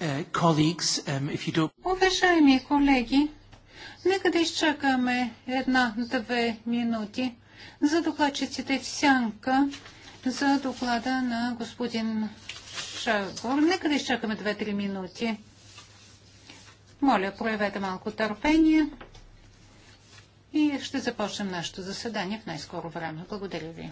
Uh, um, Уважаеми колеги, нека да изчакаме една-две минути за докладчиците в сянка за доклада на господин Шагор. Нека да изчакаме две-три минути. Моля, проявете малко търпение и ще започнем нашето заседание в най-скоро време. Благодаря ви.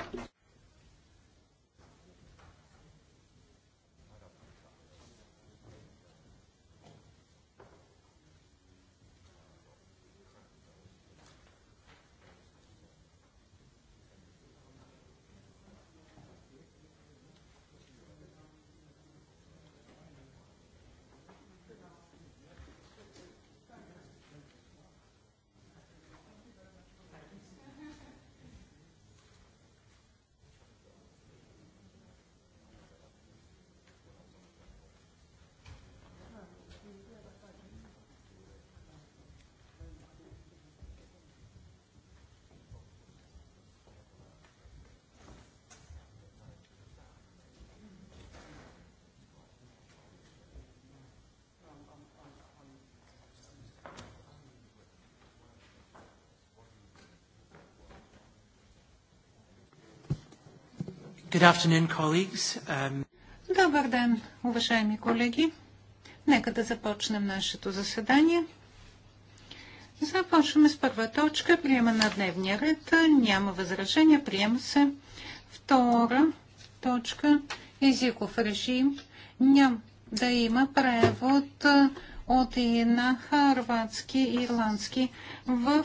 Um, Добър ден, уважаеми колеги. Нека да започнем нашето заседание. Започваме с първа точка. Приема на дневния ред. Няма възражения. Приема се. Втора точка. Езиков режим. Няма да има превод от и на харватски и ирландски. В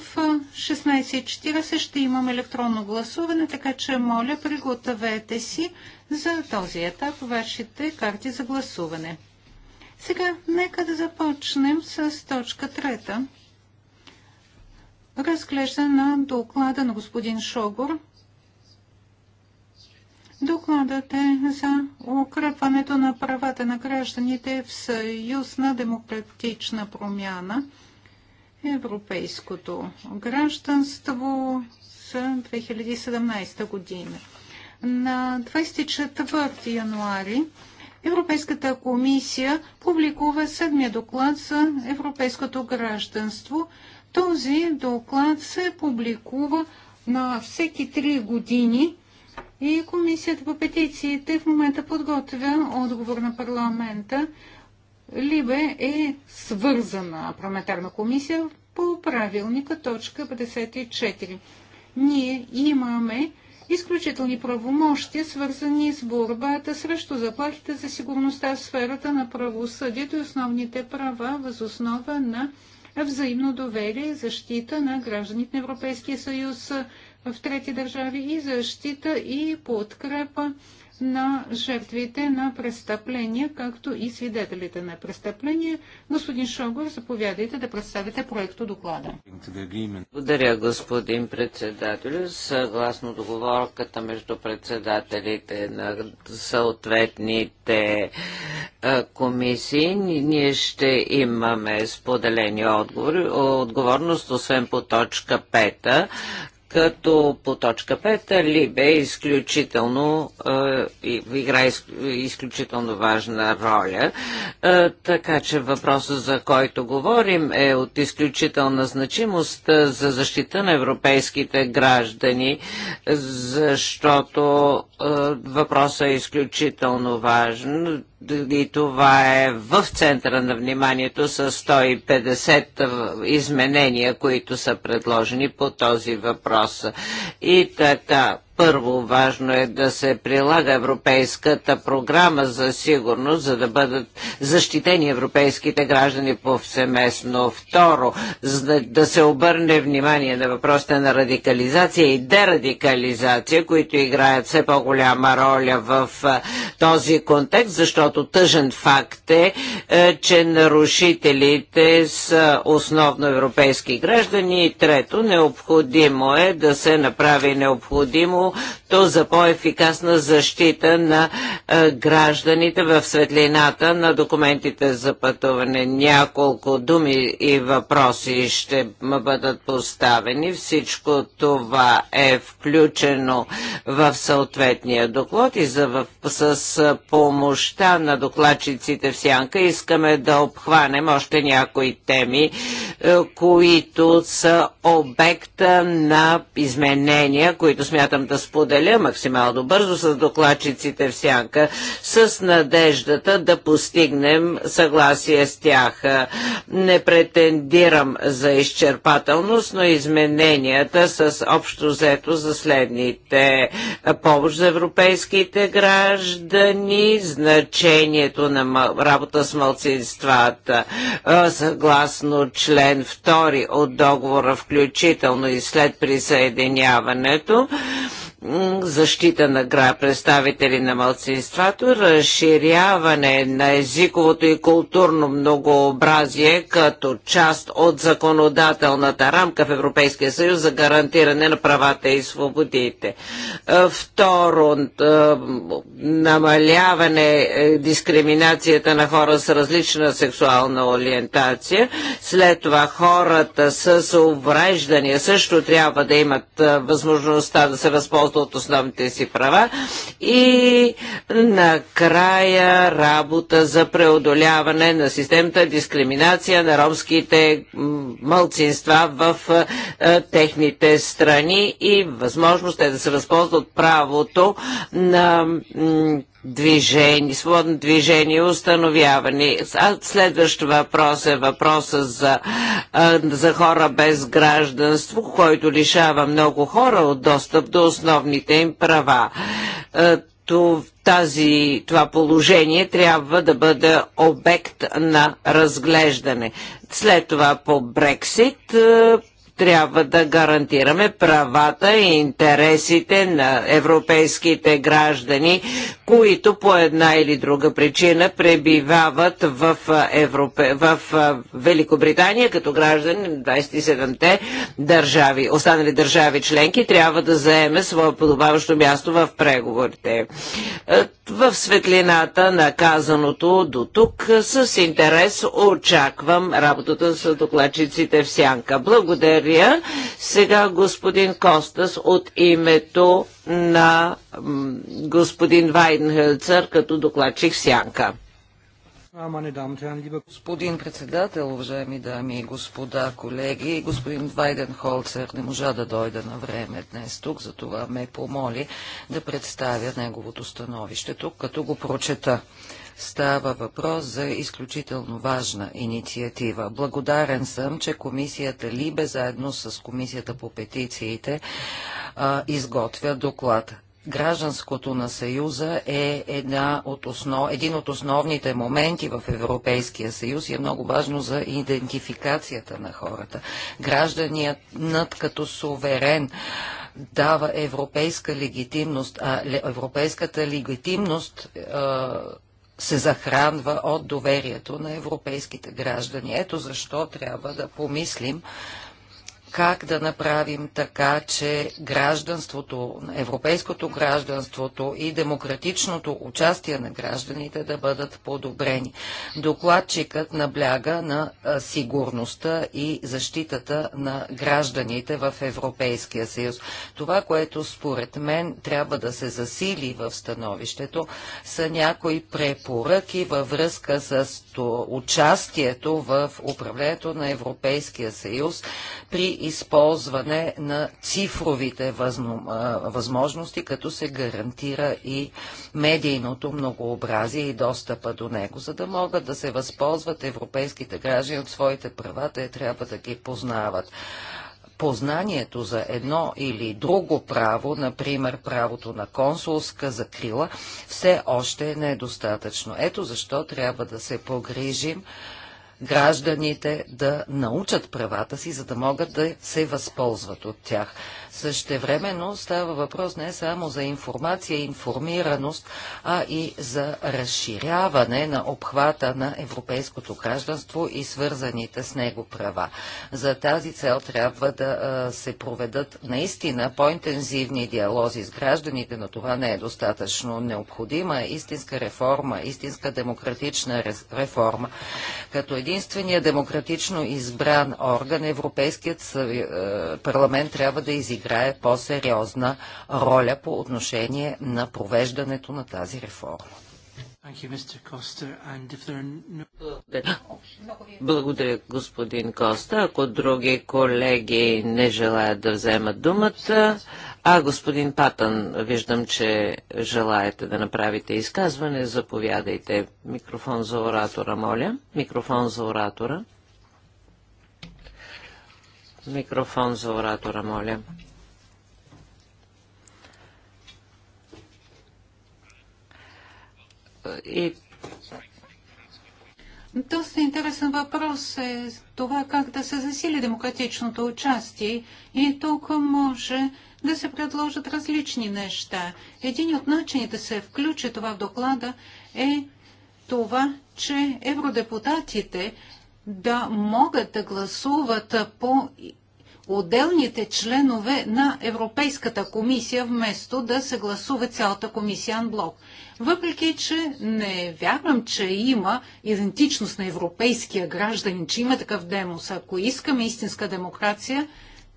16.40 ще имам електронно гласуване, така че моля пригответе си за този етап вашите карти за гласуване. Сега нека да започнем с точка трета. Разглежда на доклада на господин Шогор Докладът е за укрепването на правата на гражданите в съюз на демократична промяна. Европейското гражданство с 2017 година. На 24 януари Европейската комисия публикува седмия доклад за европейското гражданство. Този доклад се публикува на всеки три години и Комисията по петициите в момента подготвя отговор на парламента. Либе е свързана парламентарна комисия по правилника точка 54. Ние имаме изключителни правомощия, свързани с борбата срещу заплахите за сигурността в сферата на правосъдието и основните права възоснова на взаимно доверие и защита на гражданите на Европейския съюз, в трети държави и защита и подкрепа на жертвите на престъпления, както и свидетелите на престъпления. Господин Шогор, заповядайте да представите проекто доклада. Благодаря, господин председател. Съгласно договорката между председателите на съответните е, комисии, ние ще имаме споделени отговори, отговорност, освен по точка 5, като по точка 5 Либе е изключително е, игра из, изключително важна роля. Е, така че въпросът, за който говорим, е от изключителна значимост за защита на европейските граждани, защото е, въпросът е изключително важен и това е в центъра на вниманието с 150 изменения, които са предложени по този въпрос. И така, първо, важно е да се прилага Европейската програма за сигурност, за да бъдат защитени европейските граждани повсеместно. Второ, за да се обърне внимание на въпросите на радикализация и дерадикализация, които играят все по-голяма роля в този контекст, защото тъжен факт е, е, че нарушителите са основно европейски граждани. И трето, необходимо е да се направи необходимо то за по-ефикасна защита на гражданите в светлината на документите за пътуване. Няколко думи и въпроси ще бъдат поставени. Всичко това е включено в съответния доклад и за, в, с помощта на докладчиците в Сянка искаме да обхванем още някои теми, които са обекта на изменения, които смятам да споделя максимално бързо с докладчиците в сянка, с надеждата да постигнем съгласие с тях. Не претендирам за изчерпателност, но измененията с общо взето за следните помощ за европейските граждани, значението на работа с мълцинствата, съгласно член 2 от договора, включително и след присъединяването, защита на гра, представители на мълцинството, разширяване на езиковото и културно многообразие като част от законодателната рамка в Европейския съюз за гарантиране на правата и свободите. Е, второ, е, намаляване е, дискриминацията на хора с различна сексуална ориентация. След това хората с увреждания също трябва да имат възможността да се възползват обществото от основните си права и накрая работа за преодоляване на системата дискриминация на ромските мълцинства в техните страни и възможност е да се възползват правото на движение, свободно движение, установяване. А следващ въпрос е въпроса за, за хора без гражданство, който лишава много хора от достъп до основните им права тази, това положение трябва да бъде обект на разглеждане. След това по Брексит трябва да гарантираме правата и интересите на европейските граждани, които по една или друга причина пребивават в, Европе... в Великобритания като граждани на 27-те държави. Останали държави членки трябва да заеме свое подобаващо място в преговорите. В светлината на казаното до тук с интерес очаквам работата с докладчиците в Сянка. Благодаря Сърбия. Сега господин Костас от името на господин Вайнхелцер като докладчик Сянка. Господин председател, уважаеми дами и господа, колеги, господин Вайден Холцер не можа да дойде на време днес тук, затова ме помоли да представя неговото становище тук, като го прочета. Става въпрос за изключително важна инициатива. Благодарен съм, че комисията Либе заедно с комисията по петициите изготвя доклад гражданското на Съюза е една от основ... един от основните моменти в Европейския съюз и е много важно за идентификацията на хората. Гражданият над като суверен дава европейска легитимност, а европейската легитимност се захранва от доверието на европейските граждани. Ето защо трябва да помислим как да направим така, че гражданството, европейското гражданството и демократичното участие на гражданите да бъдат подобрени. Докладчикът набляга на сигурността и защитата на гражданите в Европейския съюз. Това, което според мен трябва да се засили в становището, са някои препоръки във връзка с участието в управлението на Европейския съюз при използване на цифровите възможности, като се гарантира и медийното многообразие и достъпа до него. За да могат да се възползват европейските граждани от своите права, те трябва да ги познават познанието за едно или друго право, например правото на консулска закрила, все още не е достатъчно. Ето защо трябва да се погрижим гражданите да научат правата си, за да могат да се възползват от тях. Същевременно става въпрос не само за информация и информираност, а и за разширяване на обхвата на европейското гражданство и свързаните с него права. За тази цел трябва да се проведат наистина по-интензивни диалози с гражданите, но това не е достатъчно необходима истинска реформа, истинска демократична реформа. Като единствения демократично избран орган, Европейският е, парламент трябва да изиграе играе по-сериозна роля по отношение на провеждането на тази реформа. Благодаря, господин Коста. Ако други колеги не желаят да вземат думата, а господин Патън, виждам, че желаете да направите изказване, заповядайте. Микрофон за оратора, моля. Микрофон за оратора. Микрофон за оратора, моля. и доста интересен въпрос е това как да се засили демократичното участие и тук може да се предложат различни неща. Един от начините да се включи това в доклада е това, че евродепутатите да могат да гласуват по отделните членове на Европейската комисия, вместо да се гласува цялата комисия анблок. Въпреки, че не вярвам, че има идентичност на европейския гражданин, че има такъв демос. Ако искаме истинска демокрация,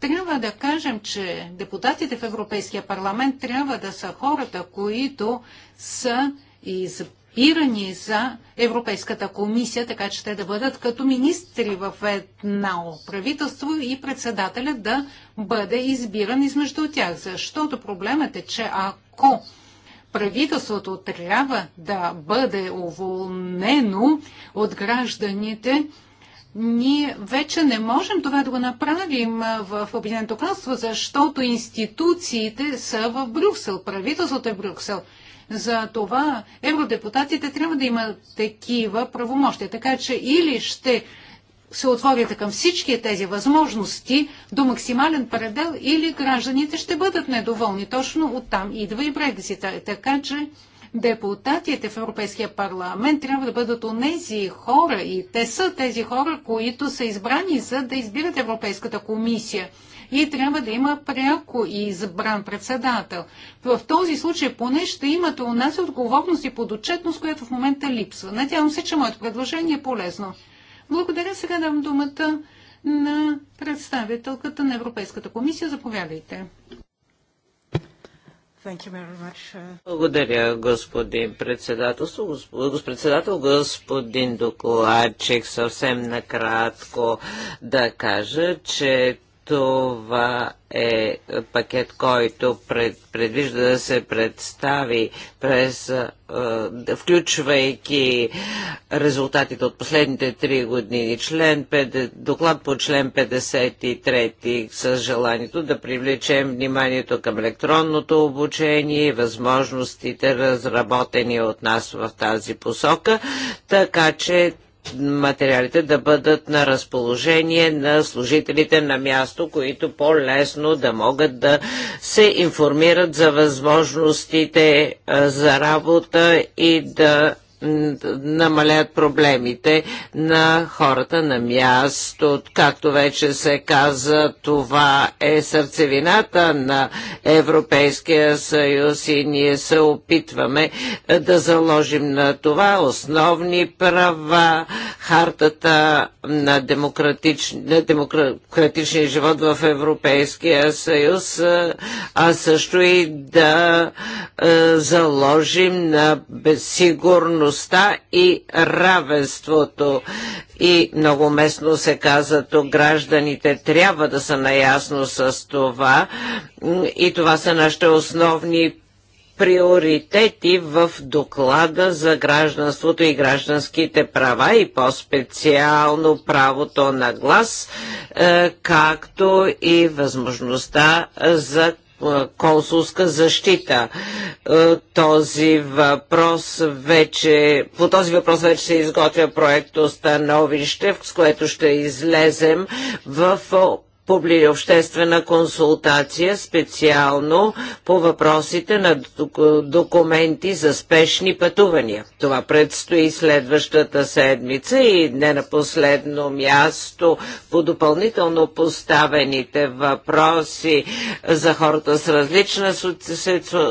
трябва да кажем, че депутатите в Европейския парламент трябва да са хората, които са избирани за Европейската комисия, така че те да бъдат като министри в едно правителство и председателя да бъде избиран измежду тях. Защото проблемът е, че ако правителството трябва да бъде уволнено от гражданите, ние вече не можем това да го направим в Обединеното кралство, защото институциите са в Брюксел, правителството е в Брюксел. За това евродепутатите трябва да имат такива правомощия. Така че или ще се отворите към всички тези възможности до максимален предел или гражданите ще бъдат недоволни. Точно оттам идва и Брекзита. Така че депутатите в Европейския парламент трябва да бъдат онези хора и те са тези хора, които са избрани за да избират Европейската комисия и трябва да има пряко избран председател. В този случай поне ще имате у нас отговорност и подотчетност, която в момента липсва. Надявам се, че моето предложение е полезно. Благодаря. Сега давам думата на представителката на Европейската комисия. Заповядайте. Благодаря, господин председател. Господин председател, господин докладчик, съвсем накратко да кажа, че това е пакет, който пред, предвижда да се представи през, е, включвайки резултатите от последните три години. Член 5, доклад по член 53 с желанието да привлечем вниманието към електронното обучение и възможностите, разработени от нас в тази посока, така че материалите да бъдат на разположение на служителите на място, които по-лесно да могат да се информират за възможностите за работа и да намалят проблемите на хората на място. Както вече се каза, това е сърцевината на Европейския съюз и ние се опитваме да заложим на това основни права, хартата на, демократич... на демократичния живот в Европейския съюз, а също и да е, заложим на безсигурност сигурността и равенството. И много местно се каза то гражданите трябва да са наясно с това и това са нашите основни приоритети в доклада за гражданството и гражданските права и по-специално правото на глас, е, както и възможността за е, консулска защита. Е, този въпрос вече, по този въпрос вече се изготвя проекто становище, с което ще излезем в публи обществена консултация специално по въпросите на документи за спешни пътувания. Това предстои следващата седмица и не на последно място по допълнително поставените въпроси за хората с различна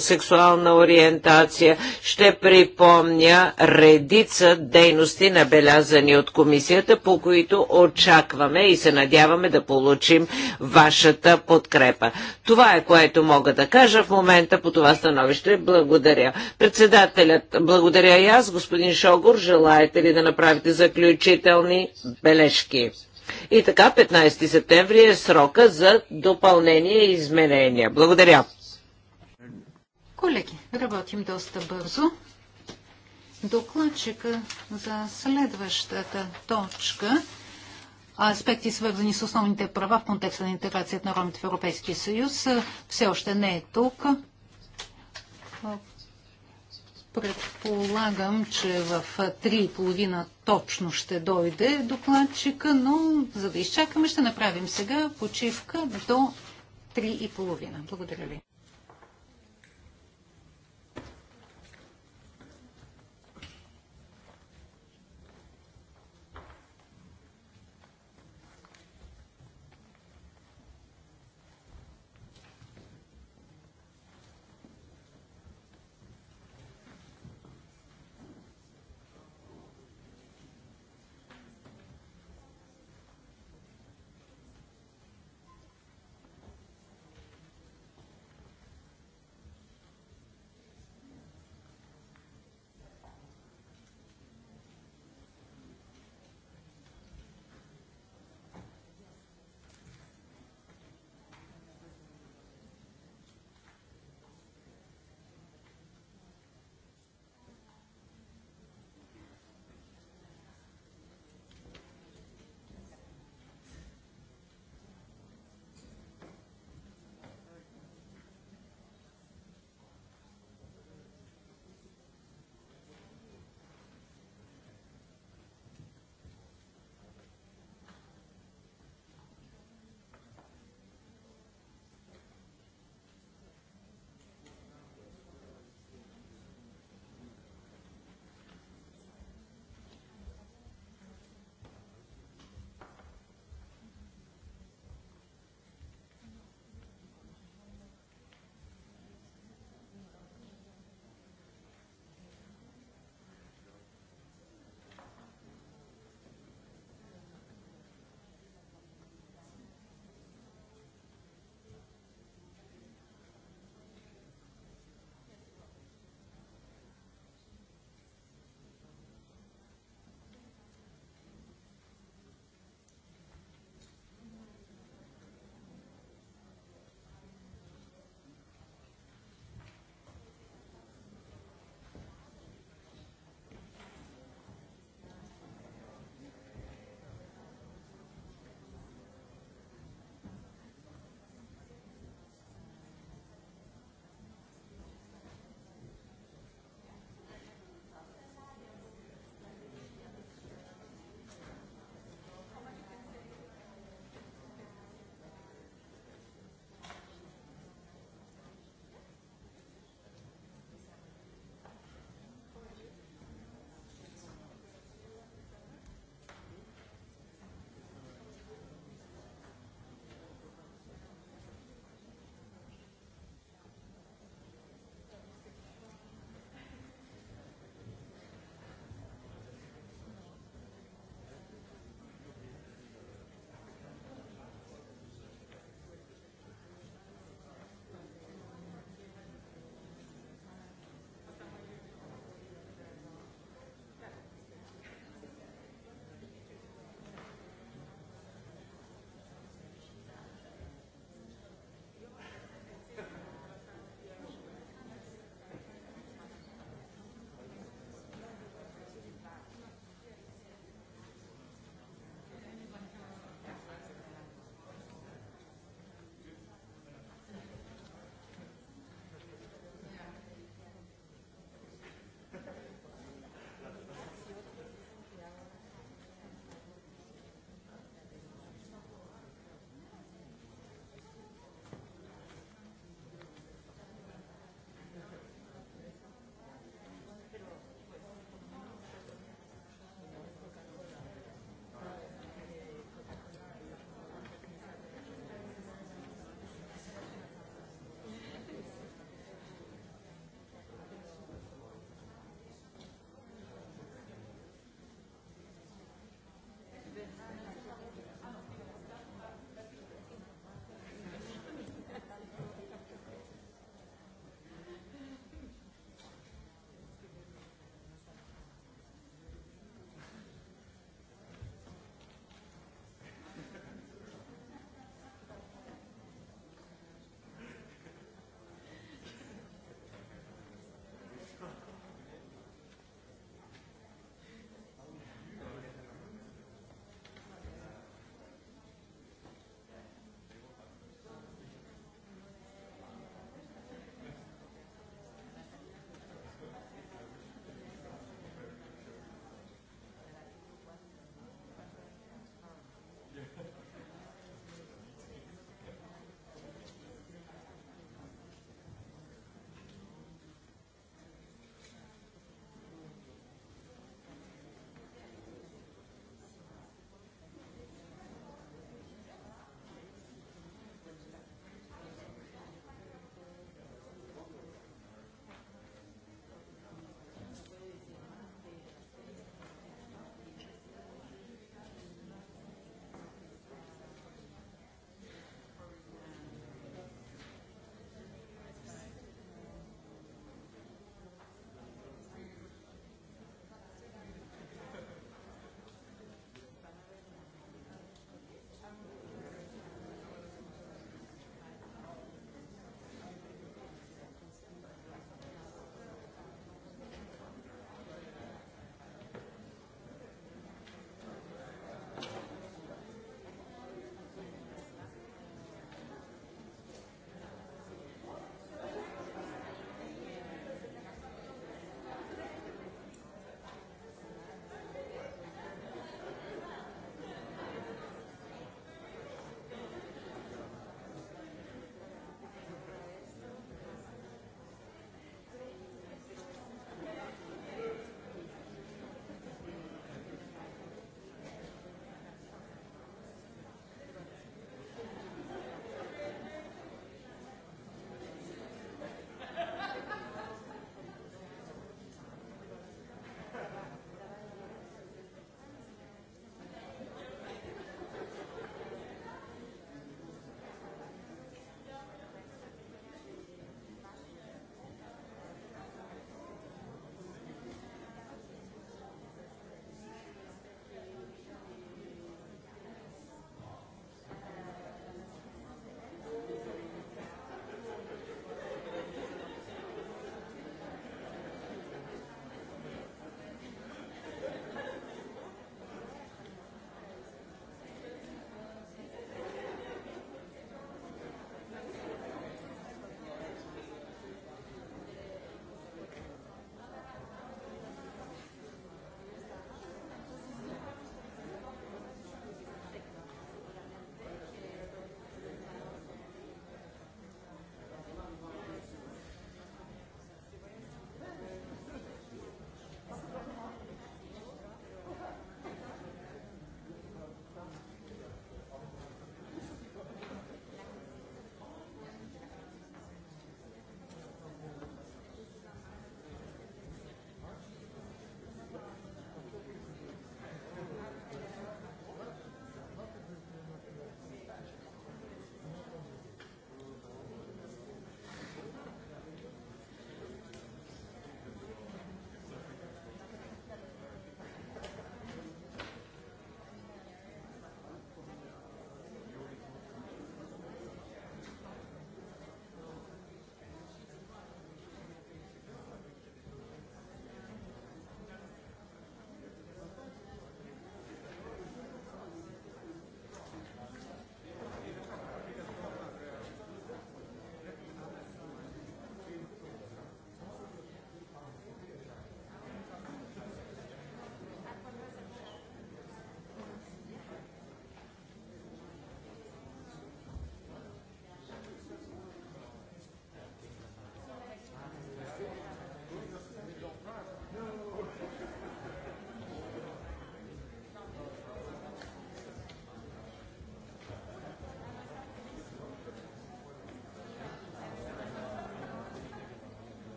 сексуална ориентация. Ще припомня редица дейности набелязани от комисията, по които очакваме и се надяваме да получим получим вашата подкрепа. Това е което мога да кажа в момента по това становище. Благодаря. Председателят, благодаря и аз, господин Шогор, желаете ли да направите заключителни бележки? И така, 15 септември е срока за допълнение и изменения. Благодаря. Колеги, работим доста бързо. Докладчика за следващата точка аспекти, свързани с основните права в контекста на интеграцията на ромите в Европейския съюз, все още не е тук. Предполагам, че в 3.30 точно ще дойде докладчика, но за да изчакаме, ще направим сега почивка до 3.30. Благодаря ви.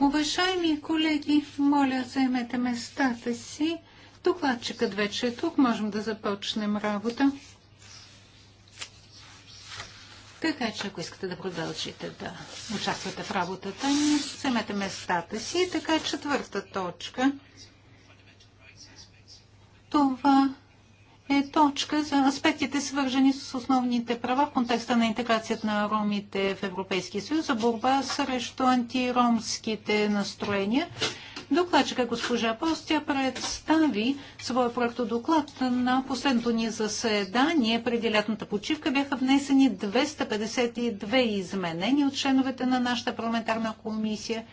Уважаеми колеги, моля, заемете местата си. Докладчикът вече е тук. Можем да започнем работа. Така че, ако искате да продължите да участвате в работата ни, вземете местата си. Така, четвърта точка. точка за аспектите, свържени с основните права в контекста на интеграцията на ромите в Европейския съюз за борба срещу антиромските настроения. Докладчика госпожа Постя представи своя доклад на последното ни заседание. Преди лятната почивка бяха внесени 252 изменения от членовете на нашата парламентарна комисия.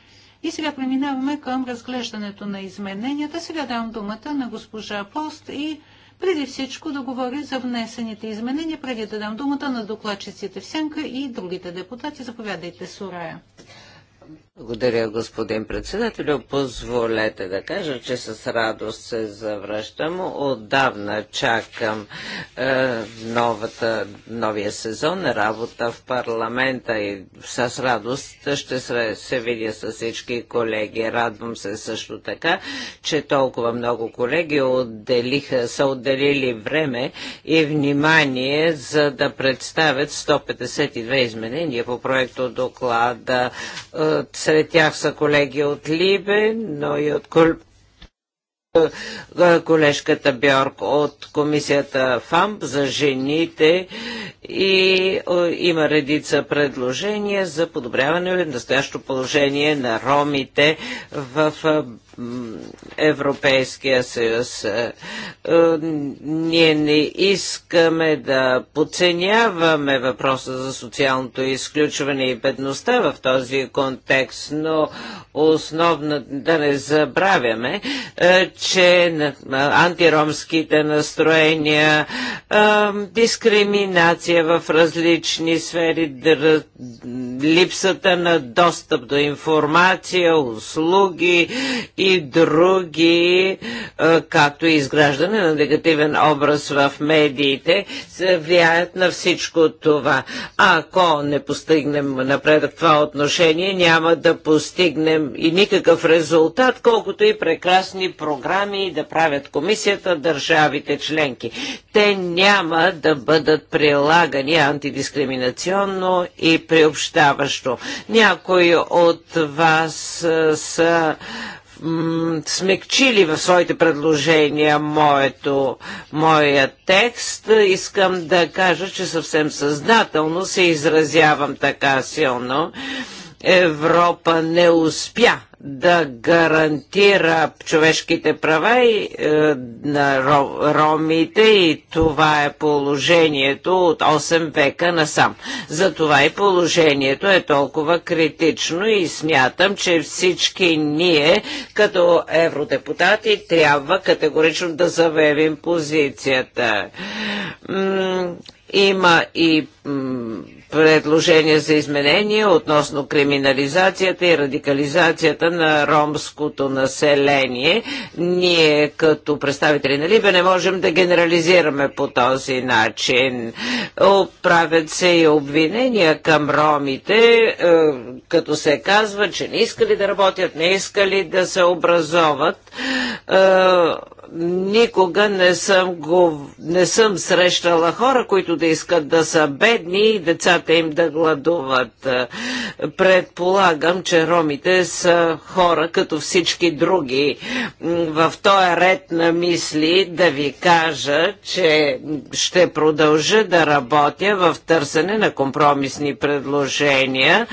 И сега преминаваме към разглеждането на измененията. Сега давам думата на госпожа Пост и преди всичко да говоря за внесените изменения, преди да дам думата на докладчиците в сянка и другите депутати. Заповядайте, Сурая. Благодаря, господин председател. Позволете да кажа, че с радост се завръщам. Отдавна чакам е, новата, новия сезон работа в парламента и с радост ще се, се видя с всички колеги. Радвам се също така, че толкова много колеги отделиха, са отделили време и внимание, за да представят 152 изменения по проекто доклада е, сред тях са колеги от Либе, но и от колежката Бьорк от комисията ФАМП за жените и има редица предложения за подобряване на настоящо положение на ромите в Европейския съюз. Е, е, ние не искаме да подценяваме въпроса за социалното изключване и бедността в този контекст, но основно да не забравяме, е, че антиромските настроения, дискриминация в различни сфери, липсата на достъп до информация, услуги и и други, както и изграждане на негативен образ в медиите, се влияят на всичко това. Ако не постигнем напредък това отношение, няма да постигнем и никакъв резултат, колкото и прекрасни програми да правят комисията, държавите членки. Те няма да бъдат прилагани антидискриминационно и приобщаващо. Някои от вас са смекчили в своите предложения моето, моя текст, искам да кажа, че съвсем съзнателно се изразявам така силно. Европа не успя да гарантира човешките права и, е, на ромите и това е положението от 8 века насам. Затова и положението е толкова критично и смятам, че всички ние като евродепутати трябва категорично да заявим позицията. М има и предложения за изменения относно криминализацията и радикализацията на ромското население. Ние като представители на Либе не можем да генерализираме по този начин. Правят се и обвинения към ромите, е, като се казва, че не искали да работят, не искали да се образоват е, никога не съм, го, не съм срещала хора, които да искат да са бедни и децата им да гладуват. Предполагам, че ромите са хора като всички други. В този ред на мисли да ви кажа, че ще продължа да работя в търсене на компромисни предложения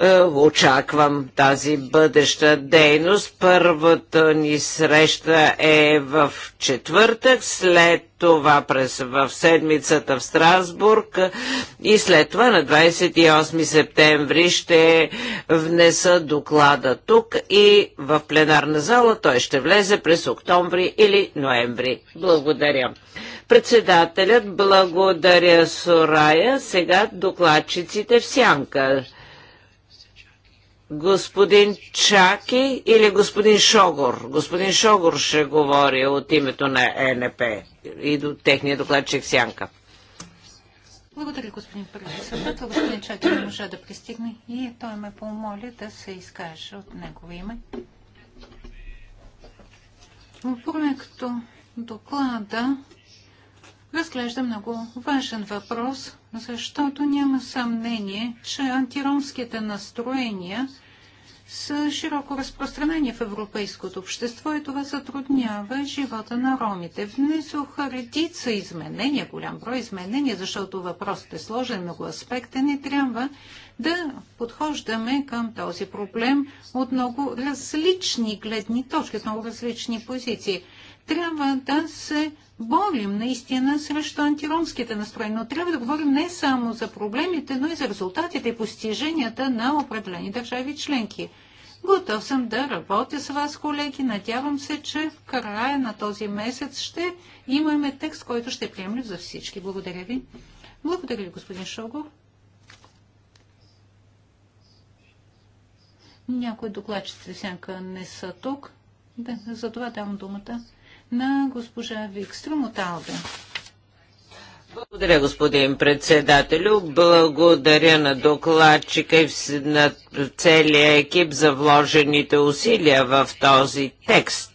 е, очаквам тази бъдеща дейност. Първата ни среща е в четвъртък, след това през, в седмицата в Страсбург е, и след това на 28 септември ще внеса доклада тук и в пленарна зала той ще влезе през октомври или ноември. Благодаря. Председателят благодаря Сорая, сега докладчиците в сянка господин Чаки или господин Шогор. Господин Шогор ще говори от името на ЕНП и до техния докладчик Сянка. Благодаря, господин председател. Господин Чаки не може да пристигне и той ме помоли да се изкаже от негово име. В проекто доклада разглежда много важен въпрос, защото няма съмнение, че антиромските настроения са широко разпространени в европейското общество и това затруднява живота на ромите. Внесоха редица изменения, голям брой изменения, защото въпросът е сложен, много аспектен и трябва да подхождаме към този проблем от много различни гледни точки, от много различни позиции. Трябва да се борим наистина срещу антиромските настроения, но трябва да говорим не само за проблемите, но и за резултатите и постиженията на определени държави членки. Готов съм да работя с вас, колеги. Надявам се, че в края на този месец ще имаме текст, който ще приемем за всички. Благодаря ви. Благодаря ви, господин Шогов. Някои докладчици сянка не са тук. Да, това давам думата на госпожа Викструм от Албе. Благодаря, господин председателю. Благодаря на докладчика и на целия екип за вложените усилия в този текст.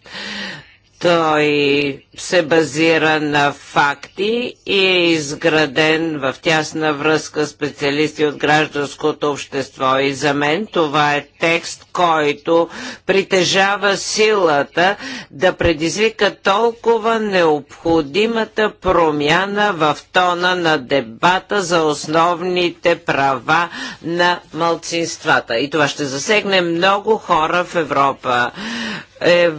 Той се базира на факти и е изграден в тясна връзка специалисти от гражданското общество. И за мен това е текст, който притежава силата да предизвика толкова необходимата промяна в тона на дебата за основните права на малцинствата. И това ще засегне много хора в Европа. Е,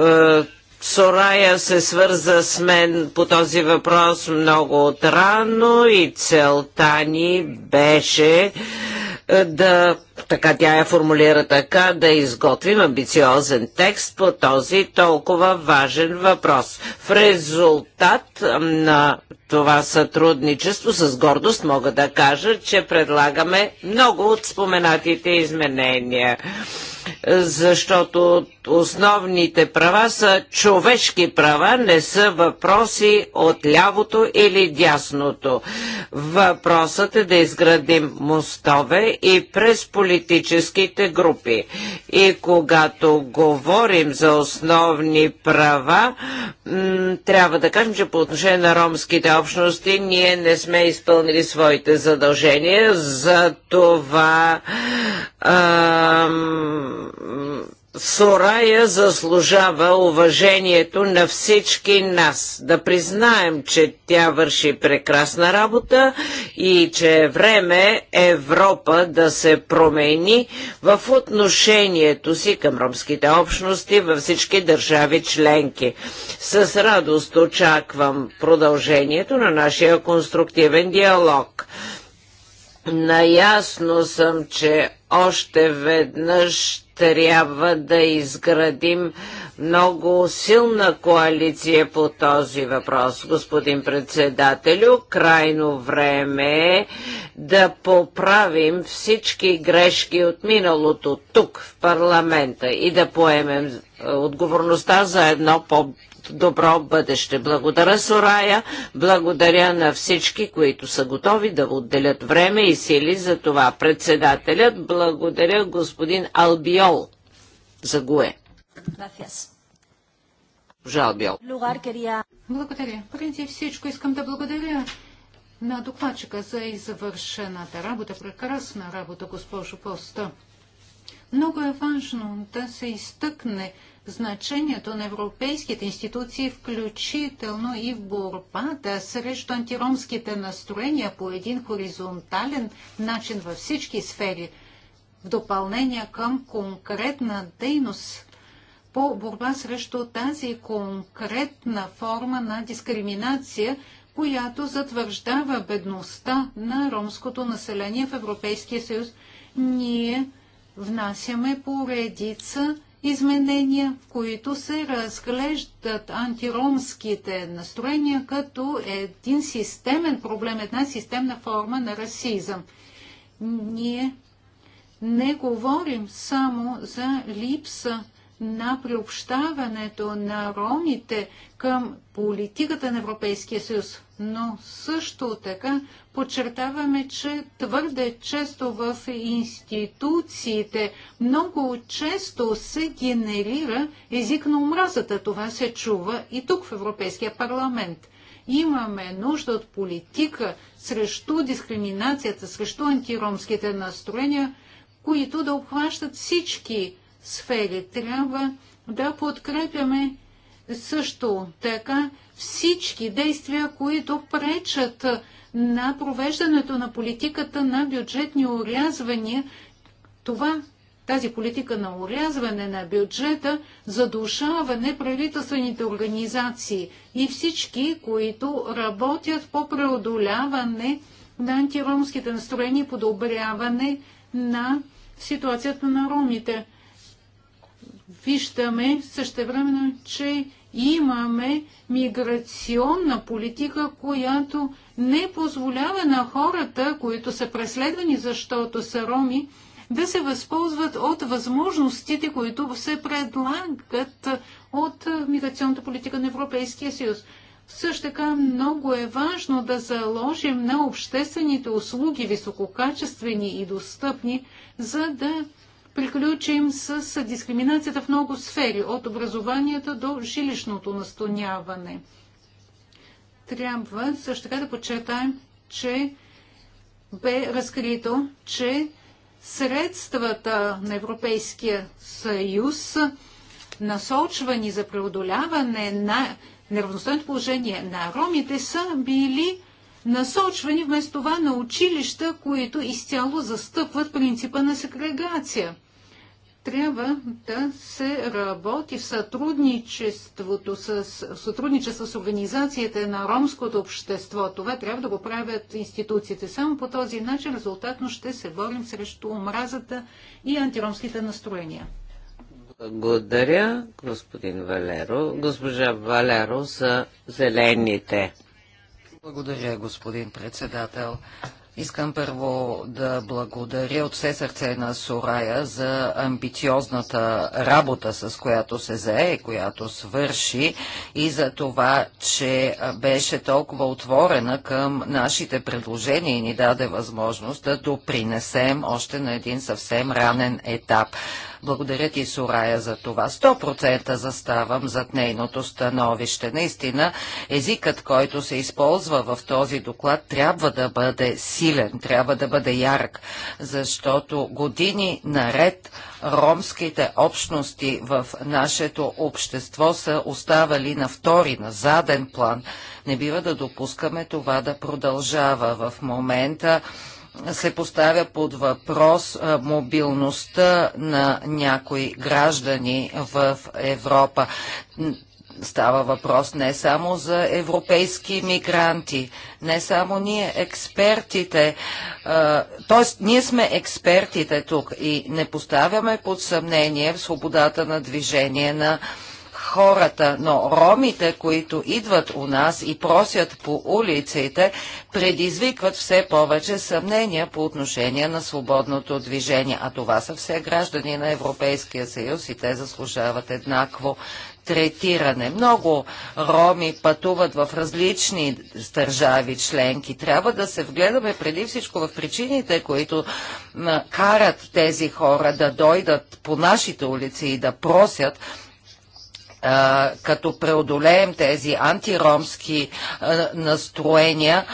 е, Сорая се свърза с мен по този въпрос много отрано и целта ни беше е, да, така тя я формулира така, да изготвим амбициозен текст по този толкова важен въпрос. В резултат на това сътрудничество с гордост мога да кажа, че предлагаме много от споменатите изменения защото основните права са човешки права, не са въпроси от лявото или дясното. Въпросът е да изградим мостове и през политическите групи. И когато говорим за основни права, трябва да кажем, че по отношение на ромските общности ние не сме изпълнили своите задължения, за това ам, Сорая заслужава уважението на всички нас. Да признаем, че тя върши прекрасна работа и че е време Европа да се промени в отношението си към ромските общности във всички държави членки. С радост очаквам продължението на нашия конструктивен диалог. Наясно съм, че още веднъж трябва да изградим много силна коалиция по този въпрос, господин председателю. Крайно време е да поправим всички грешки от миналото тук в парламента и да поемем е, отговорността за едно по добро бъдеще. Благодаря, Сорая, благодаря на всички, които са готови да отделят време и сили за това. Председателят, благодаря господин Албиол за ГУЕ. Жалбиол. Благодаря. Преди всичко искам да благодаря на докладчика за извършената работа. Прекрасна работа, госпожо Поста. Много е важно да се изтъкне значението на европейските институции, включително и в борбата срещу антиромските настроения по един хоризонтален начин във всички сфери, в допълнение към конкретна дейност по борба срещу тази конкретна форма на дискриминация, която затвърждава бедността на ромското население в Европейския съюз. Ние внасяме поредица изменения, в които се разглеждат антиромските настроения като един системен проблем, една системна форма на расизъм. Ние не говорим само за липса на приобщаването на ромите към политиката на Европейския съюз но също така подчертаваме, че твърде често в институциите много често се генерира език на омразата. Това се чува и тук в Европейския парламент. Имаме нужда от политика срещу дискриминацията, срещу антиромските настроения, които да обхващат всички сфери. Трябва да подкрепяме също така всички действия, които пречат на провеждането на политиката на бюджетни урязвания, това тази политика на урязване на бюджета задушава неправителствените организации и всички, които работят по преодоляване на антиромските настроения и подобряване на ситуацията на ромите виждаме същевременно, че имаме миграционна политика, която не позволява на хората, които са преследвани, защото са роми, да се възползват от възможностите, които се предлагат от миграционната политика на Европейския съюз. Също така много е важно да заложим на обществените услуги, висококачествени и достъпни, за да приключим с дискриминацията в много сфери, от образованията до жилищното настояване. Трябва също така да подчертаем, че бе разкрито, че средствата на Европейския съюз, насочвани за преодоляване на неравностойното положение на ромите, са били насочвани вместо това на училища, които изцяло застъпват принципа на сегрегация трябва да се работи в сътрудничеството с, сътрудничество с организацията на ромското общество. Това трябва да го правят институциите. Само по този начин резултатно ще се борим срещу омразата и антиромските настроения. Благодаря, господин Валеро. Госпожа Валеро за зелените. Благодаря, господин председател. Искам първо да благодаря от все сърце на Сорая за амбициозната работа, с която се зае, която свърши и за това, че беше толкова отворена към нашите предложения и ни даде възможност да допринесем още на един съвсем ранен етап. Благодаря ти, Сурая, за това. 100% заставам зад нейното становище. Наистина, езикът, който се използва в този доклад, трябва да бъде силен, трябва да бъде ярък, защото години наред ромските общности в нашето общество са оставали на втори, на заден план. Не бива да допускаме това да продължава в момента се поставя под въпрос мобилността на някои граждани в Европа. Става въпрос не само за европейски мигранти, не само ние, експертите. т.е. ние сме експертите тук и не поставяме под съмнение в свободата на движение на хората, но ромите, които идват у нас и просят по улиците, предизвикват все повече съмнения по отношение на свободното движение. А това са все граждани на Европейския съюз и те заслужават еднакво третиране. Много роми пътуват в различни държави членки. Трябва да се вгледаме преди всичко в причините, които карат тези хора да дойдат по нашите улици и да просят като преодолеем тези антиромски настроения,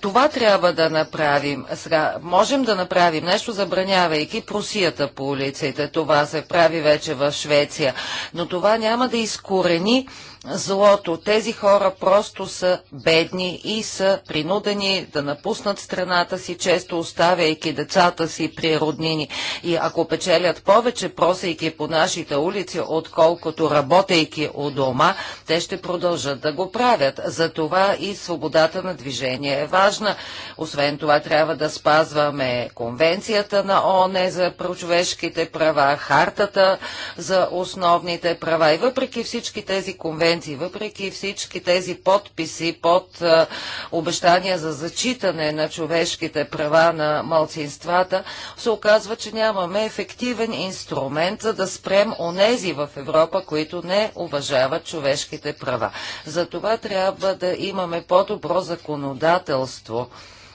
това трябва да направим. Сега, можем да направим нещо, забранявайки просията по улиците. Това се прави вече в Швеция. Но това няма да изкорени злото. Тези хора просто са бедни и са принудени да напуснат страната си, често оставяйки децата си при роднини. И ако печелят повече, просейки по нашите улици, отколкото работейки у дома, те ще продължат да го правят. За това и свободата на движение е важна. Освен това трябва да спазваме конвенцията на ООН за човешките права, хартата за основните права и въпреки всички тези конвенции, конференции, Въпреки всички тези подписи под е, обещания за зачитане на човешките права на малцинствата, се оказва, че нямаме ефективен инструмент за да спрем онези в Европа, които не уважават човешките права. За това трябва да имаме по-добро законодателство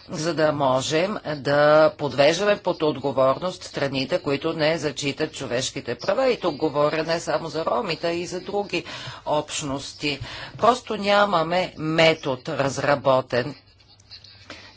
за да можем да подвеждаме под отговорност страните, които не зачитат човешките права. И тук говоря не само за ромите, и за други общности. Просто нямаме метод разработен.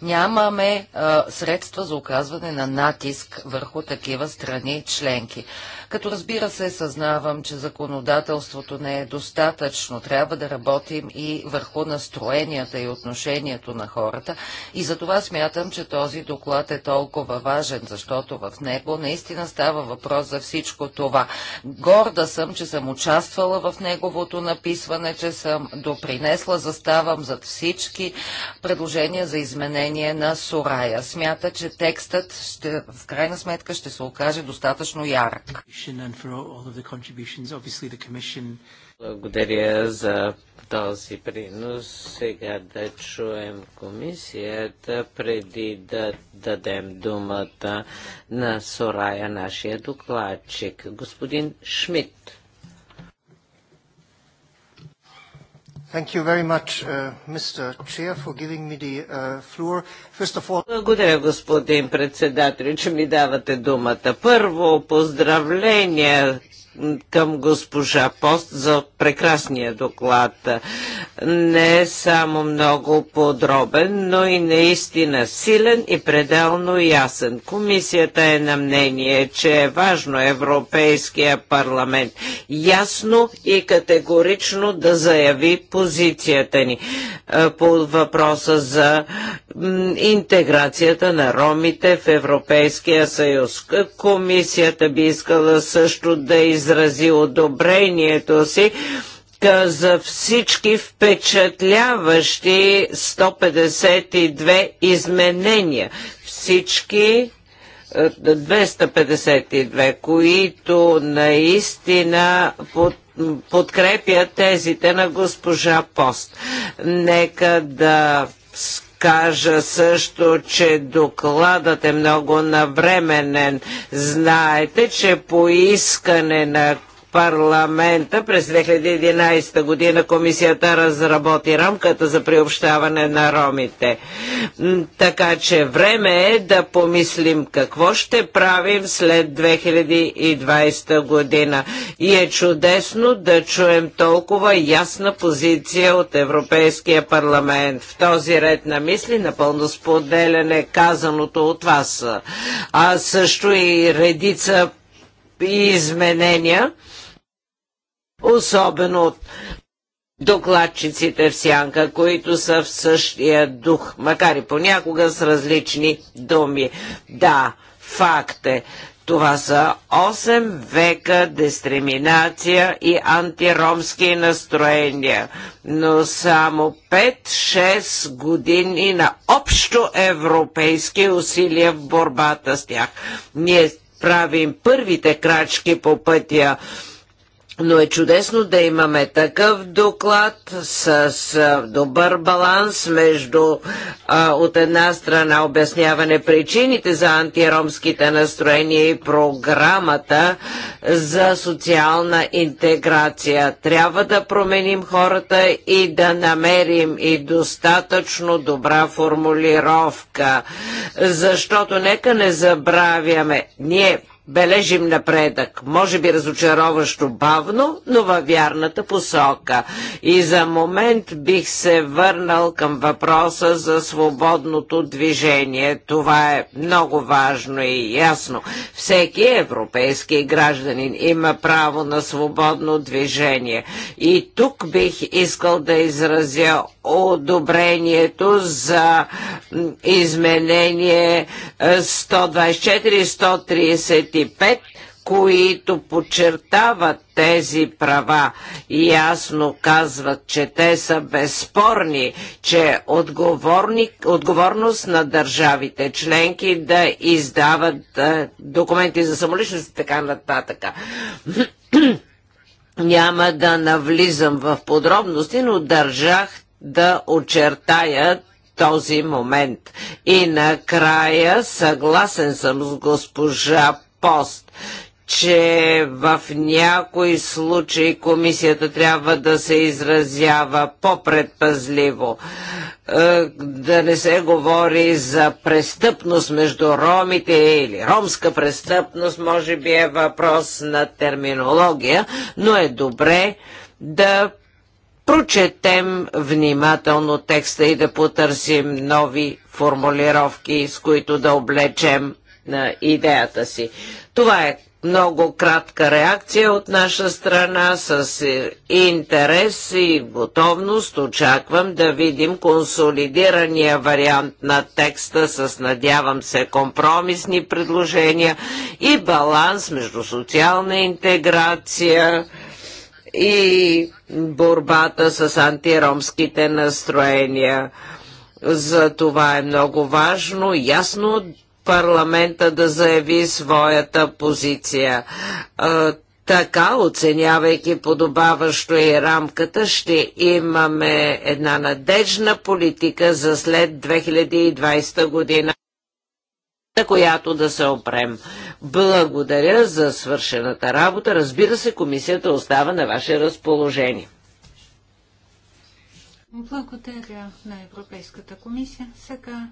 Нямаме а, средства за оказване на натиск върху такива страни членки. Като разбира се, съзнавам, че законодателството не е достатъчно. Трябва да работим и върху настроенията и отношението на хората. И за това смятам, че този доклад е толкова важен, защото в него наистина става въпрос за всичко това. Горда съм, че съм участвала в неговото написване, че съм допринесла, заставам зад всички предложения за изменение на Сорая. Смята, че текстът ще, в крайна сметка ще се окаже достатъчно ярък. Commission Commission. and for all, of the the contributions. Obviously, Благодаря за този принос. Сега да чуем комисията, преди да дадем думата на Сорая, нашия докладчик. Господин Шмидт. Thank you very much, uh, Mr. Chair, for giving me the uh, floor. First of all... Благодаря, господин председател, че ми давате думата. Първо, поздравления към госпожа Пост за прекрасния доклад. Не е само много подробен, но и наистина силен и пределно ясен. Комисията е на мнение, че е важно Европейския парламент ясно и категорично да заяви позицията ни по въпроса за интеграцията на ромите в Европейския съюз. Комисията би искала също да из изрази одобрението си за всички впечатляващи 152 изменения. Всички 252, е, които наистина под подкрепя тезите на госпожа Пост. Нека да кажа също, че докладът е много навременен. Знаете, че по искане на парламента. През 2011 година комисията разработи рамката за приобщаване на ромите. Така че време е да помислим какво ще правим след 2020 година. И е чудесно да чуем толкова ясна позиция от Европейския парламент. В този ред на мисли напълно споделяне казаното от вас. А също и редица и изменения особено от докладчиците в сянка, които са в същия дух, макар и понякога с различни думи. Да, факт е. Това са 8 века дискриминация и антиромски настроения, но само 5-6 години на общо европейски усилия в борбата с тях. Ние правим първите крачки по пътя но е чудесно да имаме такъв доклад с, добър баланс между от една страна обясняване причините за антиромските настроения и програмата за социална интеграция. Трябва да променим хората и да намерим и достатъчно добра формулировка, защото нека не забравяме, ние бележим напредък. Може би разочароващо бавно, но във вярната посока. И за момент бих се върнал към въпроса за свободното движение. Това е много важно и ясно. Всеки европейски гражданин има право на свободно движение. И тук бих искал да изразя одобрението за изменение 124-130 е, 25, които подчертават тези права. Ясно казват, че те са безспорни, че отговорност на държавите членки да издават документи за самоличност и така нататък. Няма да навлизам в подробности, но държах да очертаят този момент. И накрая съгласен съм с госпожа пост че в някои случаи комисията трябва да се изразява по-предпазливо. Е, да не се говори за престъпност между ромите или ромска престъпност, може би е въпрос на терминология, но е добре да прочетем внимателно текста и да потърсим нови формулировки, с които да облечем на идеята си. Това е много кратка реакция от наша страна с е, интерес и готовност. Очаквам да видим консолидирания вариант на текста с, надявам се, компромисни предложения и баланс между социална интеграция и борбата с антиромските настроения. За това е много важно ясно парламента да заяви своята позиция. Така, оценявайки подобаващо и рамката, ще имаме една надежна политика за след 2020 година, на която да се опрем. Благодаря за свършената работа. Разбира се, комисията остава на ваше разположение. Благодаря на Европейската комисия. Сега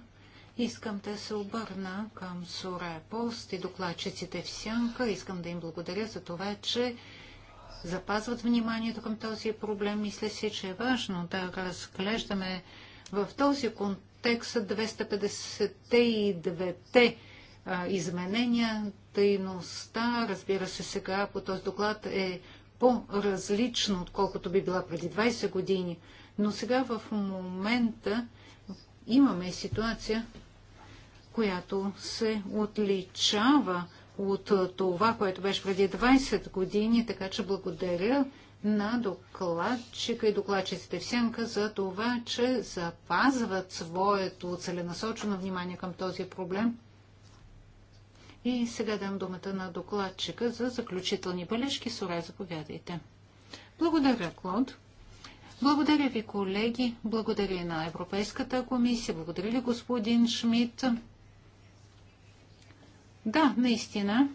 Искам да се обърна към Сурая Пост и докладчиците в Сянка. Искам да им благодаря за това, че запазват вниманието към този проблем. Мисля си, че е важно да разглеждаме в този контекст 252-те изменения. тъйността. разбира се, сега по този доклад е по-различно, отколкото би била преди 20 години. Но сега в момента имаме ситуация, която се отличава от това, което беше преди 20 години, така че благодаря на докладчика и докладчиците в сянка за това, че запазват своето целенасочено внимание към този проблем. И сега дам думата на докладчика за заключителни бележки. Сора, заповядайте. Благодаря, Клод. Благодаря ви, колеги. Благодаря на Европейската комисия. Благодаря ви, господин Шмидт. Да, наистина.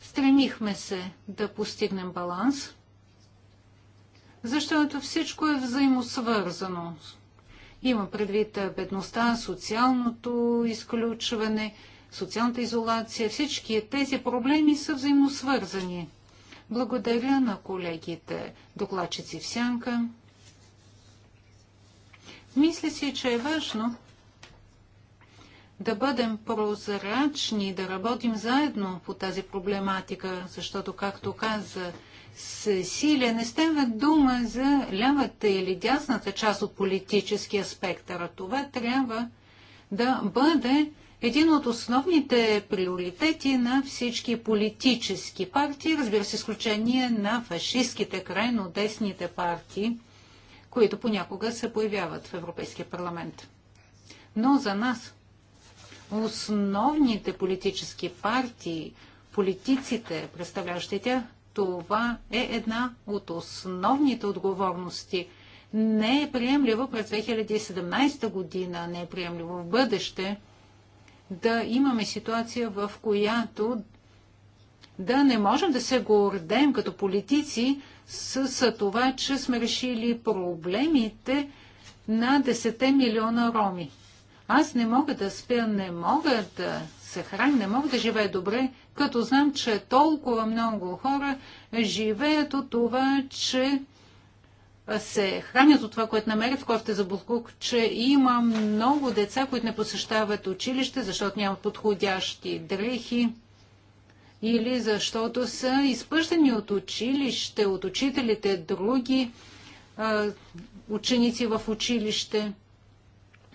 Стремихме се да постигнем баланс, защото всичко е взаимосвързано. Има предвид бедността, социалното изключване, социалната изолация. Всички тези проблеми са взаимосвързани. Благодаря на колегите докладчици в Сянка. Мисля си, че е важно да бъдем прозрачни, да работим заедно по тази проблематика, защото, както каза Сесилия, не става дума за лявата или дясната част от политическия спектър, а това трябва да бъде един от основните приоритети на всички политически партии, разбира се, изключение на фашистските крайно десните партии, които понякога се появяват в Европейския парламент. Но за нас основните политически партии, политиците, представляващи тях, това е една от основните отговорности. Не е приемливо през 2017 година, не е приемливо в бъдеще да имаме ситуация, в която да не можем да се гордеем като политици с, с това, че сме решили проблемите на 10 милиона роми. Аз не мога да спя, не мога да се храня, не мога да живея добре, като знам, че толкова много хора живеят от това, че се хранят от това, което намерят в кофте за Бухук, че има много деца, които не посещават училище, защото нямат подходящи дрехи или защото са изпъщани от училище, от учителите, други а, ученици в училище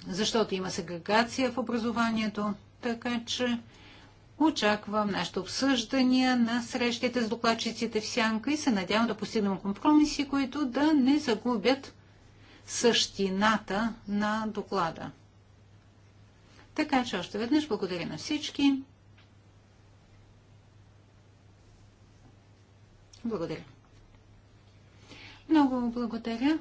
защото има сегрегация в образованието. Така че очаквам нашите обсъждания на срещите с докладчиците в Сянка и се надявам да постигнем компромиси, които да не загубят същината на доклада. Така че още веднъж благодаря на всички. Благодаря. Много благодаря.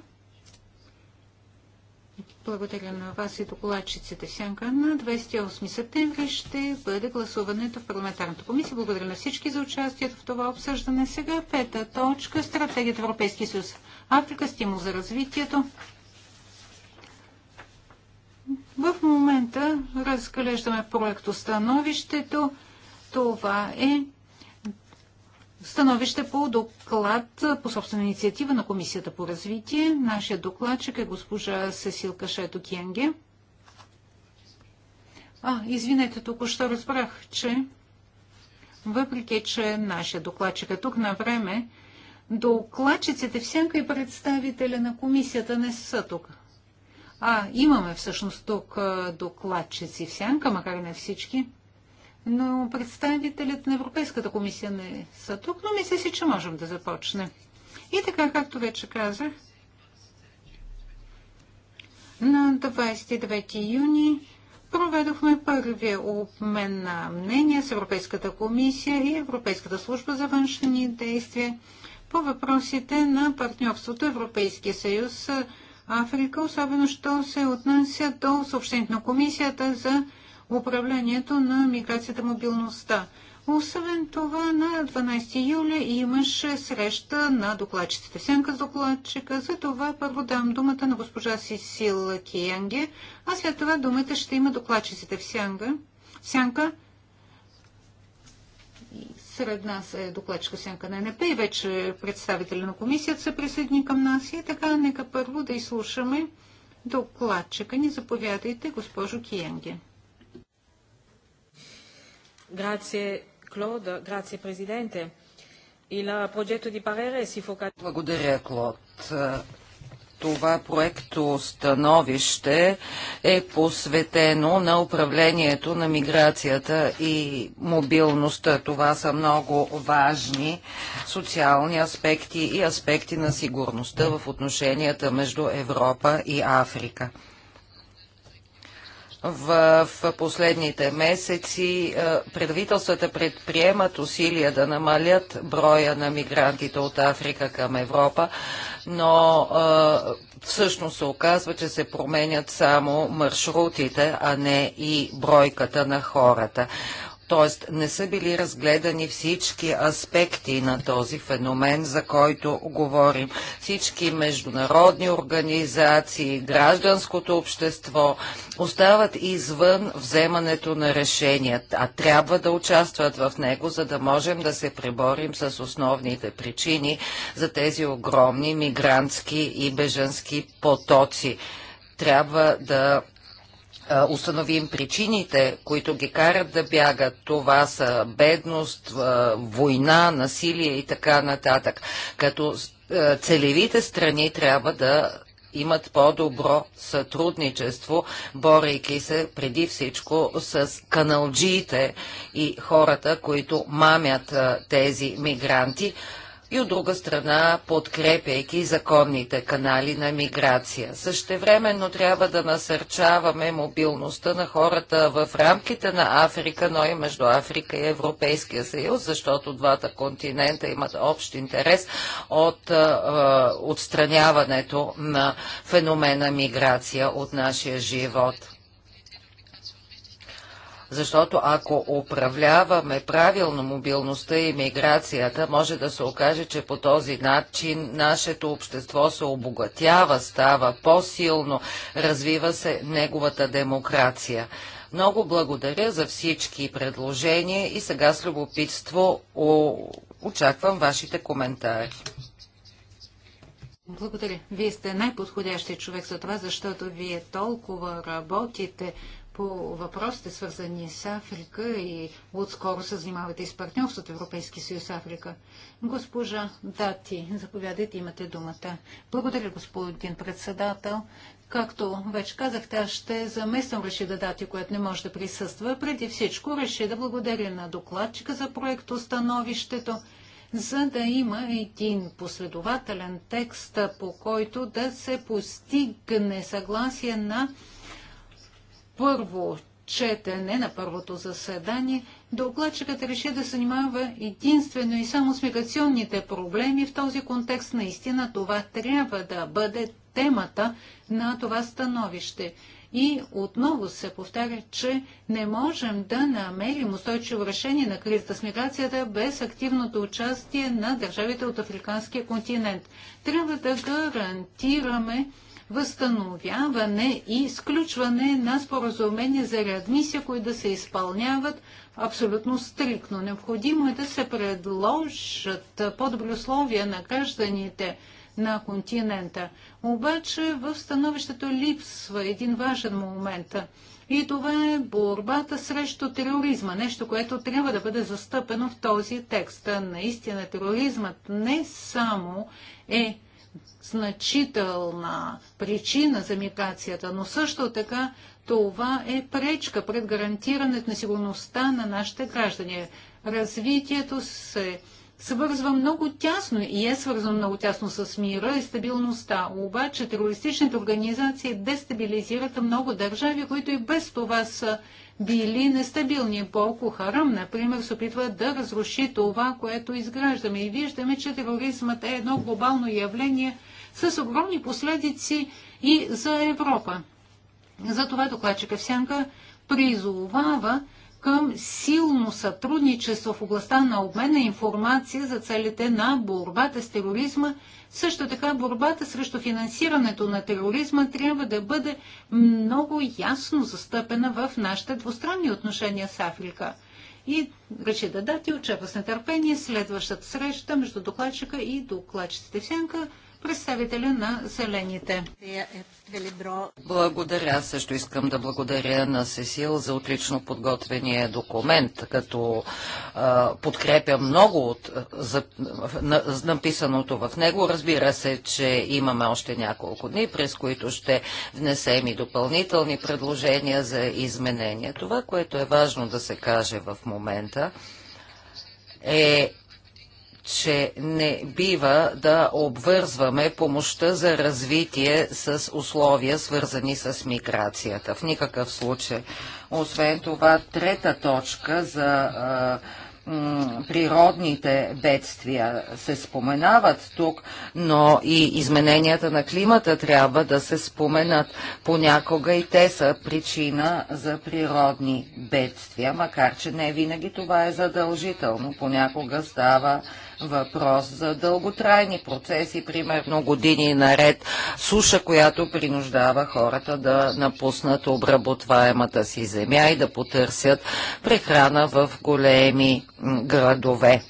Благодаря на вас и докладчиците Сянка. На 28 септември ще бъде гласуването в парламентарната комисия. Благодаря на всички за участието в това обсъждане. Сега пета точка. Стратегията Европейски съюз. Африка. Стимул за развитието. В момента разглеждаме становището. Това е Становище по доклад по собствена инициатива на Комисията по развитие. Нашия докладчик е госпожа Сесил Кашето Кенге. А, извинете, току-що разбрах, че въпреки, че нашия докладчик е тук на време, докладчиците всяка и представителя на комисията не са тук. А, имаме всъщност тук докладчици всянка, макар и не всички но представителят на Европейската комисия не са тук, но мисля си, че можем да започне. И така, както вече казах, на 29 юни проведохме първия обмен на мнения с Европейската комисия и Европейската служба за външни действия по въпросите на партньорството Европейския съюз Африка, особено що се отнася до съобщението на комисията за управлението на миграцията мобилността. Освен това, на 12 юли имаше среща на докладчиците. Сянка с докладчика. За това първо дам думата на госпожа Сисил Киянге, а след това думата ще има докладчиците в Сянга. Сянка. Сред нас е докладчика Сянка на НП и вече е представители на комисията се присъедини към нас. И така, нека първо да изслушаме докладчика ни. Заповядайте, госпожо Киянге. Grazie Claude, grazie Presidente. Il eh, progetto di parere si focalizza... Благодаря, Клод е, това проекто становище е посветено на управлението на миграцията и мобилността. Това са много важни социални аспекти и аспекти на сигурността в отношенията между Европа и Африка в последните месеци е, правителствата предприемат усилия да намалят броя на мигрантите от Африка към Европа, но е, всъщност се оказва, че се променят само маршрутите, а не и бройката на хората т.е. не са били разгледани всички аспекти на този феномен, за който говорим. Всички международни организации, гражданското общество остават извън вземането на решения, а трябва да участват в него, за да можем да се преборим с основните причини за тези огромни мигрантски и бежански потоци. Трябва да установим причините, които ги карат да бягат. Това са бедност, война, насилие и така нататък. Като целевите страни трябва да имат по-добро сътрудничество, борейки се преди всичко с каналджиите и хората, които мамят тези мигранти и от друга страна подкрепяйки законните канали на миграция. Същевременно трябва да насърчаваме мобилността на хората в рамките на Африка, но и между Африка и Европейския съюз, защото двата континента имат общ интерес от е, отстраняването на феномена миграция от нашия живот. Защото ако управляваме правилно мобилността и миграцията, може да се окаже, че по този начин нашето общество се обогатява, става по-силно, развива се неговата демокрация. Много благодаря за всички предложения и сега с любопитство очаквам вашите коментари. Благодаря. Вие сте най-подходящия човек за това, защото вие толкова работите по въпросите, свързани с Африка и отскоро се занимавате и с партньорството Европейски съюз Африка. Госпожа Дати, заповядайте, имате думата. Благодаря, господин председател. Както вече казах, тя, ще реши да Дати, което не може да присъства. Преди всичко реши да благодаря на докладчика за проект становището за да има един последователен текст, по който да се постигне съгласие на първо четене на първото заседание, докладчикът реши да се занимава единствено и само с миграционните проблеми. В този контекст наистина това трябва да бъде темата на това становище. И отново се повтаря, че не можем да намерим устойчиво решение на кризата с миграцията без активното участие на държавите от Африканския континент. Трябва да гарантираме възстановяване и изключване на споразумения за реадмисия, които да се изпълняват абсолютно стрикно. Необходимо е да се предложат по-добри условия на гражданите на континента. Обаче в становището липсва един важен момент. И това е борбата срещу тероризма, нещо, което трябва да бъде застъпено в този текст. Наистина тероризмът не само е значителна причина за миграцията, но също така това е пречка пред гарантирането на сигурността на нашите граждани. Развитието се свързва много тясно и е свързан много тясно с мира и стабилността. Обаче терористичните организации дестабилизират много държави, които и без това са били нестабилни. Болко Харам, например, се опитва да разруши това, което изграждаме. И виждаме, че тероризмът е едно глобално явление с огромни последици и за Европа. Затова докладчика Сянка призовава към силно сътрудничество в областта на обмен на информация за целите на борбата с тероризма. Също така борбата срещу финансирането на тероризма трябва да бъде много ясно застъпена в нашите двустранни отношения с Африка. И речи да дати очаква с нетърпение следващата среща между докладчика и докладчиците в сянка – представителя на зелените. Благодаря. Също искам да благодаря на Сесил за отлично подготвения документ, като а, подкрепя много от за, на, написаното в него. Разбира се, че имаме още няколко дни, през които ще внесем и допълнителни предложения за изменения. Това, което е важно да се каже в момента, е че не бива да обвързваме помощта за развитие с условия, свързани с миграцията. В никакъв случай. Освен това, трета точка за природните бедствия се споменават тук, но и измененията на климата трябва да се споменат. Понякога и те са причина за природни бедствия, макар че не винаги това е задължително. Понякога става въпрос за дълготрайни процеси, примерно години наред, суша, която принуждава хората да напуснат обработваемата си земя и да потърсят прехрана в големи градове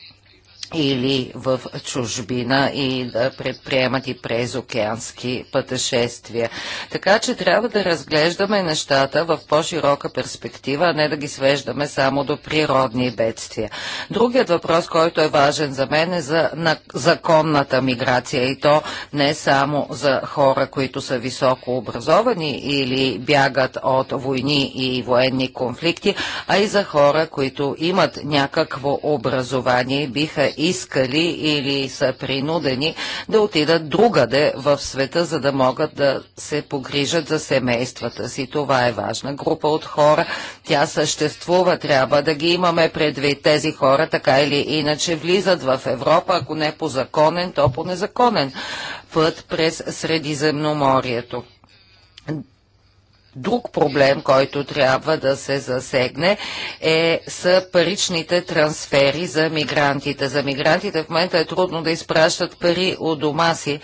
или в чужбина и да предприемат и през океански пътешествия. Така че трябва да разглеждаме нещата в по-широка перспектива, а не да ги свеждаме само до природни бедствия. Другият въпрос, който е важен за мен е за законната миграция и то не само за хора, които са високо образовани или бягат от войни и военни конфликти, а и за хора, които имат някакво образование и биха искали или са принудени да отидат другаде в света, за да могат да се погрижат за семействата си. Това е важна група от хора. Тя съществува, трябва да ги имаме предвид. Тези хора така или иначе влизат в Европа, ако не по законен, то по незаконен път през Средиземноморието. Друг проблем, който трябва да се засегне е, са паричните трансфери за мигрантите. За мигрантите в момента е трудно да изпращат пари у дома си.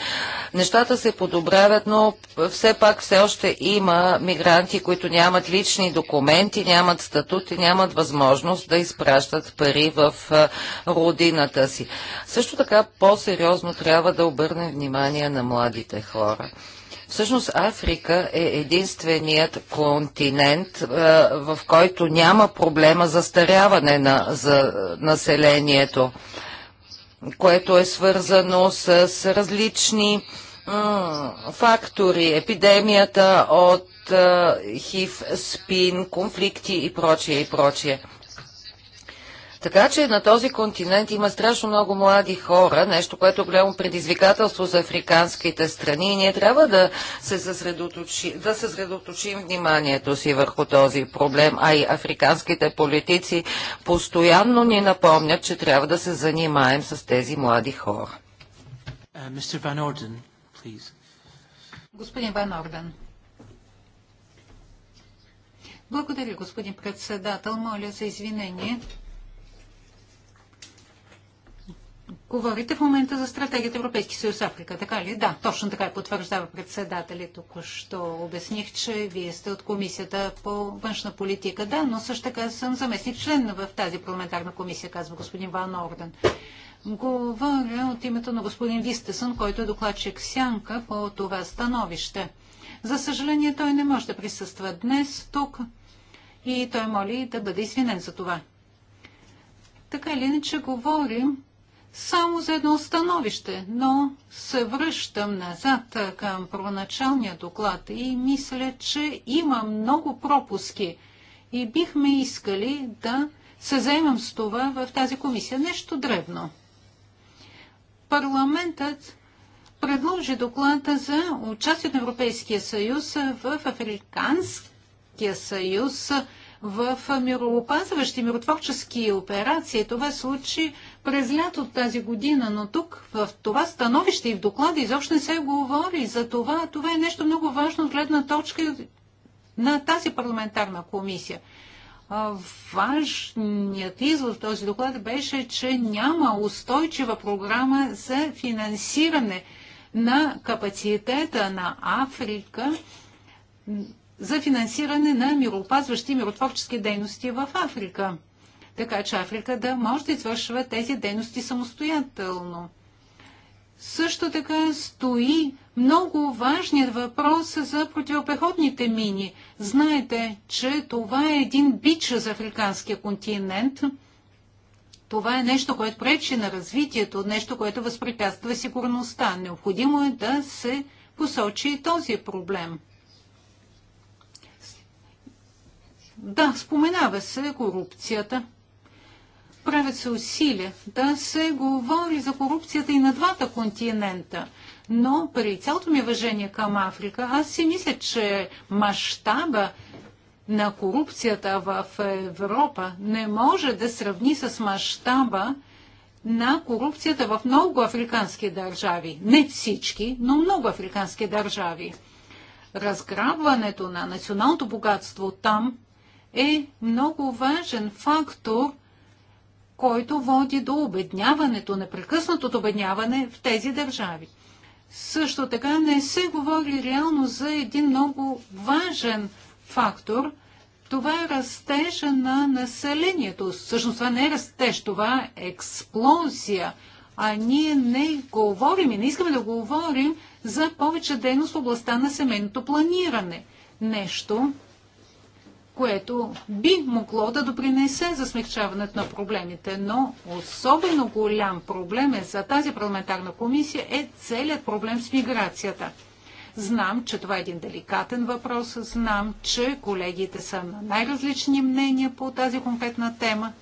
Нещата се подобряват, но все пак все още има мигранти, които нямат лични документи, нямат статут и нямат възможност да изпращат пари в родината си. Също така по-сериозно трябва да обърнем внимание на младите хора. Всъщност Африка е единственият континент, в който няма проблема за старяване на за населението, което е свързано с различни фактори, епидемията от хив, спин, конфликти и прочие и прочие. Така че на този континент има страшно много млади хора, нещо, което е голямо предизвикателство за африканските страни и ние трябва да се съсредоточи, да съсредоточим вниманието си върху този проблем, а и африканските политици постоянно ни напомнят, че трябва да се занимаем с тези млади хора. Uh, господин Ван Орден. Благодаря, господин председател. Моля за извинение. Говорите в момента за стратегията Европейски съюз Африка, така ли? Да, точно така е, потвърждава председателя. Току-що обясних, че вие сте от комисията по външна политика. Да, но също така съм заместник член в тази парламентарна комисия, казва господин Ван Орден. Говоря от името на господин Вистесън, който е докладчик Сянка по това становище. За съжаление, той не може да присъства днес тук и той моли да бъде извинен за това. Така или иначе говорим само за едно становище, но се връщам назад към проначалния доклад и мисля, че има много пропуски и бихме искали да се заемам с това в тази комисия. Нещо древно. Парламентът предложи доклада за участие на Европейския съюз в Африканския съюз в мироопазващи миротворчески операции. Това случи през лято от тази година, но тук в това становище и в доклада изобщо не се говори за това. Това е нещо много важно от гледна точка на тази парламентарна комисия. Важният извод в този доклад беше, че няма устойчива програма за финансиране на капацитета на Африка за финансиране на мироопазващи миротворчески дейности в Африка така че Африка да може да извършва тези дейности самостоятелно. Също така стои много важният въпрос за противопехотните мини. Знаете, че това е един бич за африканския континент. Това е нещо, което пречи на развитието, нещо, което възпрепятства сигурността. Необходимо е да се посочи и този проблем. Да, споменава се корупцията. Правят се усилия да се говори за корупцията и на двата континента. Но при цялото ми уважение към Африка, аз си мисля, че мащаба на корупцията в Европа не може да сравни с мащаба на корупцията в много африкански държави. Не всички, но много африкански държави. Разграбването на националното богатство там е много важен фактор който води до обедняването, непрекъснатото обедняване в тези държави. Също така не се говори реално за един много важен фактор. Това е растежа на населението. Всъщност това не е растеж, това е експлозия. А ние не говорим и не искаме да говорим за повече дейност в областта на семейното планиране. Нещо, което би могло да допринесе за смягчаването на проблемите, но особено голям проблем е за тази парламентарна комисия е целият проблем с миграцията. Знам, че това е един деликатен въпрос, знам, че колегите са на най-различни мнения по тази конкретна тема.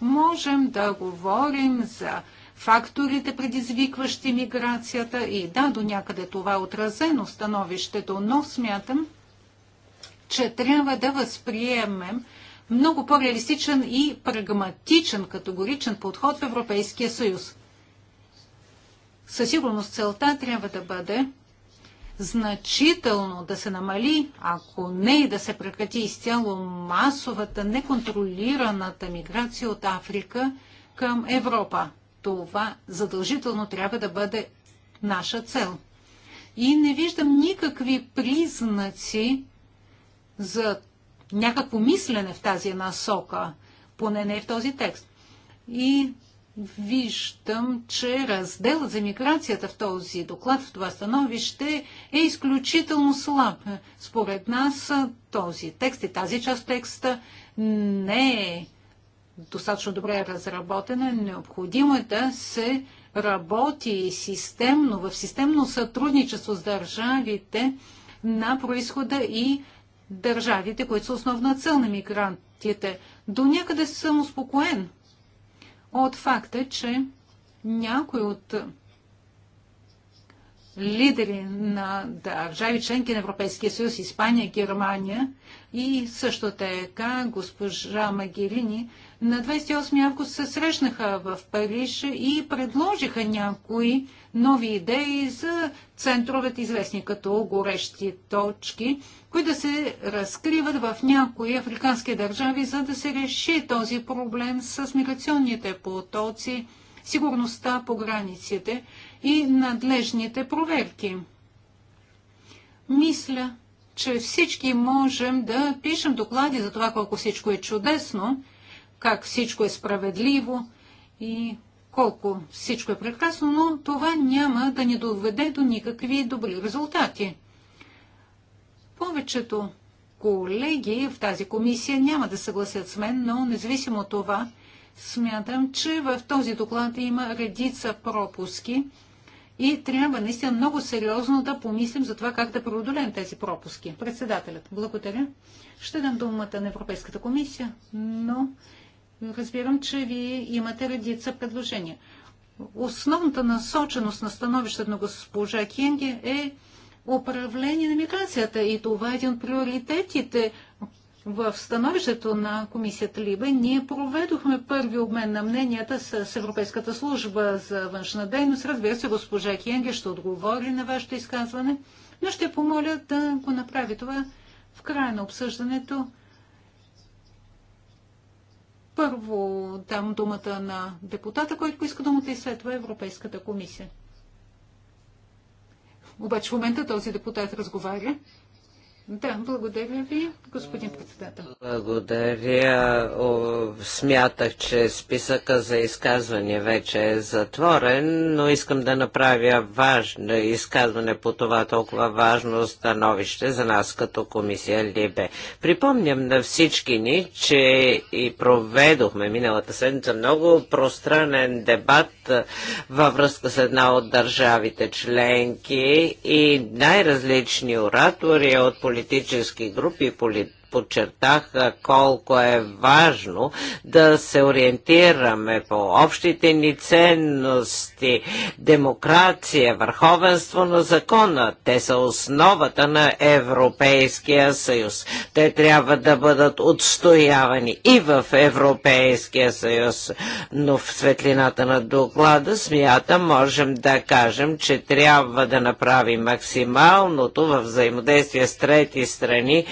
Можем да говорим за факторите, предизвикващи миграцията и да, до някъде това е отразено становището, но смятам, че трябва да възприемем много по-реалистичен и прагматичен, категоричен подход в Европейския съюз. Със сигурност целта трябва да бъде значително да се намали, ако не и да се прекрати изцяло масовата, неконтролираната миграция от Африка към Европа. Това задължително трябва да бъде наша цел. И не виждам никакви признаци за някакво мислене в тази насока, поне не в този текст. И виждам, че разделът за миграцията в този доклад, в това становище е изключително слаб. Според нас този текст и тази част текста не е достатъчно добре разработена. Необходимо е да се работи системно, в системно сътрудничество с държавите на происхода и държавите, които са основна цел на мигрантите. До някъде съм успокоен от факта, че някои от лидери на държави членки на Европейския съюз, Испания, Германия и също така госпожа Магерини на 28 август се срещнаха в Париж и предложиха някои нови идеи за центровете, известни като горещи точки, които да се разкриват в някои африкански държави, за да се реши този проблем с миграционните потоци, сигурността по границите и надлежните проверки. Мисля, че всички можем да пишем доклади за това колко всичко е чудесно, как всичко е справедливо и колко всичко е прекрасно, но това няма да ни доведе до никакви добри резултати. Повечето колеги в тази комисия няма да съгласят с мен, но независимо от това, смятам, че в този доклад има редица пропуски и трябва наистина много сериозно да помислим за това как да преодолеем тези пропуски. Председателят, благодаря. Ще дам думата на Европейската комисия, но разбирам, че вие имате редица предложения. Основната насоченост на становището на госпожа Кенге е управление на миграцията и това е един от приоритетите в становището на комисията Либе ние проведохме първи обмен на мненията с Европейската служба за външна дейност. Разбира се, госпожа Кенге ще отговори на вашето изказване, но ще помоля да го направи това в края на обсъждането първо дам думата на депутата, който поиска думата и след това Европейската комисия. Обаче в момента този депутат разговаря. Да, благодаря ви, господин председател. Благодаря. Смятах, че списъка за изказване вече е затворен, но искам да направя важно изказване по това толкова важно становище за нас като комисия Либе. Припомням на всички ни, че и проведохме миналата седмица много пространен дебат във връзка с една от държавите членки и най-различни оратори от политиката политически групи и полит подчертаха колко е важно да се ориентираме по общите ни ценности, демокрация, върховенство на закона. Те са основата на Европейския съюз. Те трябва да бъдат отстоявани и в Европейския съюз. Но в светлината на доклада смята можем да кажем, че трябва да направим максималното в взаимодействие с трети страни,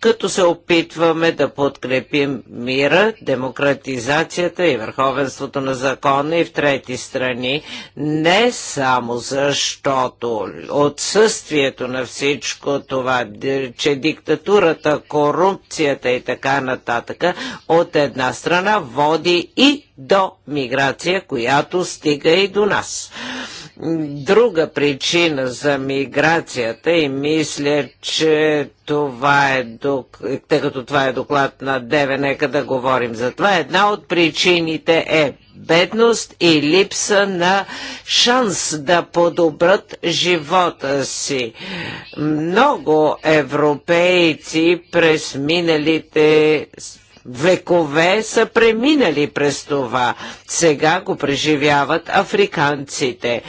като се опитваме да подкрепим мира, демократизацията и върховенството на закона и в трети страни, не само защото отсъствието на всичко това, че диктатурата, корупцията и така нататък от една страна води и до миграция, която стига и до нас друга причина за миграцията и мисля, че това е, тъй като това е доклад на ДВ, нека да говорим за това. Една от причините е бедност и липса на шанс да подобрат живота си. Много европейци през миналите векове са преминали през това. Сега го преживяват африканците.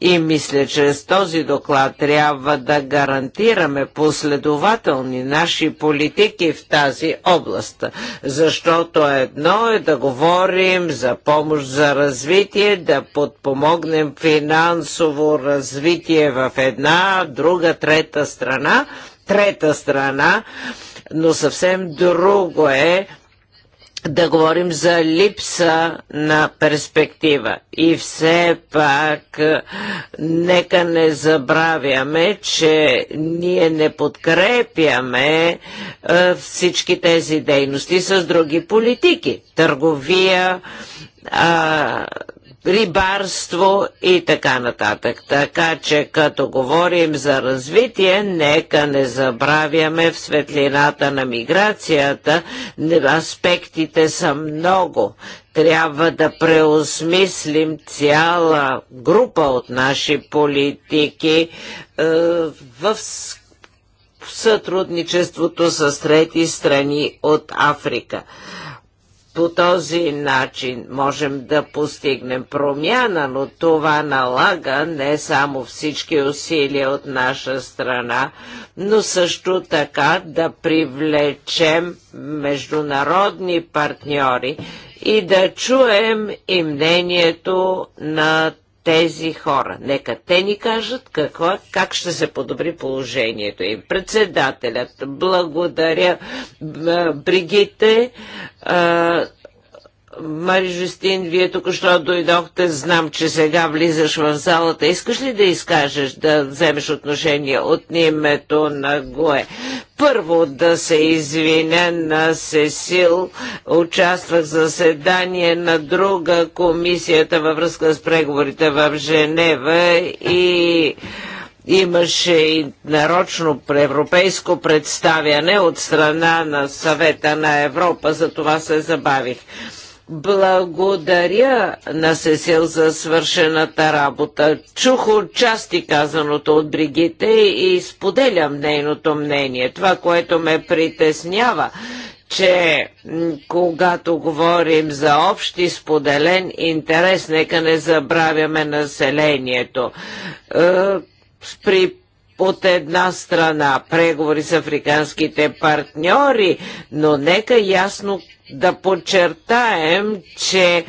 И мисля, че с този доклад трябва да гарантираме последователни наши политики в тази област, защото едно е да говорим за помощ за развитие, да подпомогнем финансово развитие в една, друга, трета страна, трета страна, но съвсем друго е да говорим за липса на перспектива. И все пак, е, нека не забравяме, че ние не подкрепяме е, всички тези дейности с други политики. Търговия, рибарство и така нататък. Така че като говорим за развитие, нека не забравяме в светлината на миграцията, аспектите са много. Трябва да преосмислим цяла група от наши политики е, в сътрудничеството с трети страни от Африка. По този начин можем да постигнем промяна, но това налага не само всички усилия от наша страна, но също така да привлечем международни партньори и да чуем и мнението на тези хора. Нека те ни кажат какво, как ще се подобри положението им. Председателят, благодаря Бригите. А, Мари Жестин, вие тук що дойдохте, знам, че сега влизаш в залата. Искаш ли да изкажеш, да вземеш отношение от името на ГОЕ? Първо да се извиня на Сесил. Участвах в заседание на друга комисията във връзка с преговорите в Женева и имаше и нарочно европейско представяне от страна на съвета на Европа, за това се забавих. Благодаря на Сесил за свършената работа. Чух отчасти казаното от Бригите и споделям нейното мнение. Това, което ме притеснява, че когато говорим за общи споделен интерес, нека не забравяме населението. Е, при от една страна преговори с африканските партньори, но нека ясно да подчертаем, че,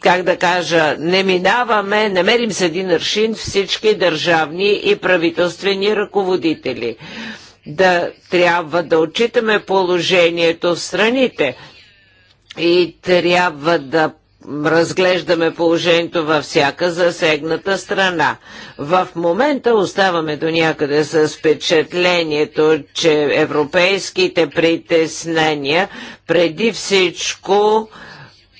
как да кажа, не минаваме, не мерим с един аршин всички държавни и правителствени ръководители. Да трябва да отчитаме положението в страните и трябва да разглеждаме положението във всяка засегната страна. В момента оставаме до някъде с впечатлението, че европейските притеснения преди всичко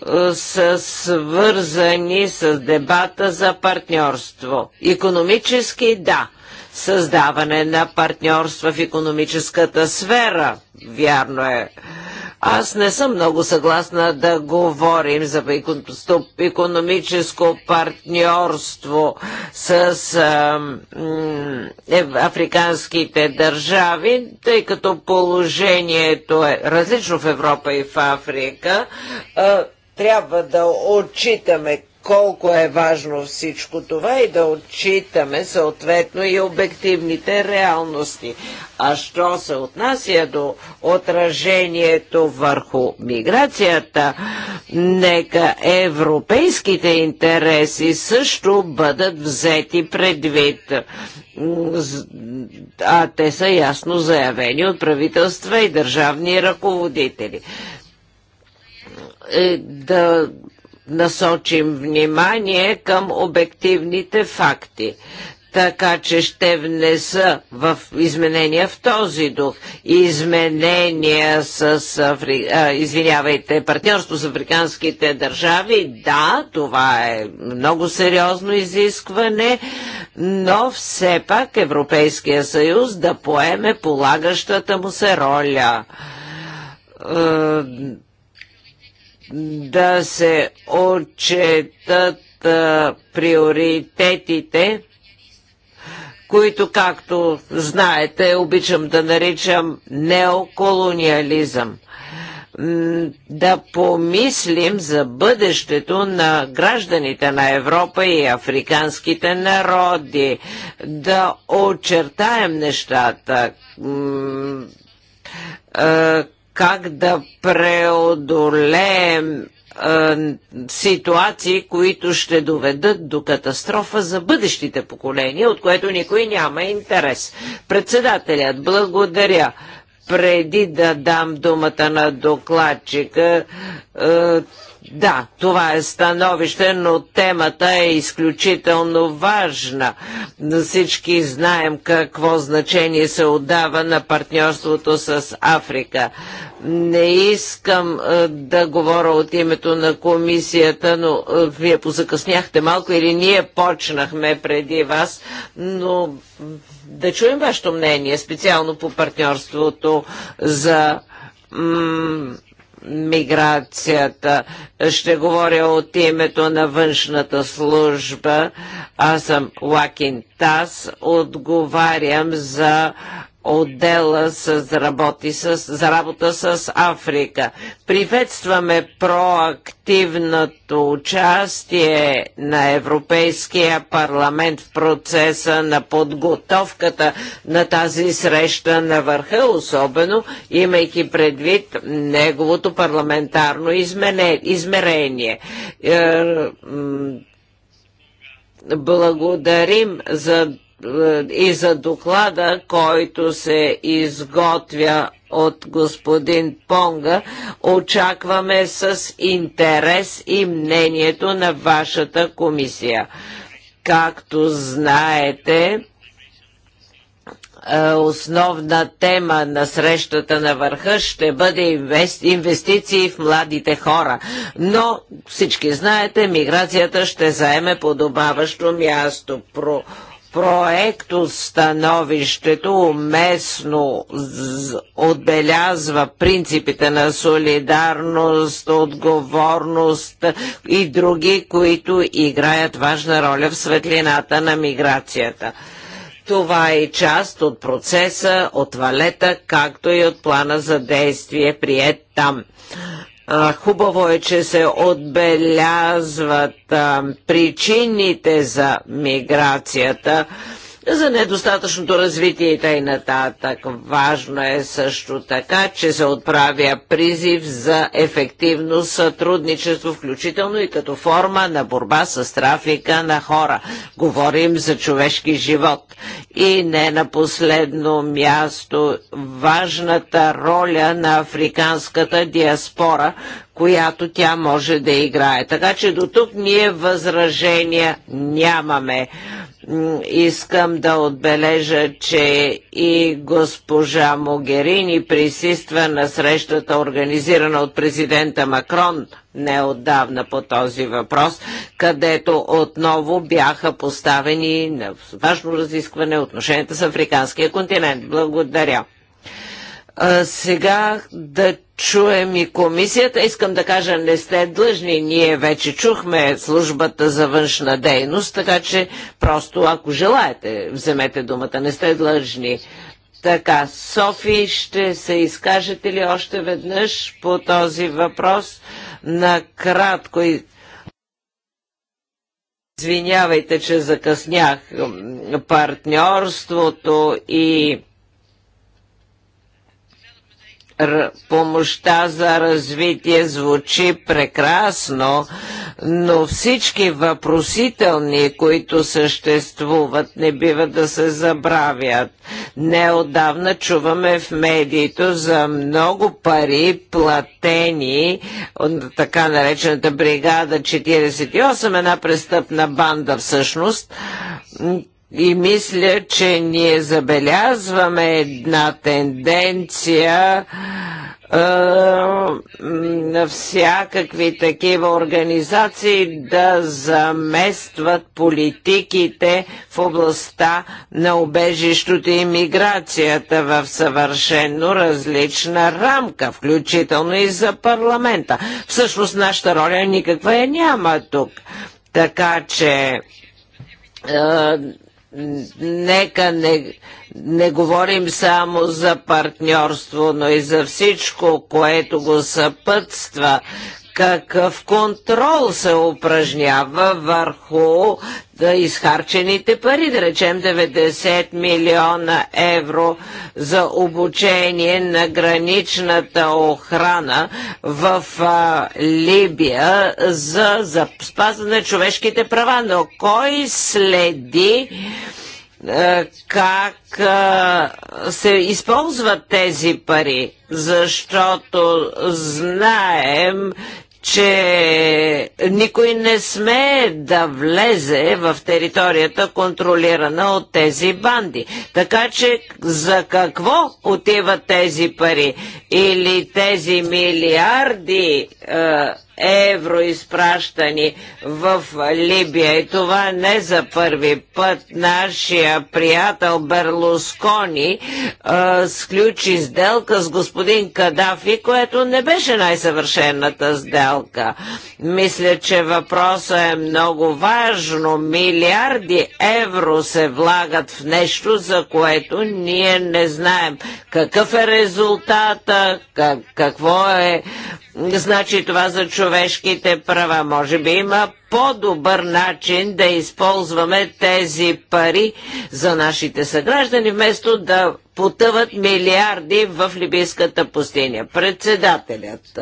е, са свързани с дебата за партньорство. Економически да. Създаване на партньорства в економическата сфера, вярно е. Аз не съм много съгласна да говорим за економическо партньорство с а, м, африканските държави, тъй като положението е различно в Европа и в Африка. А, трябва да отчитаме колко е важно всичко това и да отчитаме съответно и обективните реалности. А що се отнася до отражението върху миграцията, нека европейските интереси също бъдат взети предвид. А те са ясно заявени от правителства и държавни ръководители е, да насочим внимание към обективните факти така че ще внеса в изменения в този дух. Изменения с, Афри... а, извинявайте, партньорство с африканските държави, да, това е много сериозно изискване, но все пак Европейския съюз да поеме полагащата му се роля е, да се отчетат а, приоритетите, които, както знаете, обичам да наричам неоколониализъм. Да помислим за бъдещето на гражданите на Европа и африканските народи, да очертаем нещата, как да преодолеем ситуации, които ще доведат до катастрофа за бъдещите поколения, от което никой няма интерес. Председателят, благодаря. Преди да дам думата на докладчика, да, това е становище, но темата е изключително важна. Всички знаем какво значение се отдава на партньорството с Африка. Не искам е, да говоря от името на комисията, но е, вие позакъсняхте малко или ние почнахме преди вас, но да чуем вашето мнение специално по партньорството за миграцията. Ще говоря от името на външната служба. Аз съм Лакин Тас, отговарям за отдела с, работи с, за работа с Африка. Приветстваме проактивното участие на Европейския парламент в процеса на подготовката на тази среща на върха, особено имайки предвид неговото парламентарно измерение е, благодарим за и за доклада, който се изготвя от господин Понга. Очакваме с интерес и мнението на вашата комисия. Както знаете, е, основна тема на срещата на върха ще бъде инвестиции в младите хора. Но всички знаете, миграцията ще заеме подобаващо място. Про проекто становището уместно отбелязва принципите на солидарност, отговорност и други, които играят важна роля в светлината на миграцията. Това е част от процеса, от валета, както и от плана за действие, прият там. Хубаво е, че се отбелязват причините за миграцията за недостатъчното развитие и т.н. нататък. Важно е също така, че се отправя призив за ефективно сътрудничество, включително и като форма на борба с трафика на хора. Говорим за човешки живот. И не на последно място важната роля на африканската диаспора, която тя може да играе. Така че до тук ние възражения нямаме. Искам да отбележа, че и госпожа Могерини присъства на срещата, организирана от президента Макрон неотдавна по този въпрос, където отново бяха поставени на важно разискване отношенията с африканския континент. Благодаря. А сега да чуем и комисията. Искам да кажа, не сте длъжни. Ние вече чухме службата за външна дейност, така че просто ако желаете, вземете думата. Не сте длъжни. Така, Софи, ще се изкажете ли още веднъж по този въпрос? Накратко и... Извинявайте, че закъснях. Партньорството и помощта за развитие звучи прекрасно, но всички въпросителни, които съществуват, не бива да се забравят. Неодавна чуваме в медиите за много пари платени от така наречената бригада 48, една престъпна банда всъщност, и мисля, че ние забелязваме една тенденция на всякакви такива организации да заместват политиките в областта на убежището и миграцията в съвършенно различна рамка, включително и за парламента. Всъщност нашата роля никаква е няма тук. Така че Нека не, не говорим само за партньорство, но и за всичко, което го съпътства, какъв контрол се упражнява върху да изхарчените пари, да речем 90 милиона евро за обучение на граничната охрана в а, Либия за, за спазване на човешките права. Но кой следи е, как е, се използват тези пари, защото знаем, че никой не смее да влезе в територията, контролирана от тези банди. Така че за какво отиват тези пари? Или тези милиарди е, евро изпращани в Либия. И това не за първи път нашия приятел Берлускони а, е, сключи сделка с господин Кадафи, което не беше най-съвършената сделка. Мисля, че въпросът е много важно. Милиарди евро се влагат в нещо, за което ние не знаем какъв е резултата, как, какво е значи това за човек човешките права. Може би има по-добър начин да използваме тези пари за нашите съграждани, вместо да потъват милиарди в Либийската пустиня. Председателят.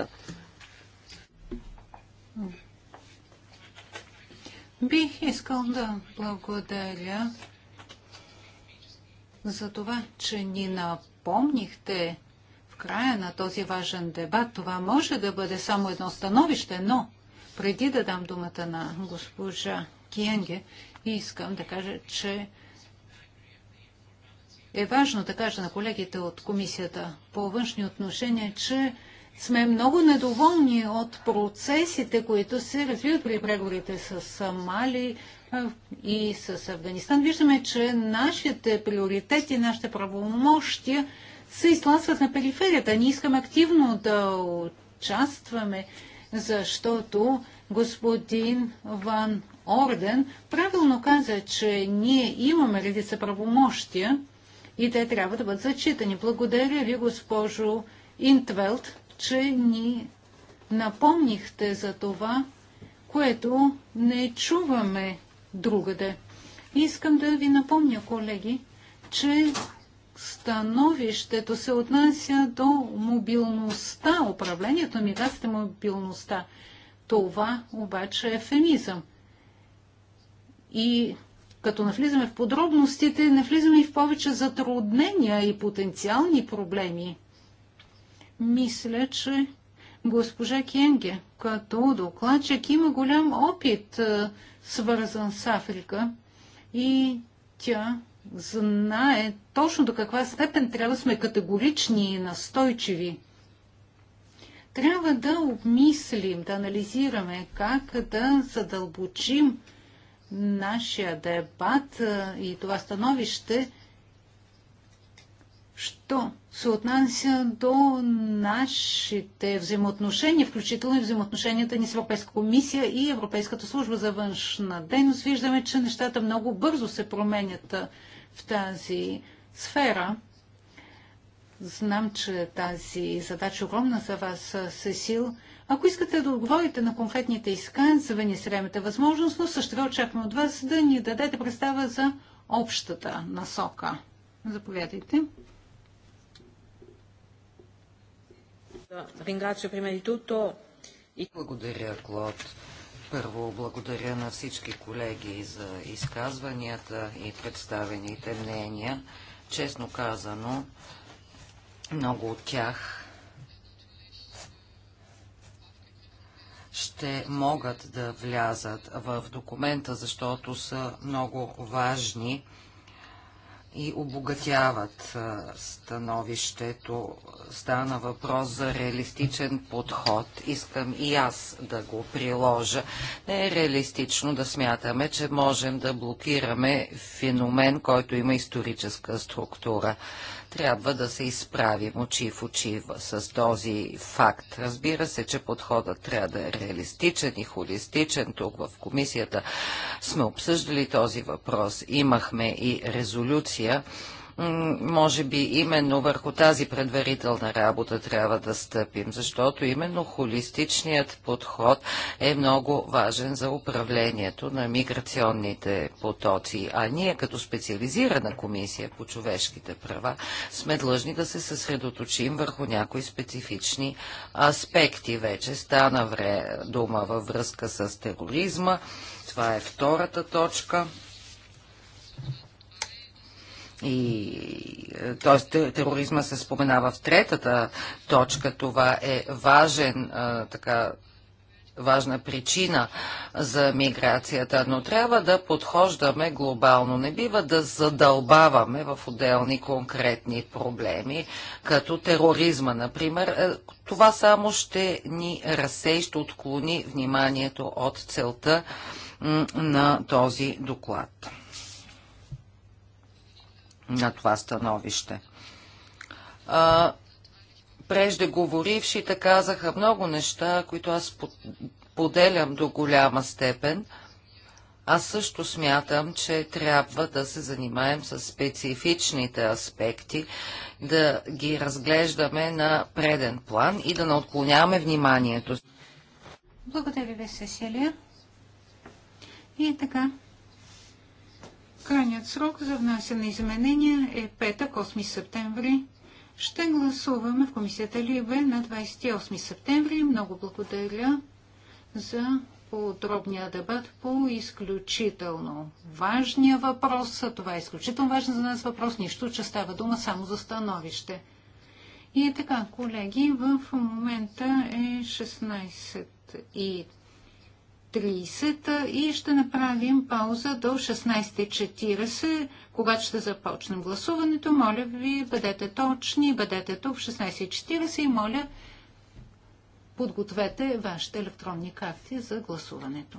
Бих искал да благодаря за това, че ни напомнихте края на този важен дебат. Това може да бъде само едно становище, но преди да дам думата на госпожа Киенге, искам да кажа, че е важно да кажа на колегите от Комисията по външни отношения, че сме много недоволни от процесите, които се развиват при преговорите с Мали и с Афганистан. Виждаме, че нашите приоритети, нашите правомощия се изтласват на периферията. Ние искаме активно да участваме, защото господин Ван Орден правилно каза, че ние имаме редица правомощия и те трябва да бъдат зачитани. Благодаря ви, госпожо Интвелт, че ни напомнихте за това, което не чуваме другаде. Искам да ви напомня, колеги, че становището се отнася до мобилността, управлението на миграцията, е мобилността. Това обаче е ефемизъм. И като навлизаме в подробностите, навлизаме и в повече затруднения и потенциални проблеми. Мисля, че госпожа Кенге, като докладчик, има голям опит, е, свързан с Африка. И тя знае точно до каква степен трябва да сме категорични и настойчиви. Трябва да обмислим, да анализираме как да задълбочим нашия дебат и това становище, що се отнася до нашите взаимоотношения, включително и взаимоотношенията ни с Европейска комисия и Европейската служба за външна дейност. Виждаме, че нещата много бързо се променят в тази сфера. Знам, че тази задача е огромна за вас, Сесил. Ако искате да отговорите на конкретните изказвания, сремете възможност, но също ви очакваме от вас да ни дадете представа за общата насока. Заповядайте. Благодаря, Клод. Първо благодаря на всички колеги за изказванията и представените мнения. Честно казано, много от тях ще могат да влязат в документа, защото са много важни и обогатяват становището. Стана въпрос за реалистичен подход. Искам и аз да го приложа. Не е реалистично да смятаме, че можем да блокираме феномен, който има историческа структура. Трябва да се изправим очи в очи с този факт. Разбира се, че подходът трябва да е реалистичен и холистичен. Тук в комисията сме обсъждали този въпрос. Имахме и резолюция може би именно върху тази предварителна работа трябва да стъпим, защото именно холистичният подход е много важен за управлението на миграционните потоци. А ние като специализирана комисия по човешките права сме длъжни да се съсредоточим върху някои специфични аспекти. Вече стана вре дума във връзка с тероризма. Това е втората точка и е, т.е. тероризма се споменава в третата точка. Това е важен, е, така, важна причина за миграцията, но трябва да подхождаме глобално. Не бива да задълбаваме в отделни конкретни проблеми, като тероризма, например. Е, това само ще ни разсей, ще отклони вниманието от целта на този доклад на това становище. А, преждеговорившите казаха много неща, които аз поделям до голяма степен. Аз също смятам, че трябва да се занимаем с специфичните аспекти, да ги разглеждаме на преден план и да не отклоняваме вниманието. Благодаря ви, Сесилия. И така, Крайният срок за внасяне изменения е петък, 8 септември. Ще гласуваме в комисията Либе на 28 септември. Много благодаря за подробния дебат по изключително важния въпрос. Това е изключително важен за нас въпрос. Нищо, че става дума само за становище. И така, колеги, в момента е 16 и 30 и ще направим пауза до 16.40, когато ще започнем гласуването. Моля ви, бъдете точни, бъдете тук в 16.40 и моля, подгответе вашите електронни карти за гласуването.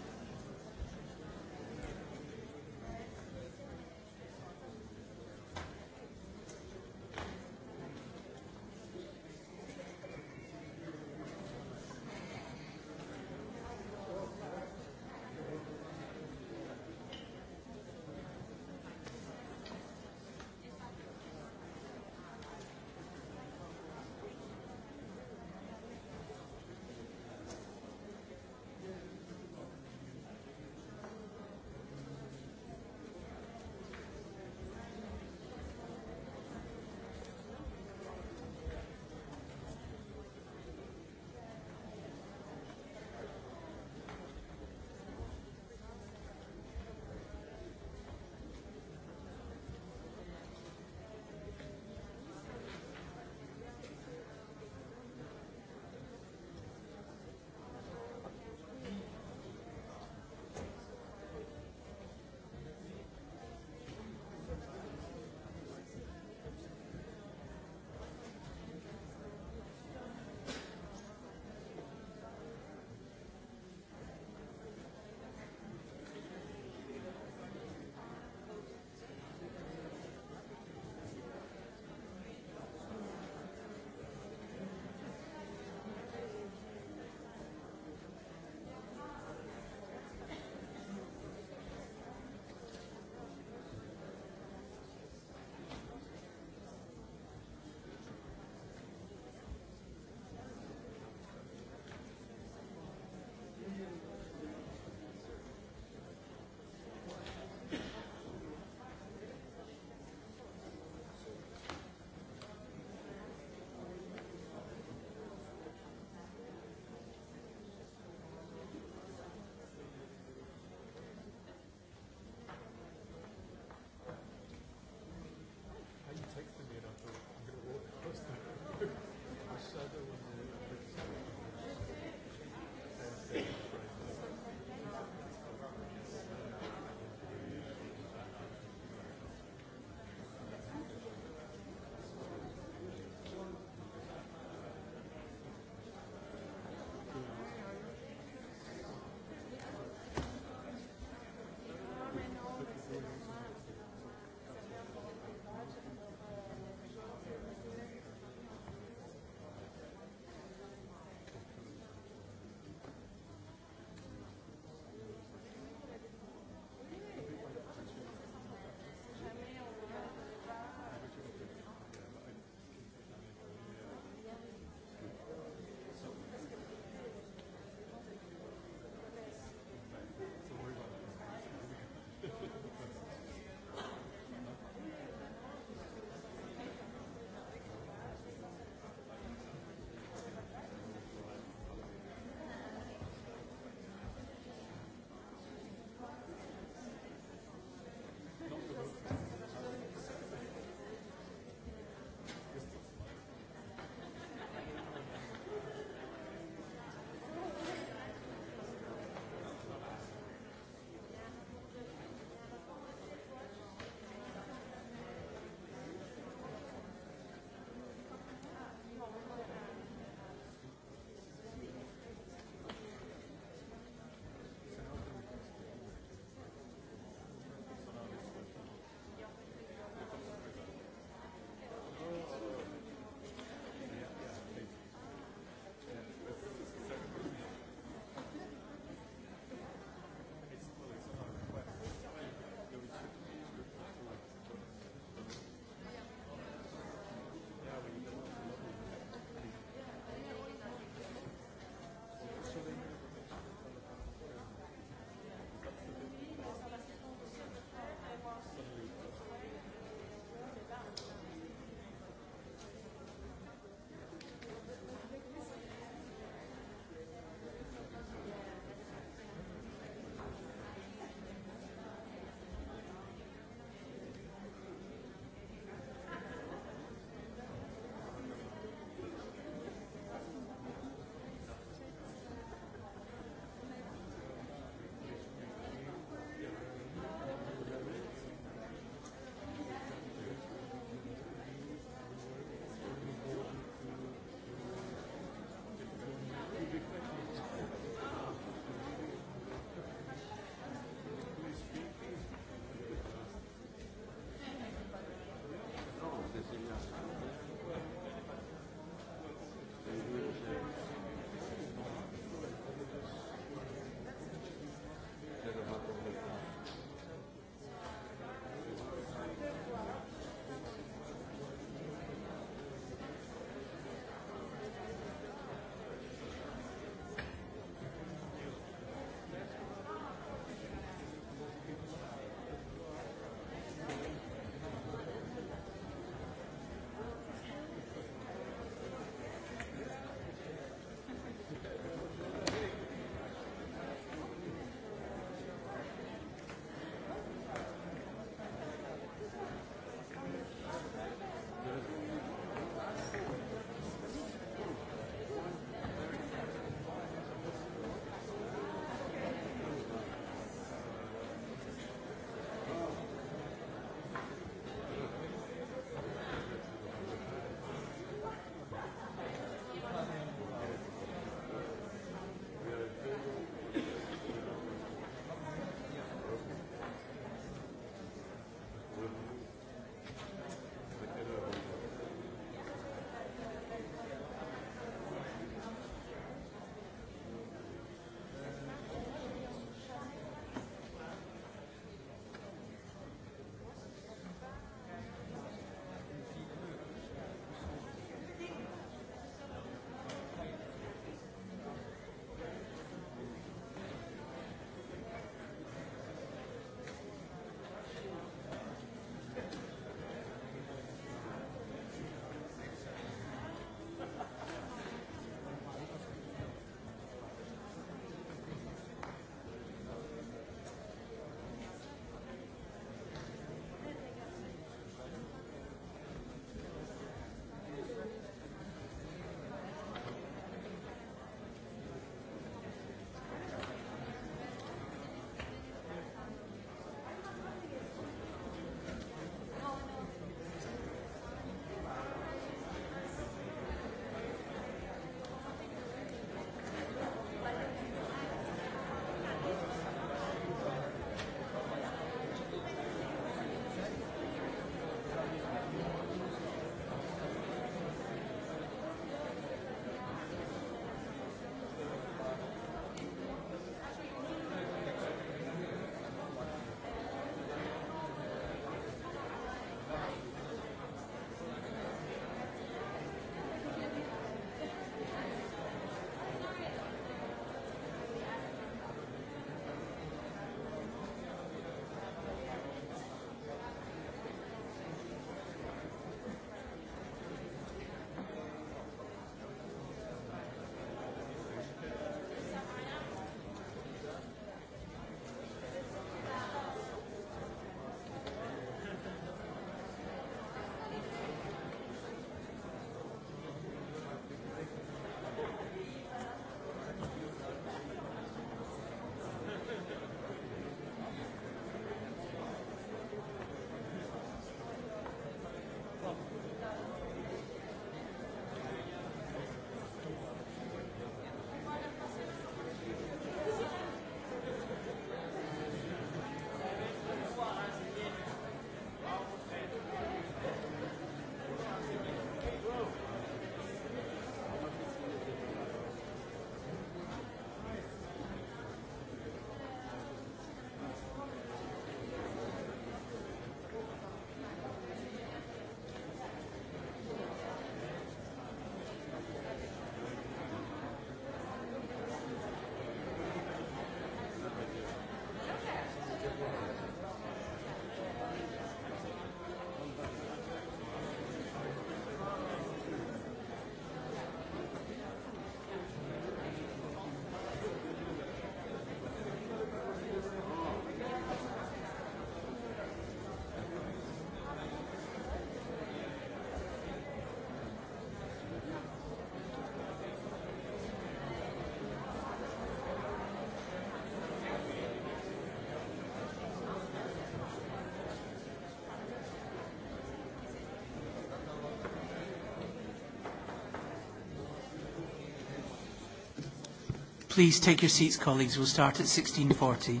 Please take your seats, colleagues. We'll start at 1640.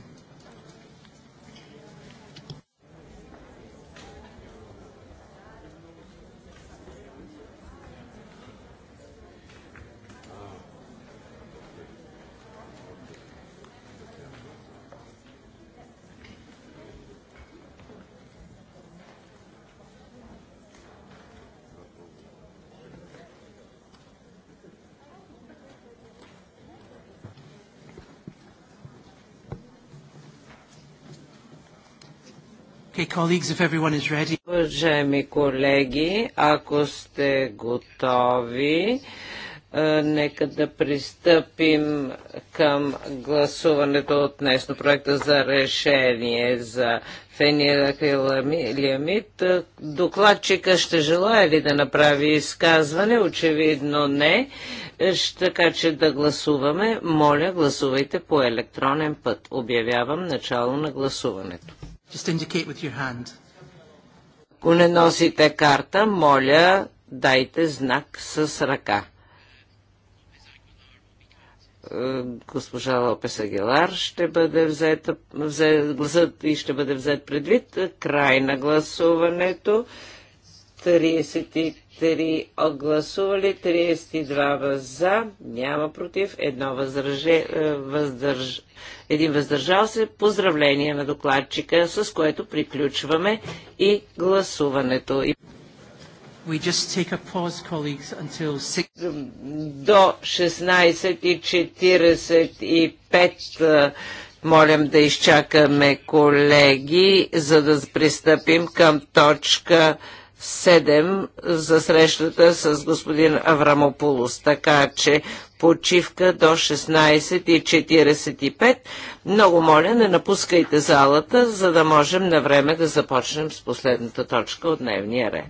Okay, Уважаеми колеги, ако сте готови, е, нека да пристъпим към гласуването от днешно проекта за решение за Фенира фенилакриламид. Е, докладчика ще желая ли да направи изказване? Очевидно не. Е, така че да гласуваме. Моля, гласувайте по електронен път. Обявявам начало на гласуването. Just indicate with your hand. Ако не носите карта, моля, дайте знак с ръка. Е, госпожа Лопес Агилар ще бъде взета, взе, гласът и ще бъде взет предвид. Край на гласуването. 33 гласували, 32 за, няма против, едно въздържа, е, въздърж, един въздържал се. Поздравление на докладчика, с което приключваме и гласуването. We just take a pause, colleagues, until six... До 16.45 е, молям да изчакаме колеги, за да пристъпим към точка 7 за срещата с господин Аврамополос. така че почивка до 16.45. Много моля, не напускайте залата, за да можем на време да започнем с последната точка от дневния ред.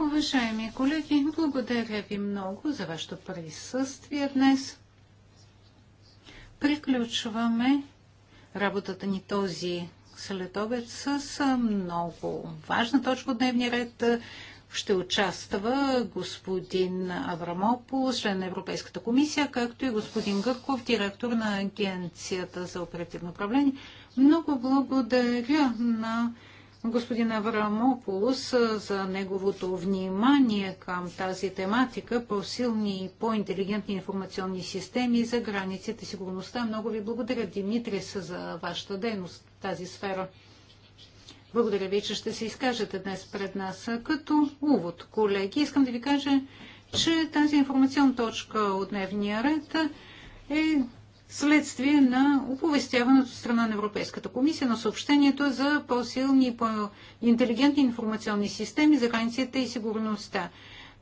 Уважаеми колеги, благодаря ви много за вашето присъствие днес. Приключваме работата ни този следобед с много важна точка от дневния ред. Ще участва господин Аврамопол, член на Европейската комисия, както и господин Гърков, директор на Агенцията за оперативно управление. Много благодаря на господин Аврамополус за неговото внимание към тази тематика по силни и по-интелигентни информационни системи за границите сигурността. Много ви благодаря, Димитрис, за вашата дейност в тази сфера. Благодаря ви, че ще се изкажете днес пред нас. Като увод, колеги, искам да ви кажа, че тази информационна точка от дневния ред е следствие на оповестяването страна на Европейската комисия на съобщението е за по-силни и по-интелигентни информационни системи за границите и сигурността.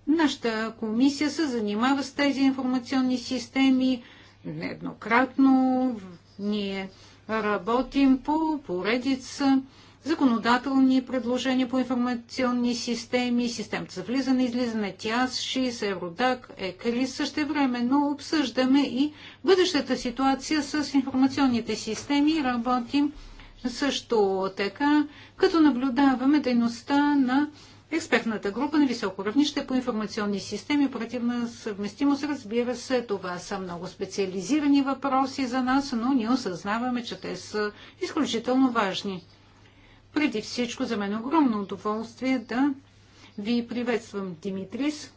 Нашата комисия се занимава с тези информационни системи нееднократно. Ние работим по поредица законодателни предложения по информационни системи, системата за влизане и излизане, ТИАС, ШИС, Евродак, ЕКАЛИС. но обсъждаме и бъдещата ситуация с информационните системи и работим също така, като наблюдаваме дейността на Експертната група на високо равнище по информационни системи, оперативна съвместимост, разбира се, това са много специализирани въпроси за нас, но ние осъзнаваме, че те са изключително важни. Преди всичко за мен е огромно удоволствие да ви приветствам, Димитрис,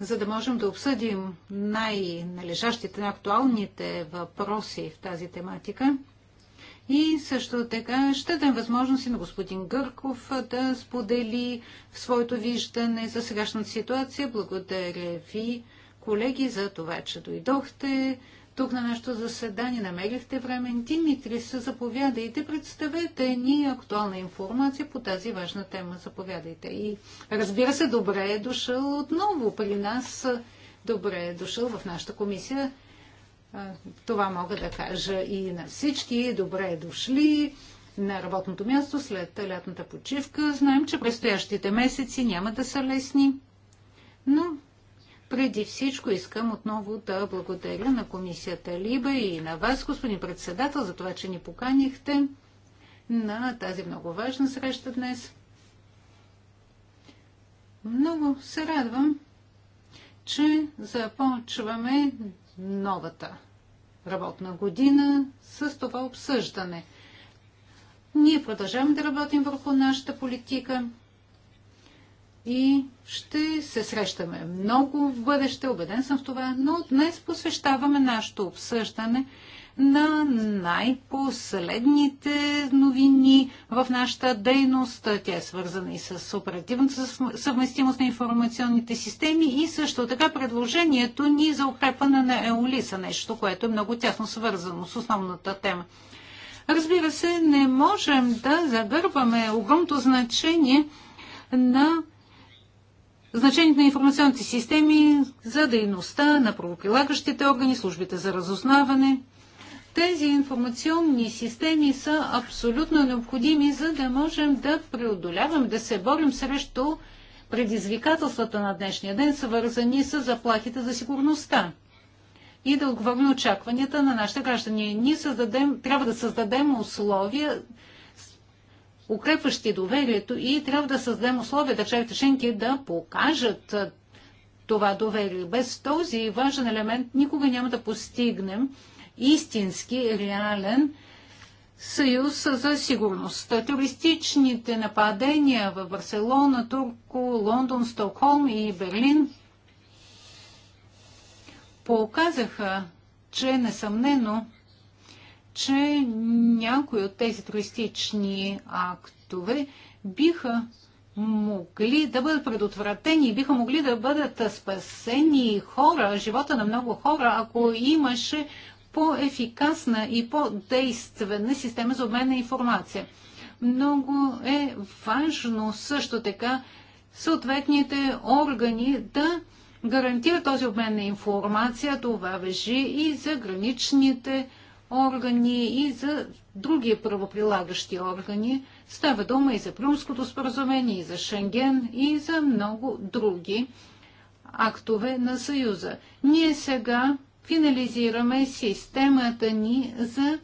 за да можем да обсъдим най-належащите, най-актуалните въпроси в тази тематика. И също така ще дам възможност и на господин Гърков да сподели своето виждане за сегашната ситуация. Благодаря ви, колеги, за това, че дойдохте, тук на нашето заседание, намерихте време. Димитри, се заповядайте, представете ни актуална информация по тази важна тема. Заповядайте. И разбира се, добре е дошъл отново при нас. Добре е дошъл в нашата комисия. Това мога да кажа и на всички. Добре е дошли на работното място след лятната почивка. Знаем, че предстоящите месеци няма да са лесни, но преди всичко искам отново да благодаря на комисията Либа и на вас, господин председател, за това, че ни поканихте на тази много важна среща днес. Много се радвам, че започваме новата работна година с това обсъждане. Ние продължаваме да работим върху нашата политика и ще се срещаме много в бъдеще, убеден съм в това, но днес посвещаваме нашето обсъждане на най-последните новини в нашата дейност. Тя е свързана и с оперативната съвместимост на информационните системи и също така предложението ни за укрепване на Еолиса, нещо, което е много тясно свързано с основната тема. Разбира се, не можем да загърваме огромното значение на значението на информационните системи за дейността на правоприлагащите органи, службите за разузнаване. Тези информационни системи са абсолютно необходими, за да можем да преодоляваме, да се борим срещу предизвикателствата на днешния ден, свързани с заплахите за сигурността и да отговорим на очакванията на нашите граждани. Ние създадем, трябва да създадем условия укрепващи доверието и трябва да създадем условия държавите членки да покажат това доверие. Без този важен елемент никога няма да постигнем истински, реален съюз за сигурност. Терористичните нападения в Барселона, Турко, Лондон, Стокхолм и Берлин показаха, че несъмнено че някои от тези туристични актове биха могли да бъдат предотвратени, биха могли да бъдат спасени хора, живота на много хора, ако имаше по-ефикасна и по-действена система за обмен на информация. Много е важно също така съответните органи да гарантират този обмен на информация. Това вежи и за граничните органи и за други правоприлагащи органи. Става дума и за Прюмското споразумение, и за Шенген, и за много други актове на Съюза. Ние сега финализираме системата ни за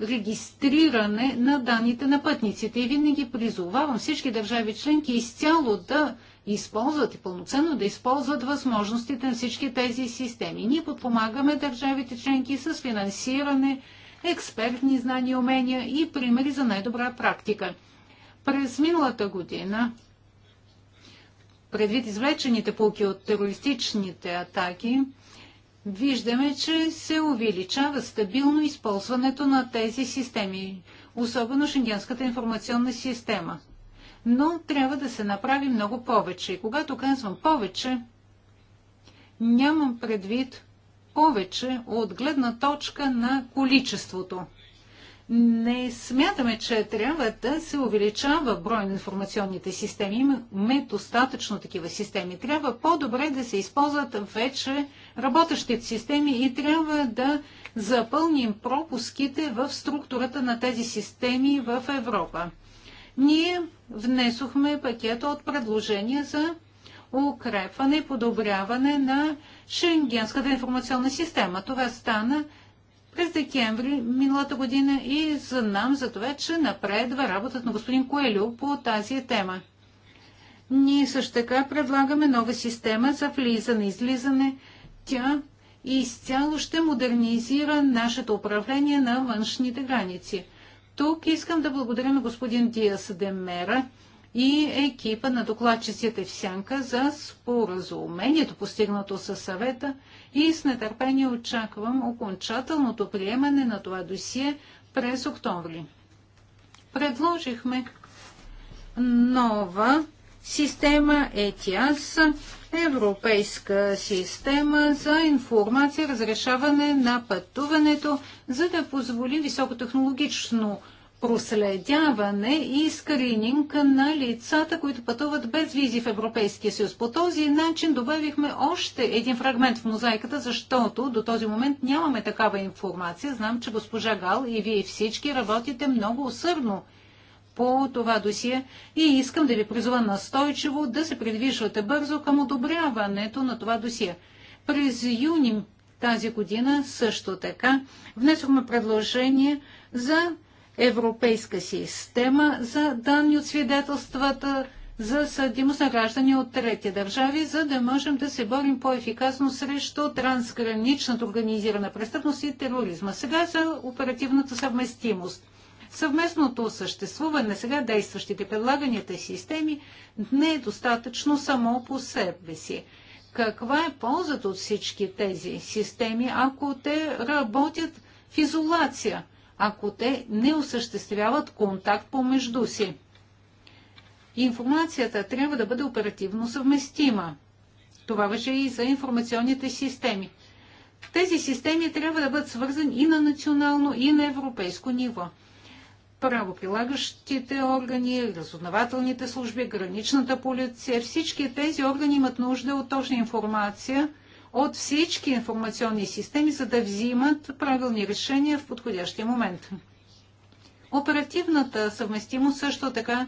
регистриране на данните на пътниците. И винаги призовавам всички държави членки изцяло да използват и пълноценно да използват възможностите на всички тези системи. Ние подпомагаме държавите членки с финансиране, експертни знания, умения и примери за най-добра практика. През миналата година, предвид извлечените полки от терористичните атаки, виждаме, че се увеличава стабилно използването на тези системи, особено Шенгенската информационна система но трябва да се направи много повече. И когато казвам повече, нямам предвид повече от гледна точка на количеството. Не смятаме, че трябва да се увеличава брой на информационните системи. Имаме достатъчно такива системи. Трябва по-добре да се използват вече работещите системи и трябва да запълним пропуските в структурата на тези системи в Европа ние внесохме пакета от предложения за укрепване и подобряване на Шенгенската информационна система. Това стана през декември миналата година и знам за това, че напредва работата на господин Коелю по тази тема. Ние също така предлагаме нова система за влизане и излизане. Тя изцяло ще модернизира нашето управление на външните граници. Тук искам да благодаря на господин Диас Демера и екипа на докладчиците в Сянка за споразумението, постигнато със съвета и с нетърпение очаквам окончателното приемане на това досие през октомври. Предложихме нова система ETIAS, Европейска система за информация, разрешаване на пътуването за да позволи високотехнологично проследяване и скрининг на лицата, които пътуват без визи в Европейския съюз. По този начин добавихме още един фрагмент в мозайката, защото до този момент нямаме такава информация. Знам, че госпожа Гал и вие всички работите много усърдно по това досие и искам да ви призова настойчиво да се придвижвате бързо към одобряването на това досие. През юни тази година също така внесохме предложение за европейска система за данни от свидетелствата за съдимост на граждани от трети държави, за да можем да се борим по-ефикасно срещу трансграничната организирана престъпност и тероризма. Сега за оперативната съвместимост. Съвместното съществуване на сега действащите предлаганите системи не е достатъчно само по себе си. Каква е ползата от всички тези системи, ако те работят в изолация, ако те не осъществяват контакт помежду си? Информацията трябва да бъде оперативно съвместима. Това въже и за информационните системи. Тези системи трябва да бъдат свързани и на национално, и на европейско ниво правоприлагащите органи, разузнавателните служби, граничната полиция. Всички тези органи имат нужда от точна информация от всички информационни системи, за да взимат правилни решения в подходящия момент. Оперативната съвместимост също така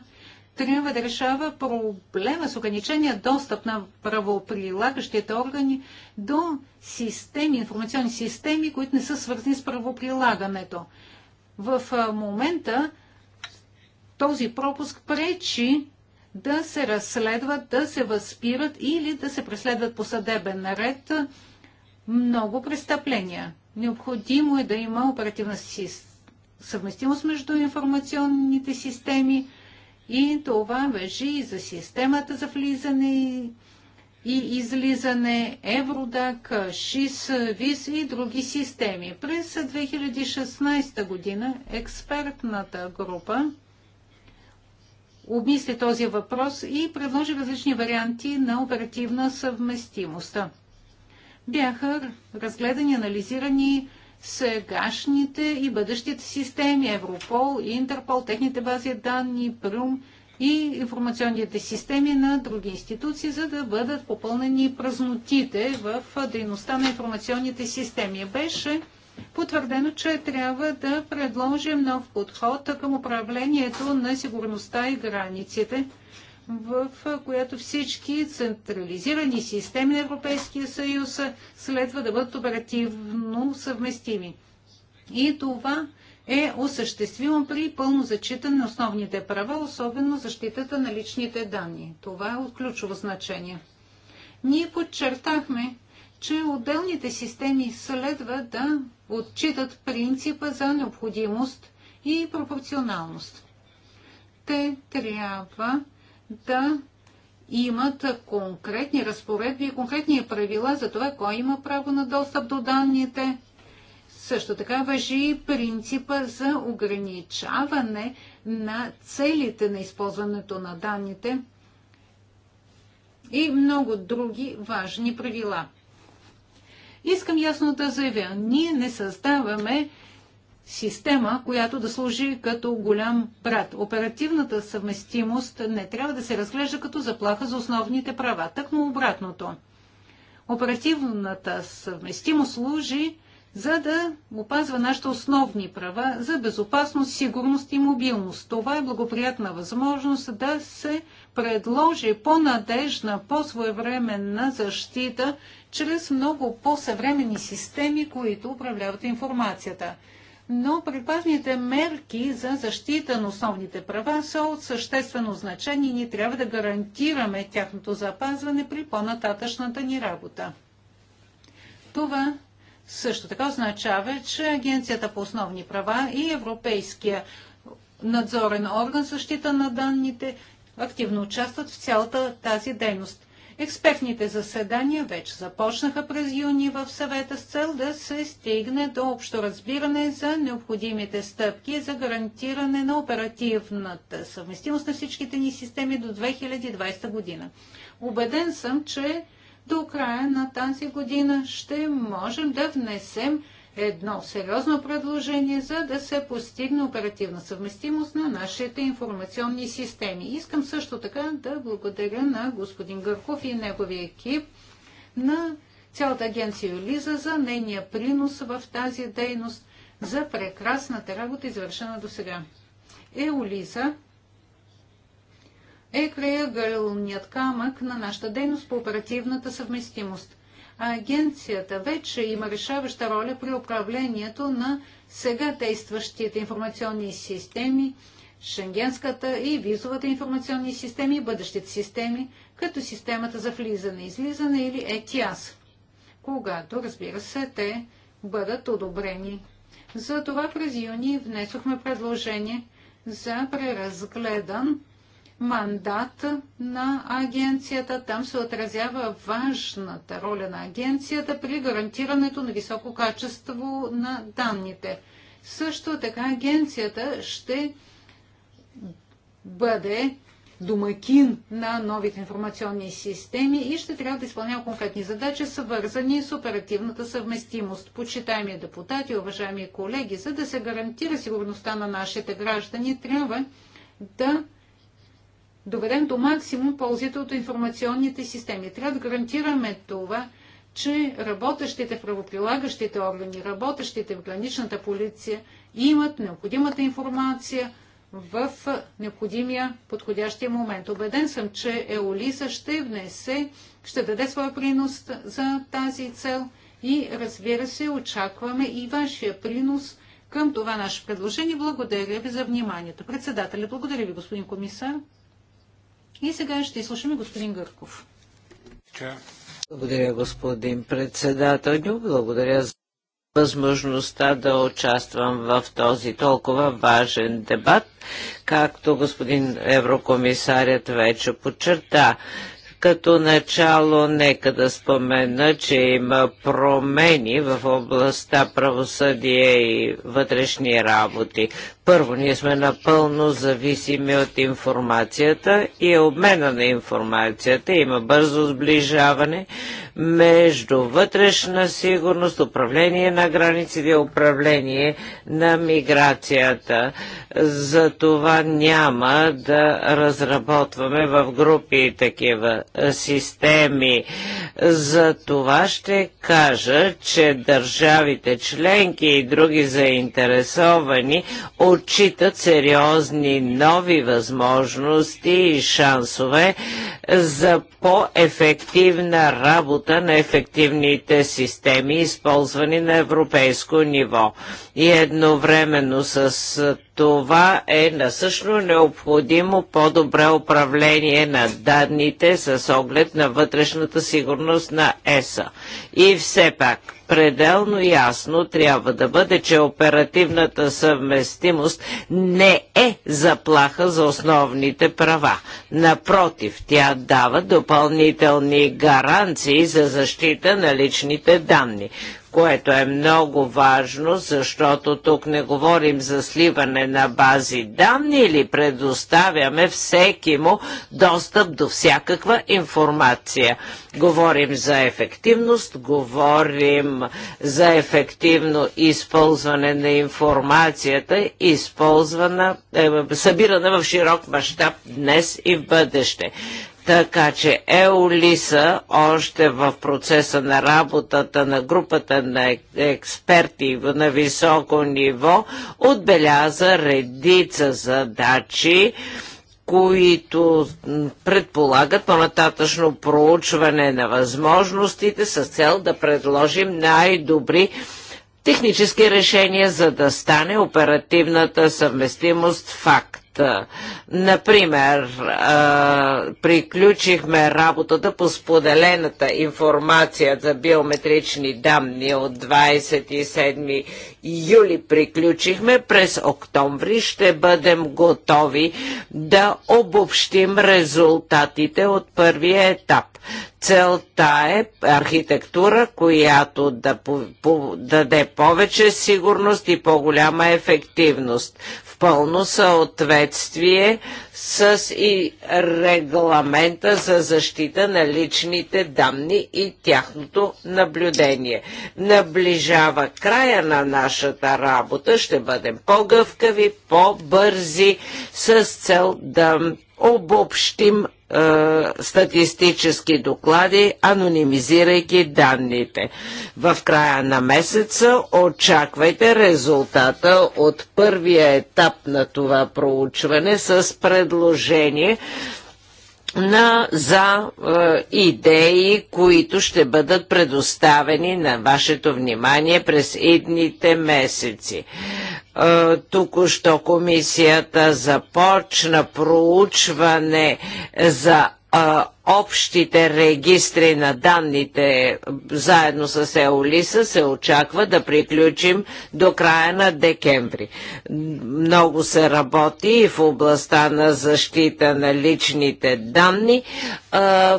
трябва да решава проблема с ограничения достъп на правоприлагащите органи до системи, информационни системи, които не са свързани с правоприлагането. В момента този пропуск пречи да се разследват, да се възпират или да се преследват по съдебен наред. много престъпления. Необходимо е да има оперативна съвместимост между информационните системи и това вежи и за системата за влизане и и излизане, Евродак, ШИС, ВИС и други системи. През 2016 година експертната група обмисли този въпрос и предложи различни варианти на оперативна съвместимост. Бяха разгледани, анализирани сегашните и бъдещите системи, Европол, Интерпол, техните бази данни, Прюм и информационните системи на други институции, за да бъдат попълнени празнотите в дейността на информационните системи. Беше потвърдено, че трябва да предложим нов подход към управлението на сигурността и границите, в която всички централизирани системи на Европейския съюз следва да бъдат оперативно съвместими. И това е осъществима при пълно зачитане на основните права, особено защитата на личните данни. Това е от ключово значение. Ние подчертахме, че отделните системи следва да отчитат принципа за необходимост и пропорционалност. Те трябва да имат конкретни разпоредби и конкретни правила за това, кой има право на достъп до данните – също така въжи и принципа за ограничаване на целите на използването на данните и много други важни правила. Искам ясно да заявя, ние не създаваме система, която да служи като голям брат. Оперативната съвместимост не трябва да се разглежда като заплаха за основните права. Тъкмо обратното. Оперативната съвместимост служи за да опазва нашите основни права за безопасност, сигурност и мобилност. Това е благоприятна възможност да се предложи по-надежна, по-своевременна защита чрез много по-съвремени системи, които управляват информацията. Но предпазните мерки за защита на основните права са от съществено значение и ние трябва да гарантираме тяхното запазване при по-нататъчната ни работа. Това също така означава, че Агенцията по основни права и Европейския надзорен орган защита на данните активно участват в цялата тази дейност. Експертните заседания вече започнаха през юни в съвета с цел да се стигне до общо разбиране за необходимите стъпки за гарантиране на оперативната съвместимост на всичките ни системи до 2020 година. Убеден съм, че до края на тази година ще можем да внесем едно сериозно предложение, за да се постигне оперативна съвместимост на нашите информационни системи. Искам също така да благодаря на господин Гърков и неговия екип на цялата агенция Юлиза за нейния принос в тази дейност за прекрасната работа, извършена до сега. Е Олиза е крайъгълният камък на нашата дейност по оперативната съвместимост. Агенцията вече има решаваща роля при управлението на сега действащите информационни системи, Шенгенската и визовата информационни системи и бъдещите системи, като системата за влизане и излизане или ETIAS, когато, разбира се, те бъдат одобрени. За това през юни внесохме предложение за преразгледан мандат на агенцията. Там се отразява важната роля на агенцията при гарантирането на високо качество на данните. Също така агенцията ще бъде домакин на новите информационни системи и ще трябва да изпълнява конкретни задачи, свързани с оперативната съвместимост. Почитаеми депутати, уважаеми колеги, за да се гарантира сигурността на нашите граждани, трябва да доведем до максимум ползите от информационните системи. Трябва да гарантираме това, че работещите в правоприлагащите органи, работещите в граничната полиция имат необходимата информация в необходимия подходящия момент. Обеден съм, че Еолиса ще внесе, ще даде своя принос за тази цел и разбира се, очакваме и вашия принос към това наше предложение. Благодаря ви за вниманието. Председателя, благодаря ви, господин комисар. И сега ще изслушаме господин Гърков. Благодаря, господин председател. Благодаря за възможността да участвам в този толкова важен дебат, както господин еврокомисарят вече подчерта. Като начало нека да спомена, че има промени в областта правосъдие и вътрешни работи. Първо, ние сме напълно зависими от информацията и обмена на информацията. Има бързо сближаване между вътрешна сигурност, управление на границите и управление на миграцията. За това няма да разработваме в групи такива системи. За това ще кажа, че държавите членки и други заинтересовани от отчитат сериозни нови възможности и шансове за по-ефективна работа на ефективните системи, използвани на европейско ниво. И едновременно с това е насъщно необходимо по-добре управление на данните с оглед на вътрешната сигурност на ЕСА. И все пак, пределно ясно трябва да бъде, че оперативната съвместимост не е заплаха за основните права. Напротив, тя дава допълнителни гаранции за защита на личните данни което е много важно, защото тук не говорим за сливане на бази данни или предоставяме всеки му достъп до всякаква информация. Говорим за ефективност, говорим за ефективно използване на информацията, използвана, е, събирана в широк мащаб днес и в бъдеще. Така че Еолиса още в процеса на работата на групата на експерти на високо ниво отбеляза редица задачи, които предполагат по-нататъчно проучване на възможностите с цел да предложим най-добри технически решения, за да стане оперативната съвместимост факт. Например, приключихме работата по споделената информация за биометрични данни от 27 юли приключихме. През октомври ще бъдем готови да обобщим резултатите от първия етап. Целта е архитектура, която да даде повече сигурност и по-голяма ефективност пълно съответствие с и регламента за защита на личните данни и тяхното наблюдение. Наближава края на нашата работа, ще бъдем по-гъвкави, по-бързи, с цел да обобщим е, статистически доклади, анонимизирайки данните. В края на месеца очаквайте резултата от първия етап на това проучване с предложение на, за е, идеи, които ще бъдат предоставени на вашето внимание през идните месеци. Току-що комисията започна проучване за общите регистри на данните заедно с Еолиса се очаква да приключим до края на декември. Много се работи и в областта на защита на личните данни.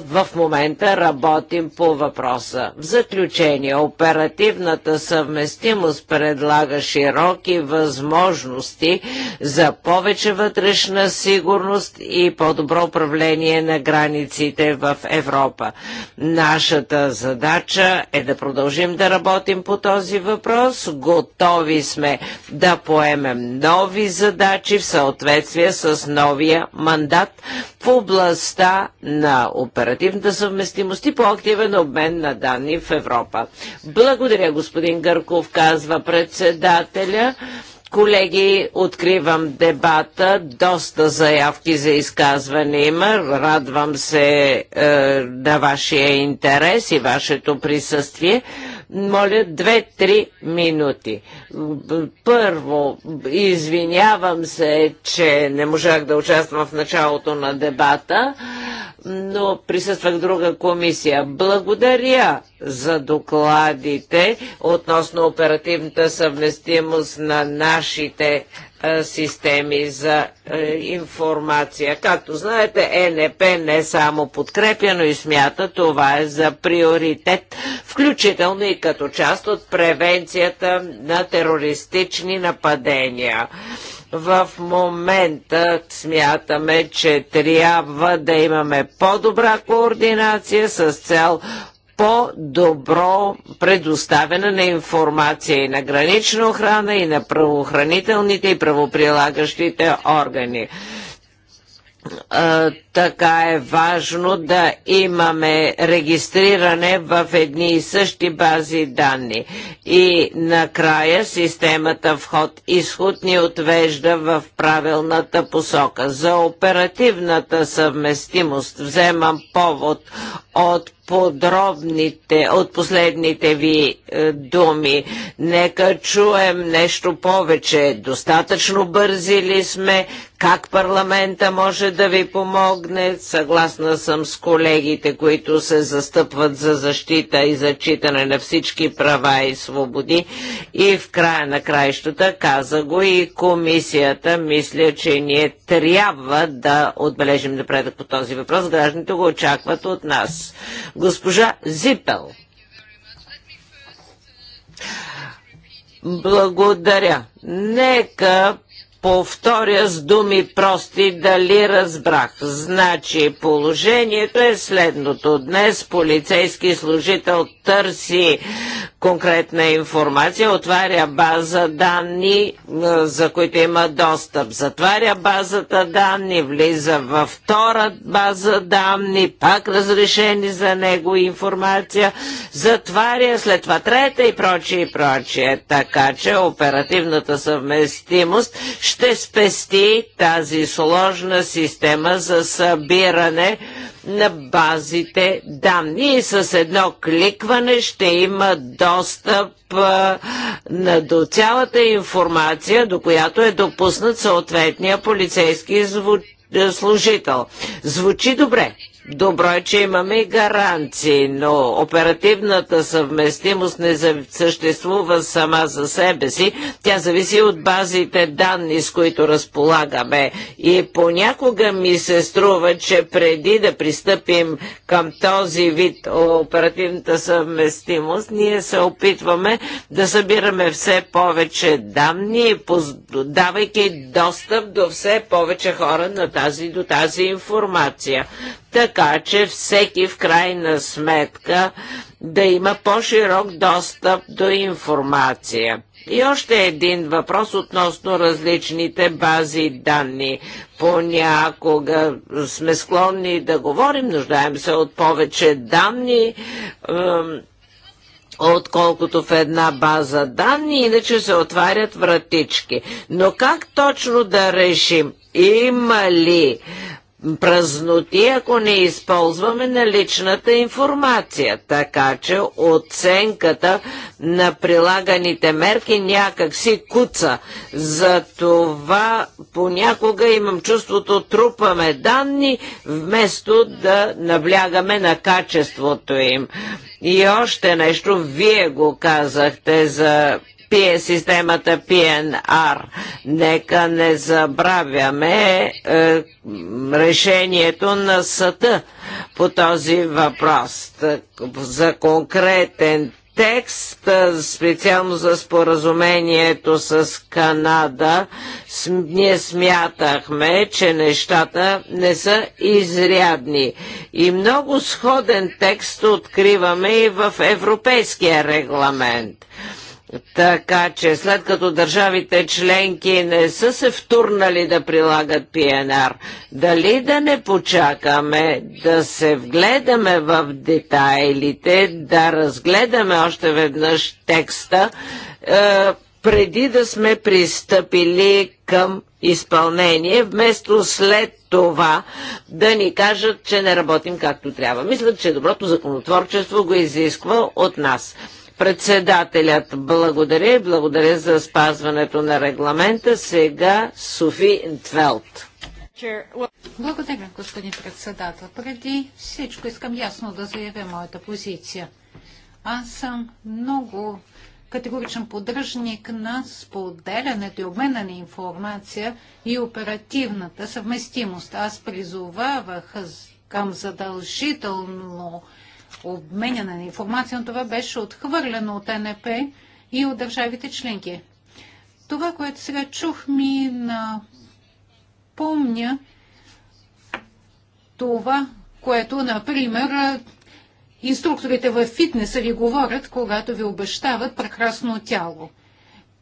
в момента работим по въпроса. В заключение, оперативната съвместимост предлага широки възможности за повече вътрешна сигурност и по-добро управление на границите страните в Европа. Нашата задача е да продължим да работим по този въпрос. Готови сме да поемем нови задачи в съответствие с новия мандат в областта на оперативната съвместимост и по-активен обмен на данни в Европа. Благодаря, господин Гърков, казва председателя. Колеги, откривам дебата. Доста заявки за изказване има. Радвам се е, на вашия интерес и вашето присъствие. Моля, две-три минути. Първо, извинявам се, че не можах да участвам в началото на дебата, но присъствах друга комисия. Благодаря за докладите относно оперативната съвместимост на нашите е, системи за е, информация. Както знаете, ЕНП не само подкрепя, но и смята това е за приоритет, включително и като част от превенцията на терористични нападения. В момента смятаме, че трябва да имаме по-добра координация с цел по-добро предоставяне на информация и на гранична охрана, и на правоохранителните и правоприлагащите органи така е важно да имаме регистриране в едни и същи бази данни. И накрая системата вход-изход ни отвежда в правилната посока. За оперативната съвместимост вземам повод от подробните от последните ви е, думи. Нека чуем нещо повече. Достатъчно бързи ли сме? Как парламента може да ви помогне? Съгласна съм с колегите, които се застъпват за защита и зачитане на всички права и свободи. И в края на краищата каза го и комисията. Мисля, че ние трябва да отбележим напредък по този въпрос. Гражданите го очакват от нас. Госпожа Зипел. Благодаря. Нека повторя с думи прости дали разбрах. Значи положението е следното. Днес полицейски служител търси конкретна информация, отваря база данни, за които има достъп. Затваря базата данни, влиза във втора база данни, пак разрешени за него информация, затваря след това трета и прочие и прочие. Така че оперативната съвместимост ще ще спести тази сложна система за събиране на базите данни и с едно кликване ще има достъп на, до цялата информация, до която е допуснат съответния полицейски служител. Звучи добре. Добро е, че имаме и гаранции, но оперативната съвместимост не съществува сама за себе си. Тя зависи от базите данни, с които разполагаме. И понякога ми се струва, че преди да пристъпим към този вид оперативната съвместимост, ние се опитваме да събираме все повече данни, давайки достъп до все повече хора на тази, до тази информация така че всеки в крайна сметка да има по-широк достъп до информация. И още един въпрос относно различните бази данни. Понякога сме склонни да говорим, нуждаем се от повече данни, отколкото в една база данни, иначе се отварят вратички. Но как точно да решим? Има ли празноти, ако не използваме наличната информация. Така че оценката на прилаганите мерки някак си куца. Затова понякога имам чувството трупаме данни, вместо да наблягаме на качеството им. И още нещо, вие го казахте за пие системата PNR. Нека не забравяме е, решението на съда по този въпрос. За конкретен текст е, специално за споразумението с Канада, ние смятахме, че нещата не са изрядни. И много сходен текст откриваме и в европейския регламент. Така че след като държавите членки не са се втурнали да прилагат ПНР, дали да не почакаме да се вгледаме в детайлите, да разгледаме още веднъж текста, е, преди да сме пристъпили към изпълнение, вместо след това да ни кажат, че не работим както трябва. Мисля, че доброто законотворчество го изисква от нас. Председателят, благодаря и благодаря за спазването на регламента. Сега Софи Твелт. Благодаря, господин председател. Преди всичко искам ясно да заявя моята позиция. Аз съм много категоричен поддръжник на споделянето и обмена на информация и оперативната съвместимост. Аз призовавах към задължително обменяне на информация, но това беше отхвърлено от НП и от държавите членки. Това, което сега чух ми напомня това, което, например, инструкторите в фитнеса ви говорят, когато ви обещават прекрасно тяло –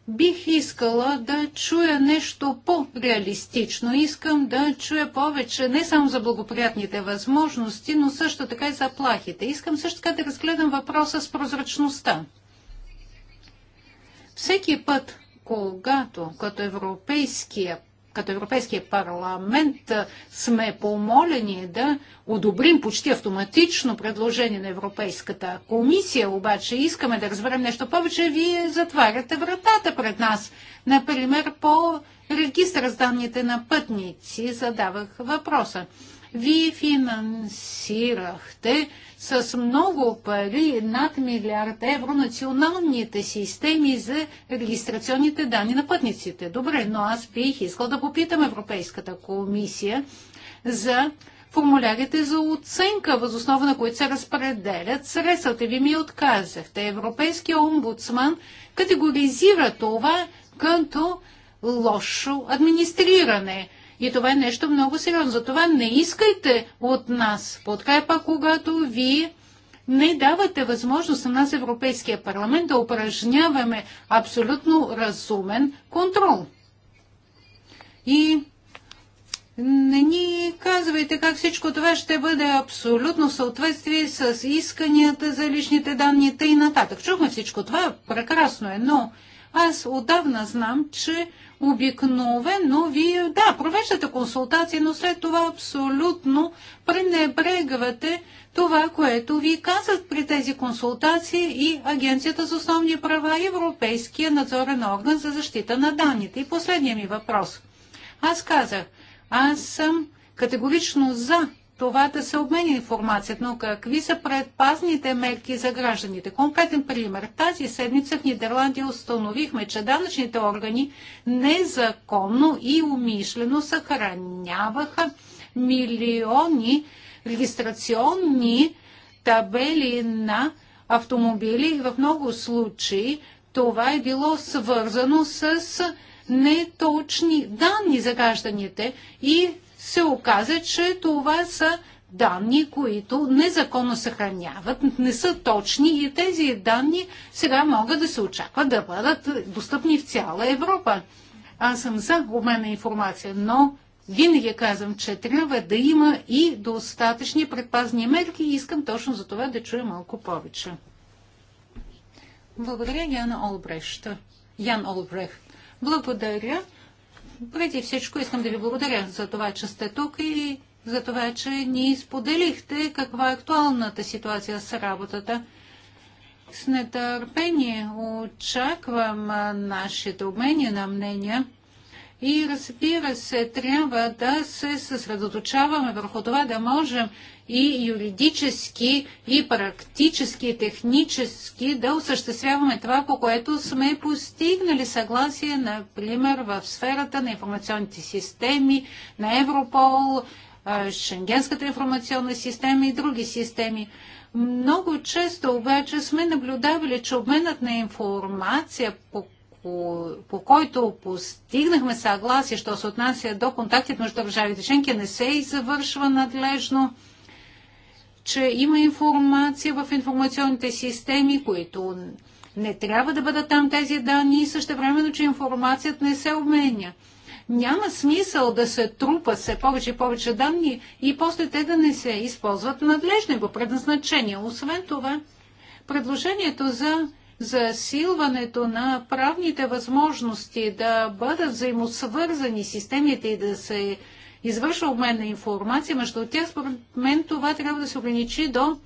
бих искала да чуя нещо по-реалистично. Искам да чуя повече не само за благоприятните възможности, но също така и заплахите. Искам също така да разгледам въпроса с прозрачността. Всеки път, когато като Европейския като Европейския парламент сме помолени да одобрим почти автоматично предложение на Европейската комисия, обаче искаме да разберем нещо повече, вие затваряте вратата пред нас. Например, по регистър с данните на пътници задавах въпроса. Вие финансирахте с много пари, над милиард евро, националните системи за регистрационните данни на пътниците. Добре, но аз бих искал да попитам Европейската комисия за формулярите за оценка, възоснова на които се разпределят средствата. Ви ми отказахте. Европейския омбудсман категоризира това като лошо администриране. И това е нещо много сериозно. Затова не искайте от нас подкрепа, когато вие не давате възможност на нас, Европейския парламент, да упражняваме абсолютно разумен контрол. И не ни казвайте как всичко това ще бъде абсолютно в съответствие с исканията за личните данни и нататък. Чухме всичко това, прекрасно е, но аз отдавна знам, че обикновено вие, да, провеждате консултации, но след това абсолютно пренебрегвате това, което ви казват при тези консултации и Агенцията за основни права и Европейския надзорен орган за защита на данните. И последния ми въпрос. Аз казах, аз съм категорично за това да се обмени информацията, но какви са предпазните мерки за гражданите? Конкретен пример. Тази седмица в Нидерландия установихме, че данъчните органи незаконно и умишлено съхраняваха милиони регистрационни табели на автомобили. В много случаи това е било свързано с неточни данни за гражданите и се оказа, че това са данни, които незаконно съхраняват, не са точни и тези данни сега могат да се очакват да бъдат достъпни в цяла Европа. Аз съм за обмен на информация, но винаги казвам, че трябва да има и достатъчни предпазни мерки и искам точно за това да чуя малко повече. Благодаря, Яна Олбрехт. Ян Олбрехт. Благодаря преди всичко искам да ви благодаря за това, че сте тук и за това, че ни споделихте каква е актуалната ситуация с работата. С нетърпение очаквам нашите обмени на мнения и разбира се, трябва да се съсредоточаваме върху това да можем и юридически, и практически, и технически да осъществяваме това, по което сме постигнали съгласие, например, в сферата на информационните системи, на Европол, Шенгенската информационна система и други системи. Много често обаче сме наблюдавали, че обменът на информация по по, по който постигнахме съгласие, що се отнася до контактите между държавите членки, не се извършва надлежно че има информация в информационните системи, които не трябва да бъдат там тези данни и също времено, че информацията не се обменя. Няма смисъл да се трупа се повече и повече данни и после те да не се използват надлежно по предназначение. Освен това, предложението за засилването на правните възможности да бъдат взаимосвързани системите и да се извършва обмен на информация между тях, според мен това трябва да се ограничи до,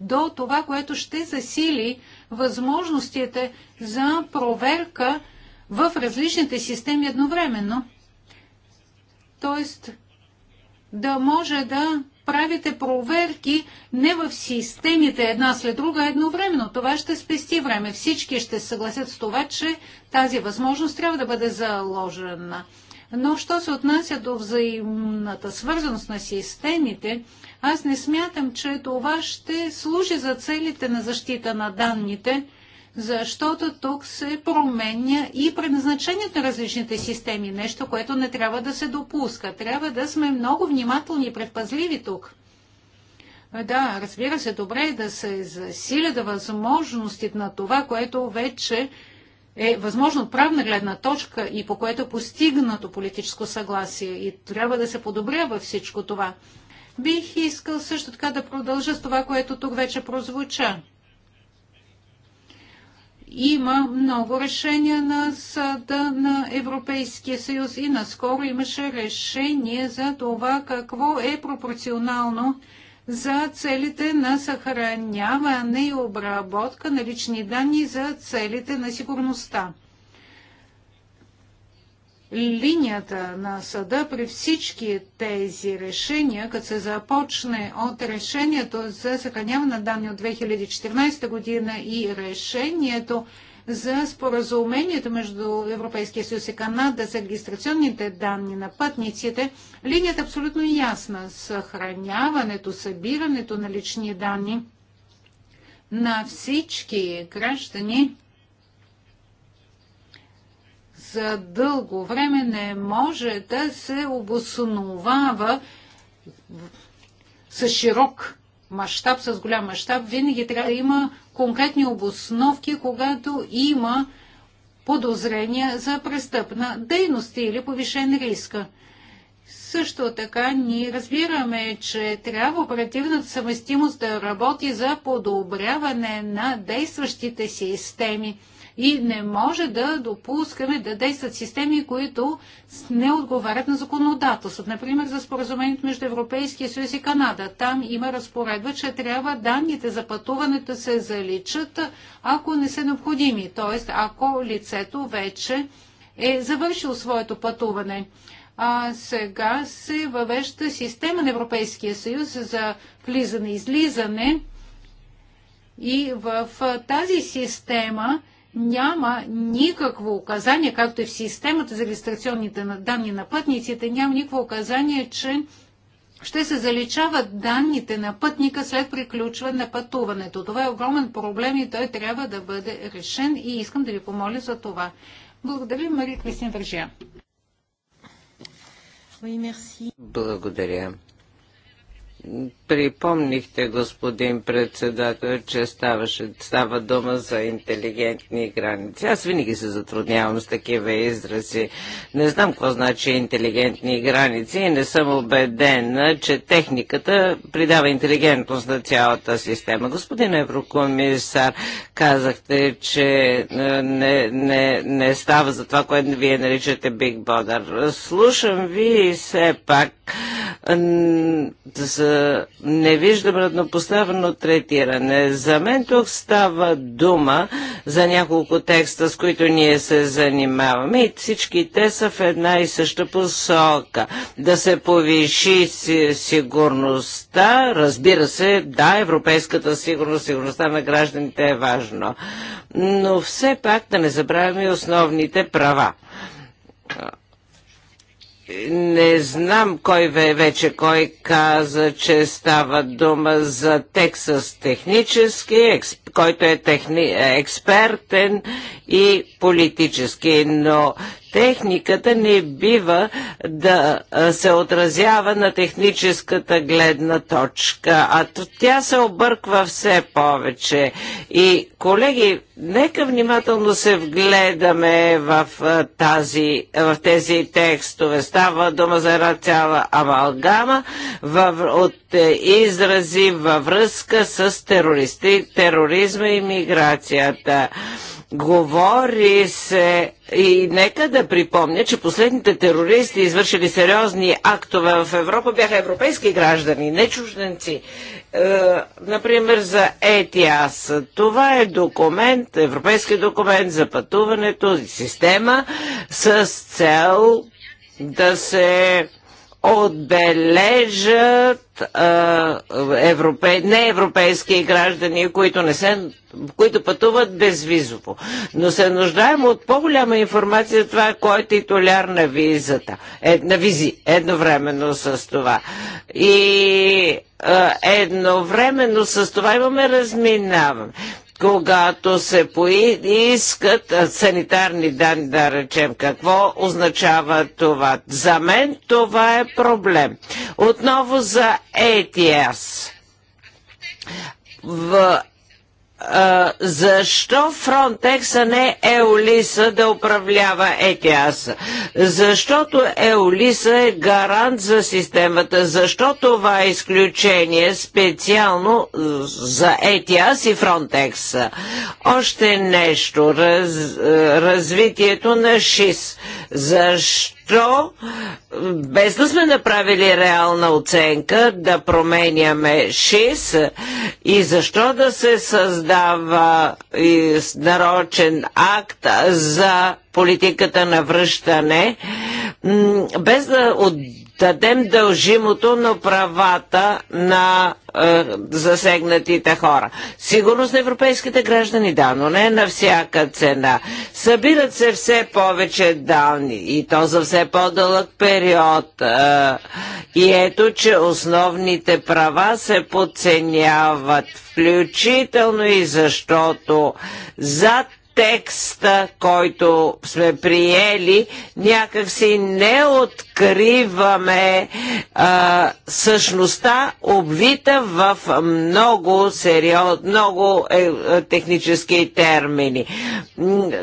до това, което ще засили възможностите за проверка в различните системи едновременно. Тоест, да може да правите проверки не в системите една след друга едновременно. Това ще спести време. Всички ще се съгласят с това, че тази възможност трябва да бъде заложена. Но що се отнася до взаимната свързаност на системите, аз не смятам, че това ще служи за целите на защита на данните, защото тук се променя и предназначението на различните системи, нещо, което не трябва да се допуска. Трябва да сме много внимателни и предпазливи тук. Да, разбира се, добре е да се засилят възможностите на това, което вече е възможно от правна гледна точка и по което е постигнато политическо съгласие и трябва да се подобрява всичко това. Бих искал също така да продължа с това, което тук вече прозвуча. Има много решения на Съда на Европейския съюз и наскоро имаше решение за това какво е пропорционално за целите на съхраняване и обработка на лични данни за целите на сигурността. Линията на съда при всички тези решения, като се започне от решението за съхраняване на данни от 2014 година и решението за споразумението между Европейския съюз и Канада за регистрационните данни на пътниците, линията е абсолютно ясна. Съхраняването, събирането на лични данни на всички граждани за дълго време не може да се обосновава с широк мащаб, с голям мащаб, винаги трябва да има конкретни обосновки, когато има подозрения за престъпна дейност или повишен риск. Също така ние разбираме, че трябва оперативната съвместимост да работи за подобряване на действащите системи и не може да допускаме да действат системи, които не отговарят на законодателството. Например, за споразумението между Европейския съюз и Канада. Там има разпоредба, че трябва данните за пътуването се заличат, ако не са необходими, т.е. ако лицето вече е завършил своето пътуване. А сега се въвежда система на Европейския съюз за влизане и излизане. И в тази система няма никакво указание, както и в системата за регистрационните данни на пътниците, няма никакво указание, че ще се заличават данните на пътника след приключване на пътуването. Това е огромен проблем и той трябва да бъде решен и искам да ви помоля за това. Благодаря, Мария Кристин Вържия. Благодаря. Припомнихте, господин председател, че ставаше, става дума за интелигентни граници. Аз винаги се затруднявам с такива изрази. Не знам какво значи интелигентни граници и не съм убедена, че техниката придава интелигентност на цялата система. Господин Еврокомисар, казахте, че е, не, не, не става за това, което вие наричате Биг Бодър. Слушам ви и все пак за не виждам равнопоставено третиране. За мен тук става дума за няколко текста, с които ние се занимаваме и всички те са в една и съща посока. Да се повиши сигурността, разбира се, да, европейската сигурност, сигурността на гражданите е важно, но все пак да не забравяме и основните права не знам кой вече кой каза, че става дума за Тексас технически, експ, който е техни, е експертен и политически, но Техниката не бива да се отразява на техническата гледна точка, а тя се обърква все повече. И, колеги, нека внимателно се вгледаме в, тази, в тези текстове. Става дума за една цяла амалгама във, от е, изрази във връзка с терористи, тероризма и миграцията. Говори се и нека да припомня, че последните терористи, извършили сериозни актове в Европа, бяха европейски граждани, не чужденци. Е, например, за ЕТИАС. Това е документ, европейски документ за пътуването, система с цел да се отбележат а, европе... неевропейски граждани, които, не се... които пътуват безвизово. Но се нуждаем от по-голяма информация за това, кой е титуляр на визата, е, на визи, едновременно с това. И едновременно с това имаме разминаване когато се поискат санитарни данни, да речем. Какво означава това? За мен това е проблем. Отново за ATS. в а, защо Фронтекс, а не Еолиса да управлява ЕТАС? Защото Еолиса е гарант за системата. Защо това е изключение специално за ЕТИАС и Фронтекс? Още нещо. Раз, развитието на ШИС. Защо защо, без да сме направили реална оценка, да променяме 6, и защо да се създава нарочен акт за политиката на връщане, без да дадем дължимото на правата на е, засегнатите хора. Сигурност на европейските граждани, да, но не на всяка цена. Събират се все повече данни и то за все по-дълъг период. Е, и ето, че основните права се подценяват, включително и защото зад текста, който сме приели, някакси не откриваме а, същността, обвита в много, сериоз, много е, е, технически термини.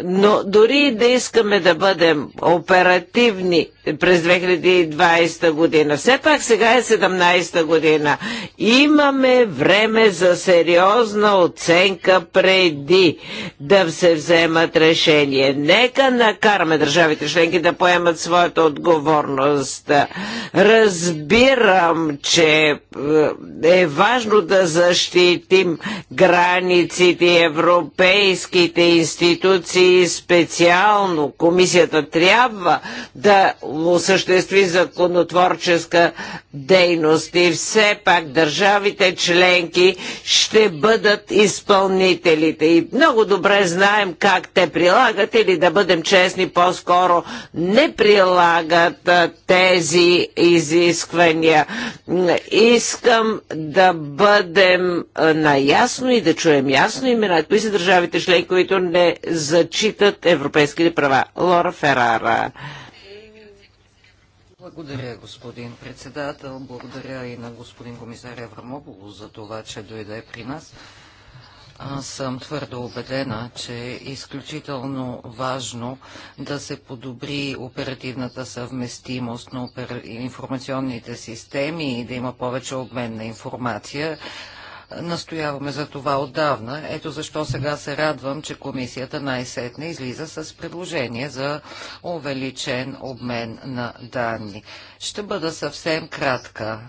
Но дори да искаме да бъдем оперативни през 2020 година, все пак сега е 17 година, имаме време за сериозна оценка преди да се вземат решение. Нека накараме държавите членки да поемат своята отговорност. Разбирам, че е, е важно да защитим границите, европейските институции, специално комисията трябва да осъществи законотворческа дейност и все пак държавите членки ще бъдат изпълнителите. И много добре знаем знаем как те прилагат или да бъдем честни, по-скоро не прилагат тези изисквания. Искам да бъдем наясно и да чуем ясно имена. Кои са държавите член, които не зачитат европейските права? Лора Ферара. Благодаря, господин председател. Благодаря и на господин комисар Еврамополо за това, че дойде при нас. Аз съм твърдо убедена, че е изключително важно да се подобри оперативната съвместимост на информационните системи и да има повече обмен на информация. Настояваме за това отдавна. Ето защо сега се радвам, че комисията най-сетне излиза с предложение за увеличен обмен на данни. Ще бъда съвсем кратка.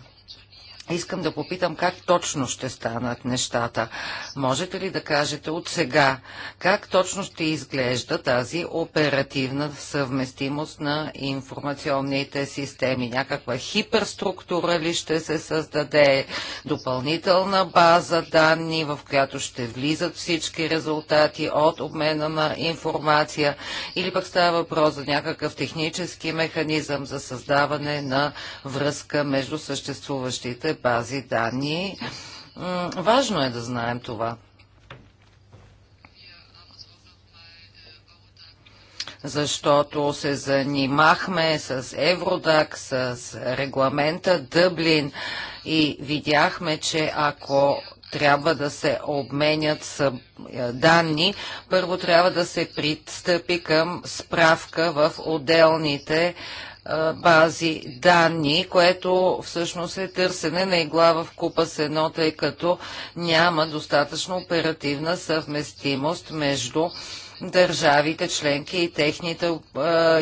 Искам да попитам как точно ще станат нещата. Можете ли да кажете от сега как точно ще изглежда тази оперативна съвместимост на информационните системи? Някаква хиперструктура ли ще се създаде? Допълнителна база данни, в която ще влизат всички резултати от обмена на информация? Или пък става въпрос за някакъв технически механизъм за създаване на връзка между съществуващите пази данни. Важно е да знаем това. защото се занимахме с Евродак, с регламента Дъблин и видяхме, че ако трябва да се обменят е, данни, първо трябва да се пристъпи към справка в отделните бази данни, което всъщност е търсене на игла в купа с едно, тъй като няма достатъчно оперативна съвместимост между държавите членки и техните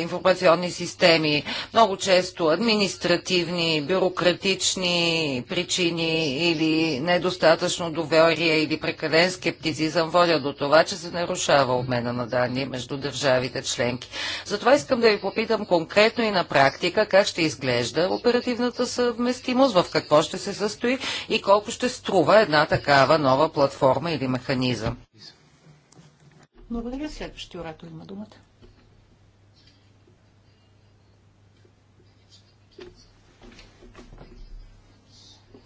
информационни системи. Много често административни, бюрократични причини или недостатъчно доверие или прекален скептицизъм водят до това, че се нарушава обмена на данни между държавите членки. Затова искам да ви попитам конкретно и на практика как ще изглежда оперативната съвместимост, в какво ще се състои и колко ще струва една такава нова платформа или механизъм. Благодаря. Следващия оратор има думата.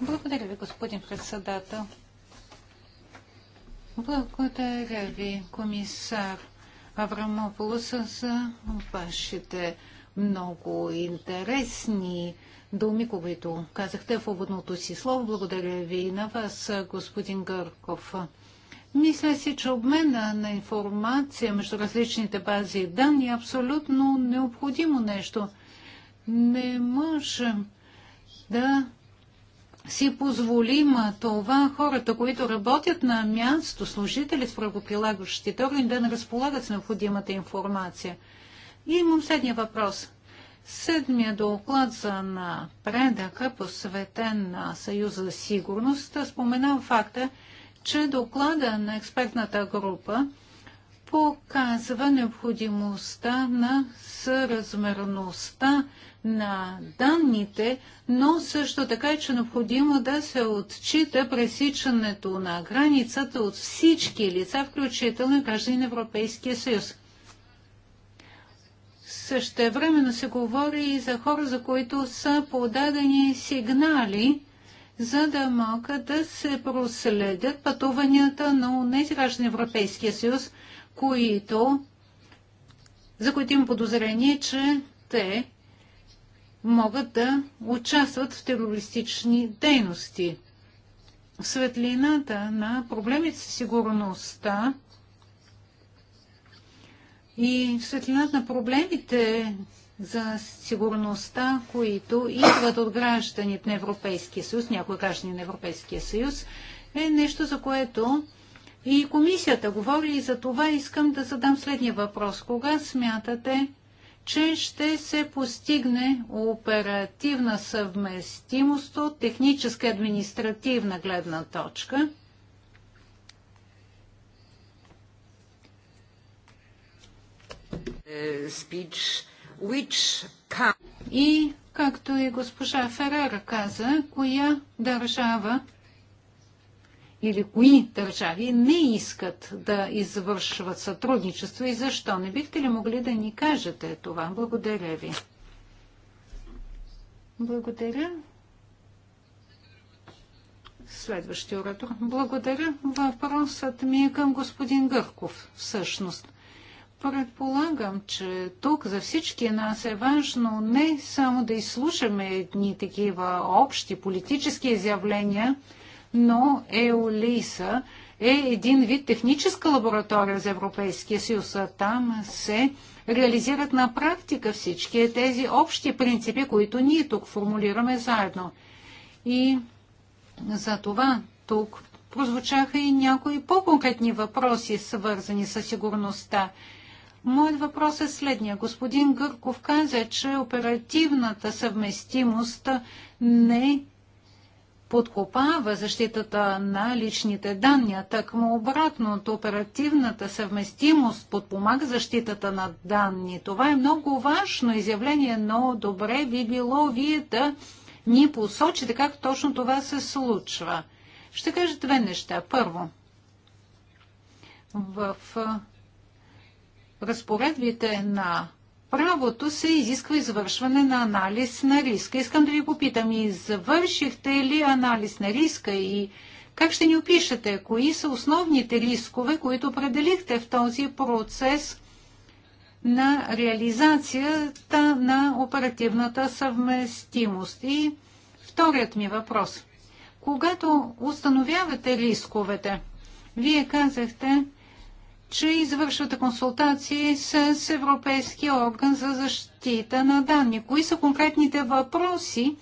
Благодаря ви, господин председател. Благодаря ви, комисар Аврамополос, за вашите много интересни думи, които казахте в уводното си слово. Благодаря ви и на вас, господин Гърков. Мисля си, че обмена на информация между различните бази и данни е абсолютно необходимо нещо. Не можем да си позволим това хората, които работят на място, служители с правоприлагащите органи, да не разполагат с необходимата информация. И имам следния въпрос. Седмия доклад за напредъка, посветен на Съюза за сигурност, споменам факта, че доклада на експертната група показва необходимостта на съразмерността на данните, но също така е, че е необходимо да се отчита пресичането на границата от всички лица, включително граждани на Европейския съюз. времено се говори и за хора, за които са подадени сигнали за да могат да се проследят пътуванията на тези граждани на Европейския съюз, които, за които има подозрение, че те могат да участват в терористични дейности. В светлината на проблемите с сигурността и в светлината на проблемите за сигурността, които идват от гражданите на Европейския съюз, някои граждани на Европейския съюз, е нещо, за което и комисията говори и за това искам да задам следния въпрос. Кога смятате, че ще се постигне оперативна съвместимост от техническа и административна гледна точка? Е, спич which... И, както и госпожа Ферера каза, коя държава или кои държави не искат да извършват сътрудничество и защо? Не бихте ли могли да ни кажете това? Благодаря ви. Благодаря. Следващия оратор. Благодаря. Въпросът ми е към господин Гърков, всъщност. Предполагам, че тук за всички нас е важно не само да изслушаме едни такива общи политически изявления, но Еолиса е един вид техническа лаборатория за Европейския съюз. там се реализират на практика всички тези общи принципи, които ние тук формулираме заедно. И за това тук прозвучаха и някои по-конкретни въпроси, свързани с сигурността Моят въпрос е следния. Господин Гърков каза, че оперативната съвместимост не подкопава защитата на личните данни, а обратно, обратното оперативната съвместимост подпомага защитата на данни. Това е много важно изявление, но добре би било вие да ни посочите как точно това се случва. Ще кажа две неща. Първо, в разпоредбите на правото се изисква извършване на анализ на риска. Искам да ви попитам, извършихте ли анализ на риска и как ще ни опишете, кои са основните рискове, които определихте в този процес на реализацията на оперативната съвместимост? И вторият ми въпрос. Когато установявате рисковете, вие казахте, че извършвате консултации с Европейския орган за защита на данни. Кои са конкретните въпроси,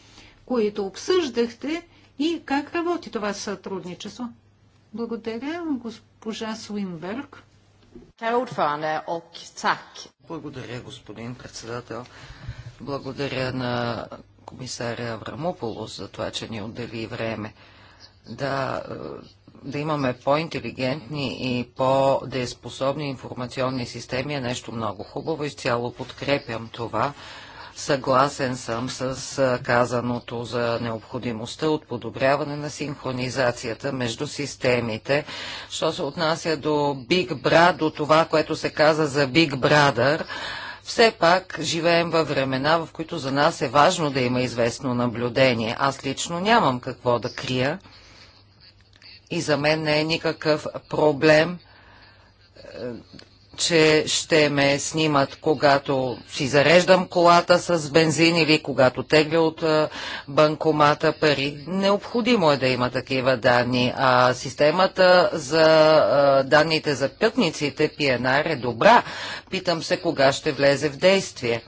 които обсъждахте и как работи това сътрудничество? Благодаря, госпожа Свинберг. Благодаря, господин председател. Благодаря на комисаря Аврамополос за това, че ни отдели време. Да, да имаме по-интелигентни и по-дееспособни информационни системи е нещо много хубаво. Изцяло подкрепям това. Съгласен съм с казаното за необходимостта от подобряване на синхронизацията между системите. Що се отнася до Big Brother, до това, което се каза за Big Brother, все пак живеем във времена, в които за нас е важно да има известно наблюдение. Аз лично нямам какво да крия и за мен не е никакъв проблем, е, че ще ме снимат, когато си зареждам колата с бензин или когато тегля от е, банкомата пари. Необходимо е да има такива данни. А системата за е, данните за пътниците PNR е добра. Питам се кога ще влезе в действие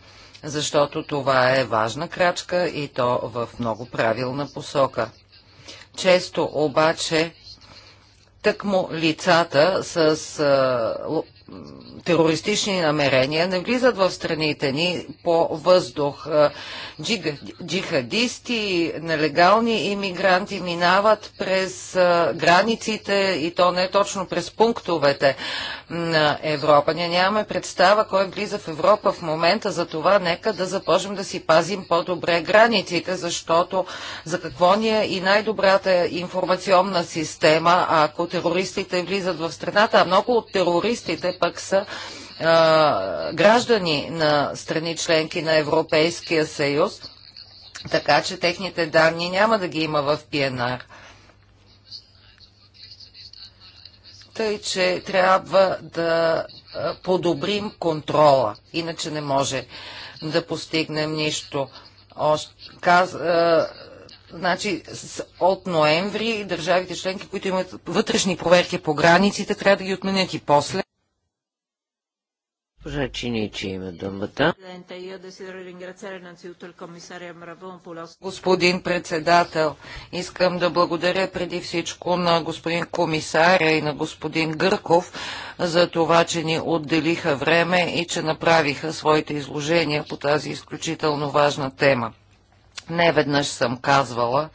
защото това е важна крачка и то в много правилна посока. Често обаче тъкмо лицата с терористични намерения не влизат в страните ни по въздух. Джихадисти, нелегални иммигранти минават през границите и то не точно през пунктовете на Европа. Ние нямаме представа кой влиза в Европа в момента, за това нека да започнем да си пазим по-добре границите, защото за какво ни е и най-добрата информационна система, ако терористите влизат в страната, а много от терористите пък са а, граждани на страни членки на Европейския съюз, така че техните данни няма да ги има в ПНР. Тъй, че трябва да подобрим контрола, иначе не може да постигнем нищо. каз, значи, от ноември държавите членки, които имат вътрешни проверки по границите, трябва да ги отменят и после. Госпожа Чиничи има думата. Господин председател, искам да благодаря преди всичко на господин комисаря и на господин Гърков за това, че ни отделиха време и че направиха своите изложения по тази изключително важна тема. Не веднъж съм казвала,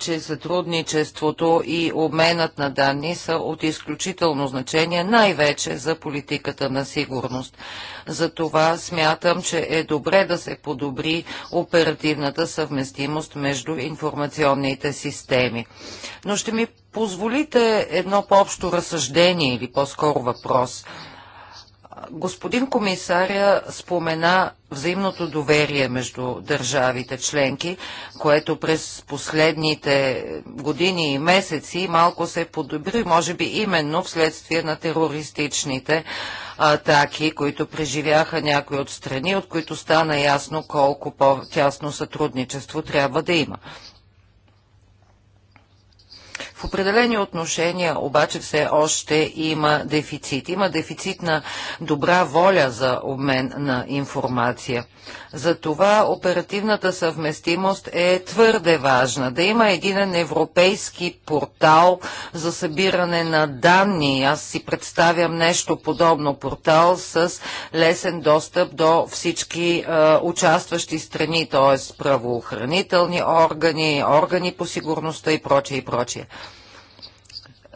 че сътрудничеството и обменът на данни са от изключително значение, най-вече за политиката на сигурност. Затова смятам, че е добре да се подобри оперативната съвместимост между информационните системи. Но ще ми позволите едно по-общо разсъждение или по-скоро въпрос – Господин комисаря спомена взаимното доверие между държавите членки, което през последните години и месеци малко се подобри, може би именно вследствие на терористичните атаки, които преживяха някои от страни, от които стана ясно колко по-тясно сътрудничество трябва да има. В определени отношения обаче все още има дефицит. Има дефицит на добра воля за обмен на информация. Затова оперативната съвместимост е твърде важна. Да има един европейски портал за събиране на данни. Аз си представям нещо подобно портал с лесен достъп до всички е, участващи страни, т.е. правоохранителни органи, органи по сигурността и прочее и прочее.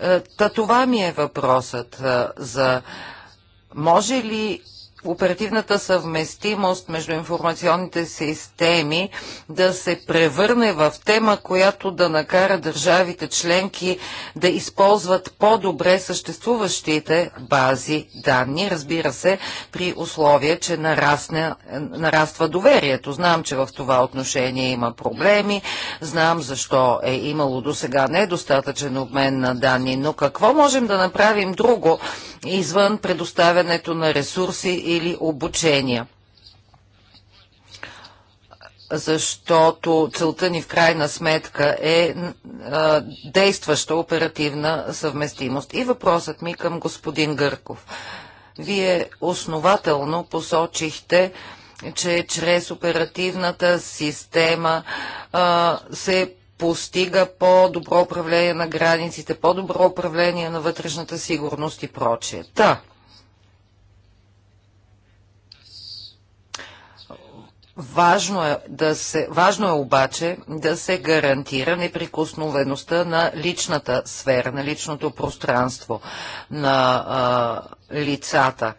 Е, та това ми е въпросът е, за може ли оперативната съвместимост между информационните системи да се превърне в тема, която да накара държавите членки да използват по-добре съществуващите бази данни, разбира се, при условие, че нарасне, нараства доверието. Знам, че в това отношение има проблеми, знам защо е имало до сега недостатъчен обмен на данни, но какво можем да направим друго извън предоставянето на ресурси или обучения. Защото целта ни в крайна сметка е действаща оперативна съвместимост. И въпросът ми към господин Гърков. Вие основателно посочихте, че чрез оперативната система а, се постига по-добро управление на границите, по-добро управление на вътрешната сигурност и прочее. Та, да. Важно е, да се, важно е обаче да се гарантира неприкосновеността на личната сфера, на личното пространство на а, лицата.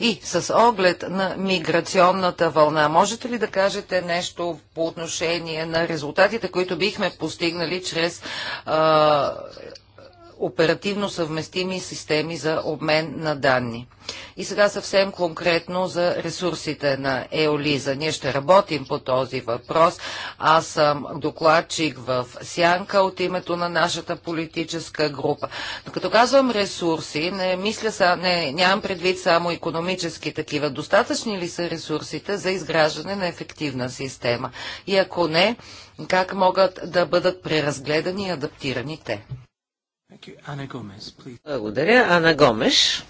И с оглед на миграционната вълна, можете ли да кажете нещо по отношение на резултатите, които бихме постигнали чрез а, оперативно съвместими системи за обмен на данни. И сега съвсем конкретно за ресурсите на Еолиза. Ние ще работим по този въпрос. Аз съм докладчик в Сянка от името на нашата политическа група. Но като казвам ресурси, не мисля, са, не, нямам предвид само економически такива. Достатъчни ли са ресурсите за изграждане на ефективна система? И ако не, как могат да бъдат преразгледани и адаптирани те? Благодаря. Ана Гомеш.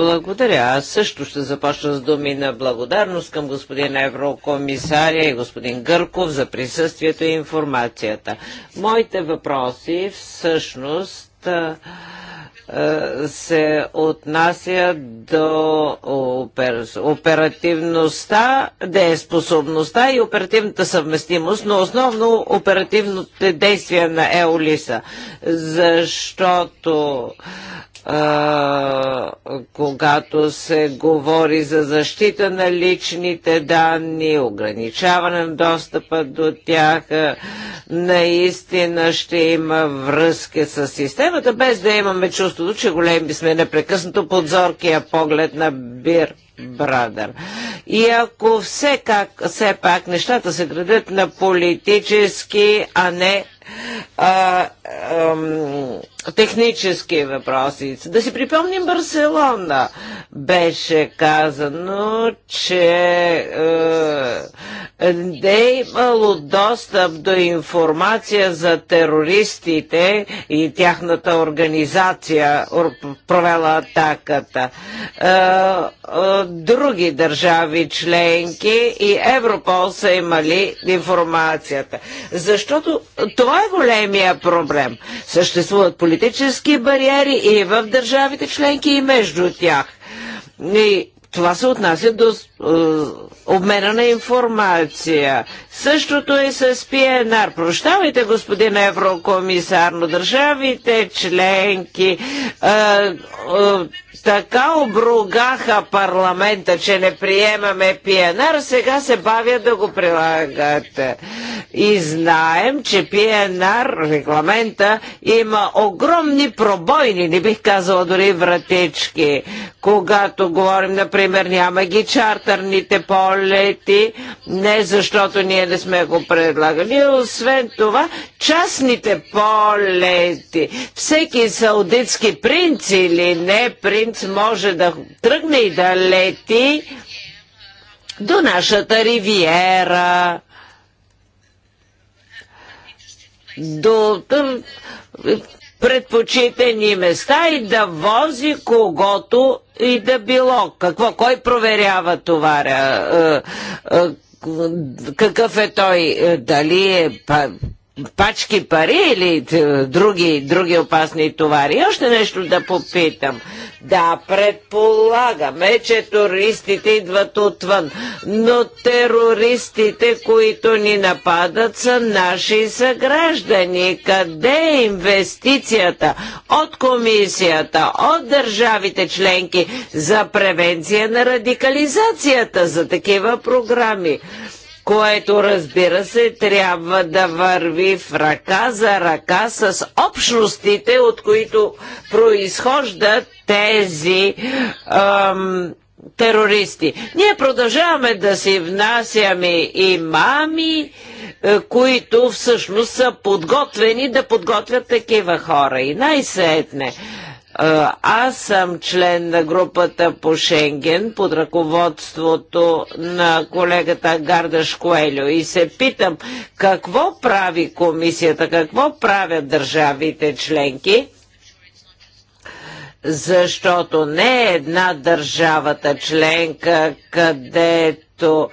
Благодаря. Аз също ще започна с думи на благодарност към господин Еврокомисаря и господин Гърков за присъствието и информацията. Моите въпроси всъщност е, се отнася до опер... оперативността, дееспособността и оперативната съвместимост, но основно оперативните действия на Еолиса, защото а, когато се говори за защита на личните данни, ограничаване на достъпа до тях, наистина ще има връзки с системата, без да имаме чувството, че големи сме непрекъснато подзоркия поглед на бир Брадър. И ако все, как, все пак нещата се градят на политически, а не а, ам, технически въпроси. Да си припомним Барселона. Беше казано, че е, а, не е имало достъп до информация за терористите и тяхната организация провела атаката. А, е, а, е, други държави членки и Европол са имали информацията. Защото това това е големия проблем. Съществуват политически бариери и в държавите членки, и между тях. И това се отнася до е, обмена на информация. Същото е с ПНР. Прощавайте, господин еврокомисар, но държавите членки е, е, така обругаха парламента, че не приемаме ПНР, сега се бавят да го прилагат. И знаем, че ПНР, регламента, има огромни пробойни, не бих казала дори вратички. Когато говорим, например, Например, няма ги чартерните полети, не защото ние не сме го предлагали, и освен това частните полети. Всеки саудитски принц или не принц може да тръгне и да лети до нашата ривиера, до предпочитани места и да вози когото и да било. Какво? Кой проверява товара? Е, е, какъв е той? Е, дали е пачки пари или е, други, други опасни товари. още нещо да попитам. Да, предполагаме, че туристите идват отвън, но терористите, които ни нападат, са наши съграждани. Къде е инвестицията от комисията, от държавите членки за превенция на радикализацията за такива програми? което разбира се трябва да върви в ръка за ръка с общностите, от които произхождат тези ам, терористи. Ние продължаваме да си внасяме имами, е, които всъщност са подготвени да подготвят такива хора. И най-сетне аз съм член на групата по Шенген под ръководството на колегата Гарда Шкоелю и се питам какво прави комисията, какво правят държавите членки, защото не е една държавата членка, където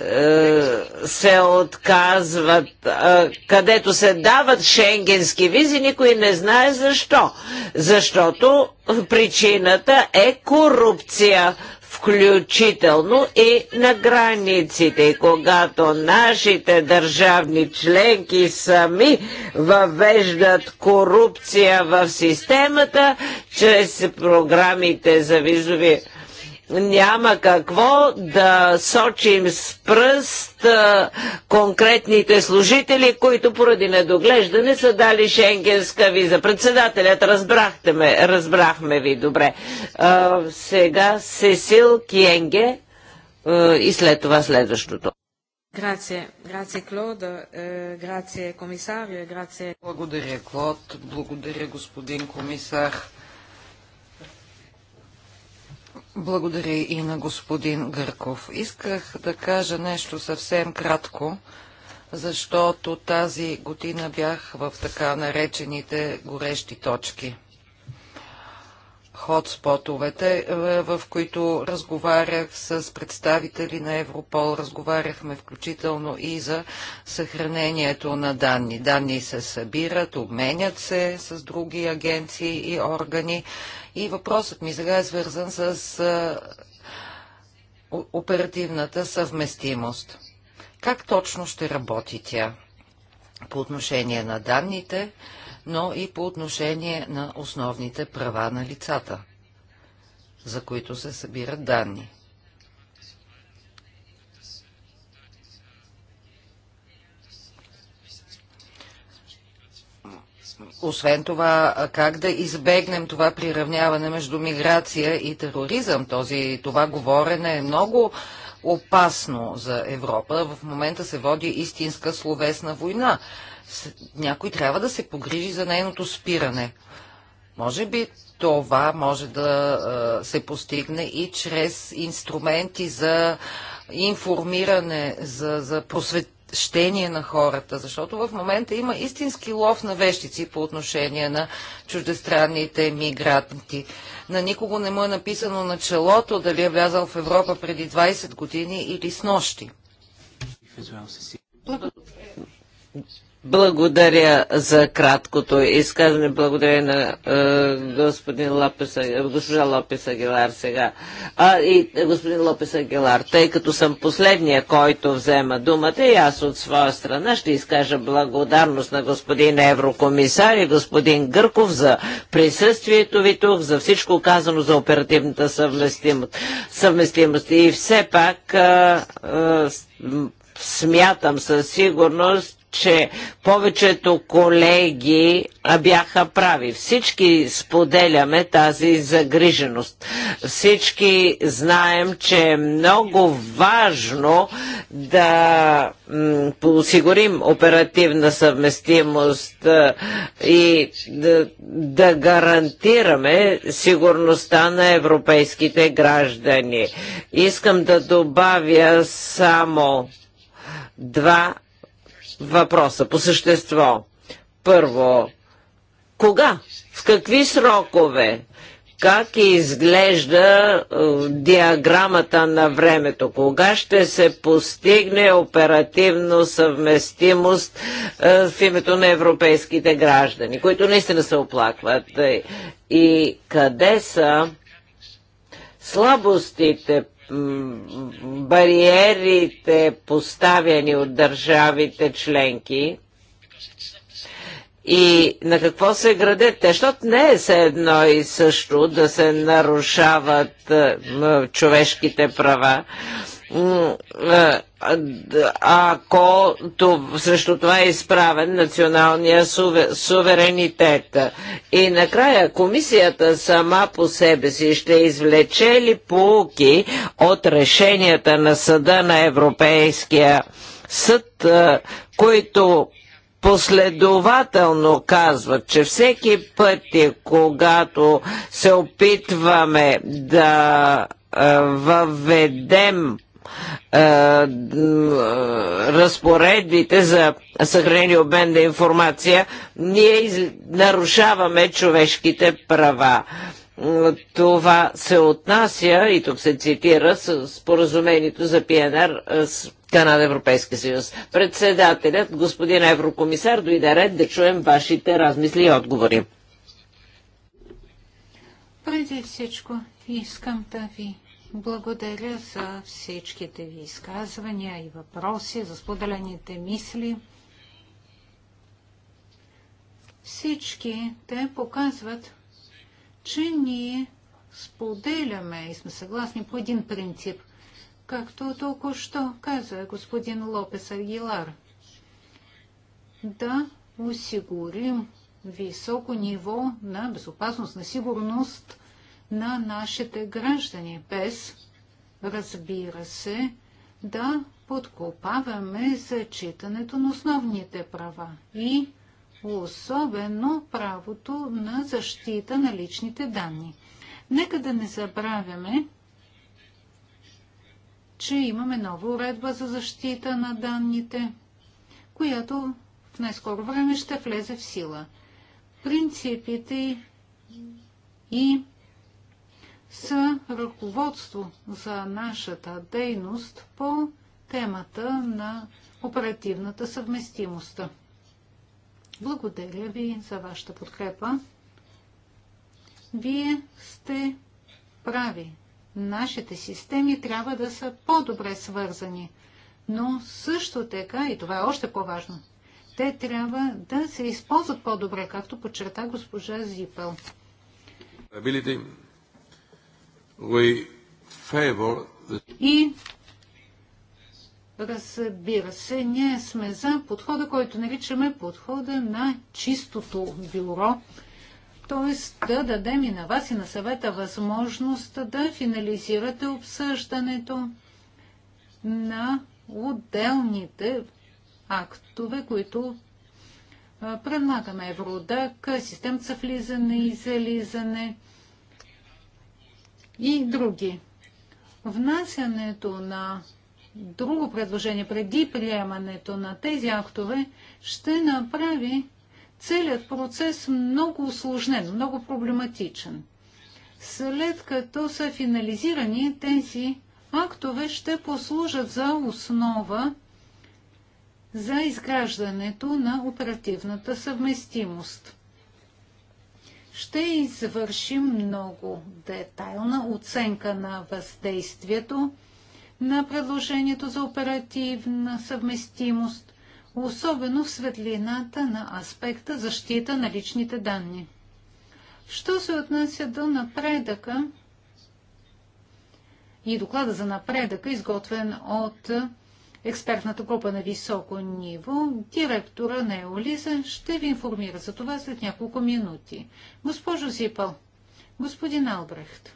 е, се отказват, е, където се дават шенгенски визи, никой не знае защо. Защото причината е корупция включително и на границите. И когато нашите държавни членки сами въвеждат корупция в системата, чрез програмите за визови няма какво да сочим с пръст а, конкретните служители, които поради недоглеждане са дали шенгенска виза. Председателят, разбрахте ме, разбрахме ви добре. А, сега Сесил Киенге а, и след това следващото. Грация, грация Клод, грация комисар, грация... Благодаря Клод, благодаря господин комисар. Благодаря и на господин Гърков. Исках да кажа нещо съвсем кратко, защото тази година бях в така наречените горещи точки Ходспотовете, е, в които разговарях с представители на Европол. Разговаряхме включително и за съхранението на данни. Данни се събират, обменят се с други агенции и органи и въпросът ми сега е свързан с оперативната съвместимост. Как точно ще работи тя по отношение на данните, но и по отношение на основните права на лицата, за които се събират данни? Освен това, как да избегнем това приравняване между миграция и тероризъм? Този, това говорене е много опасно за Европа. В момента се води истинска словесна война. Някой трябва да се погрижи за нейното спиране. Може би това може да се постигне и чрез инструменти за информиране, за, за просвет щение на хората, защото в момента има истински лов на вещици по отношение на чуждестранните мигранти. На никого не му е написано на челото дали е влязал в Европа преди 20 години или с нощи. Благодаря за краткото изказване. Благодаря на е, господин Лопес, е, госпожа Лопес Агилар сега. А, и е, господин Лопес Агилар, тъй като съм последния, който взема думата и аз от своя страна ще изкажа благодарност на господин Еврокомисар и господин Гърков за присъствието ви тук, за всичко казано за оперативната съвместимост. съвместимост. И все пак е, е, смятам със сигурност, че повечето колеги бяха прави. Всички споделяме тази загриженост. Всички знаем, че е много важно да осигурим оперативна съвместимост и да, да гарантираме сигурността на европейските граждани. Искам да добавя само два въпроса по същество. Първо, кога? В какви срокове? Как изглежда е, диаграмата на времето? Кога ще се постигне оперативно съвместимост е, в името на европейските граждани, които наистина се оплакват? Е, и къде са слабостите бариерите, поставяни от държавите членки, и на какво се градят те, защото не е се едно и също да се нарушават човешките права ако срещу това е изправен националния суверенитет. И накрая комисията сама по себе си ще извлече ли полуки от решенията на съда на Европейския съд, които последователно казват, че всеки път, е, когато се опитваме да въведем е, е, разпоредбите за съхранение обмен на информация, ние нарушаваме човешките права. Това се отнася, и тук се цитира, с споразумението за ПНР е, с Канада Европейския съюз. Председателят, господин еврокомисар, дойде ред да чуем вашите размисли и отговори. Преди всичко искам да ви благодаря за всичките ви изказвания и въпроси, за споделените мисли. Всички те показват, че ние споделяме и сме съгласни по един принцип, както току-що каза господин Лопес Агилар. Да осигурим високо ниво на безопасност, на сигурност – на нашите граждани, без, разбира се, да подкопаваме зачитането на основните права и особено правото на защита на личните данни. Нека да не забравяме, че имаме нова уредба за защита на данните, която в най-скоро време ще влезе в сила. Принципите и са ръководство за нашата дейност по темата на оперативната съвместимост. Благодаря ви за вашата подкрепа. Вие сте прави. Нашите системи трябва да са по-добре свързани, но също така, и това е още по-важно, те трябва да се използват по-добре, както подчерта госпожа Зипел. И разбира се, ние сме за подхода, който наричаме подхода на чистото бюро. Т.е. да дадем и на вас и на съвета възможност да финализирате обсъждането на отделните актове, които предлагаме Евродак, системца за влизане и зализане, и други. Внасянето на друго предложение преди приемането на тези актове ще направи целият процес много усложнен, много проблематичен. След като са финализирани тези актове ще послужат за основа за изграждането на оперативната съвместимост ще извършим много детайлна оценка на въздействието на предложението за оперативна съвместимост, особено в светлината на аспекта защита на личните данни. Що се отнася до напредъка и доклада за напредъка, изготвен от експертната група на високо ниво, директора на Еолиза ще ви информира за това след няколко минути. Госпожо Зипъл, господин Албрехт,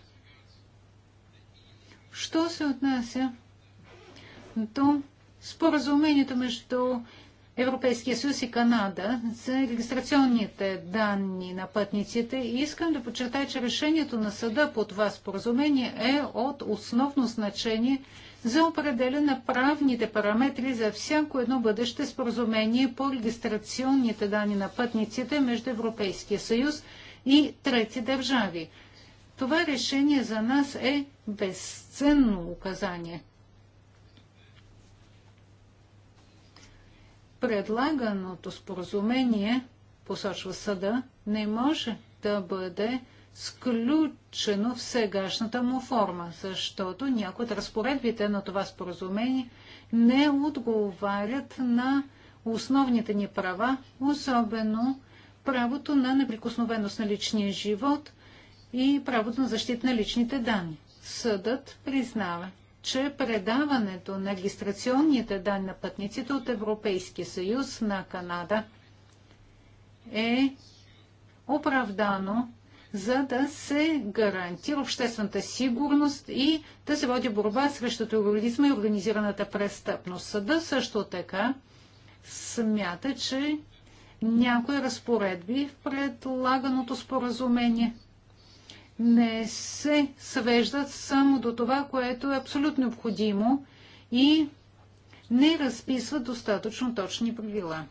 що се отнася до споразумението между Европейския съюз и Канада за регистрационните данни на пътниците. И искам да подчертая, че решението на съда по това споразумение е от основно значение – за определен на правните параметри за всяко едно бъдеще споразумение по регистрационните данни на пътниците между Европейския съюз и трети държави. Това решение за нас е безценно указание. Предлаганото споразумение, посочва съда, не може да бъде сключено в сегашната му форма, защото някои от разпоредбите на това споразумение не отговарят на основните ни права, особено правото на неприкосновеност на личния живот и правото на защита на личните данни. Съдът признава, че предаването на регистрационните данни на пътниците от Европейския съюз на Канада е оправдано за да се гарантира обществената сигурност и да се води борба срещу тероризма и организираната престъпност. Съда също така смята, че някои разпоредби в предлаганото споразумение не се свеждат само до това, което е абсолютно необходимо и не разписват достатъчно точни правила.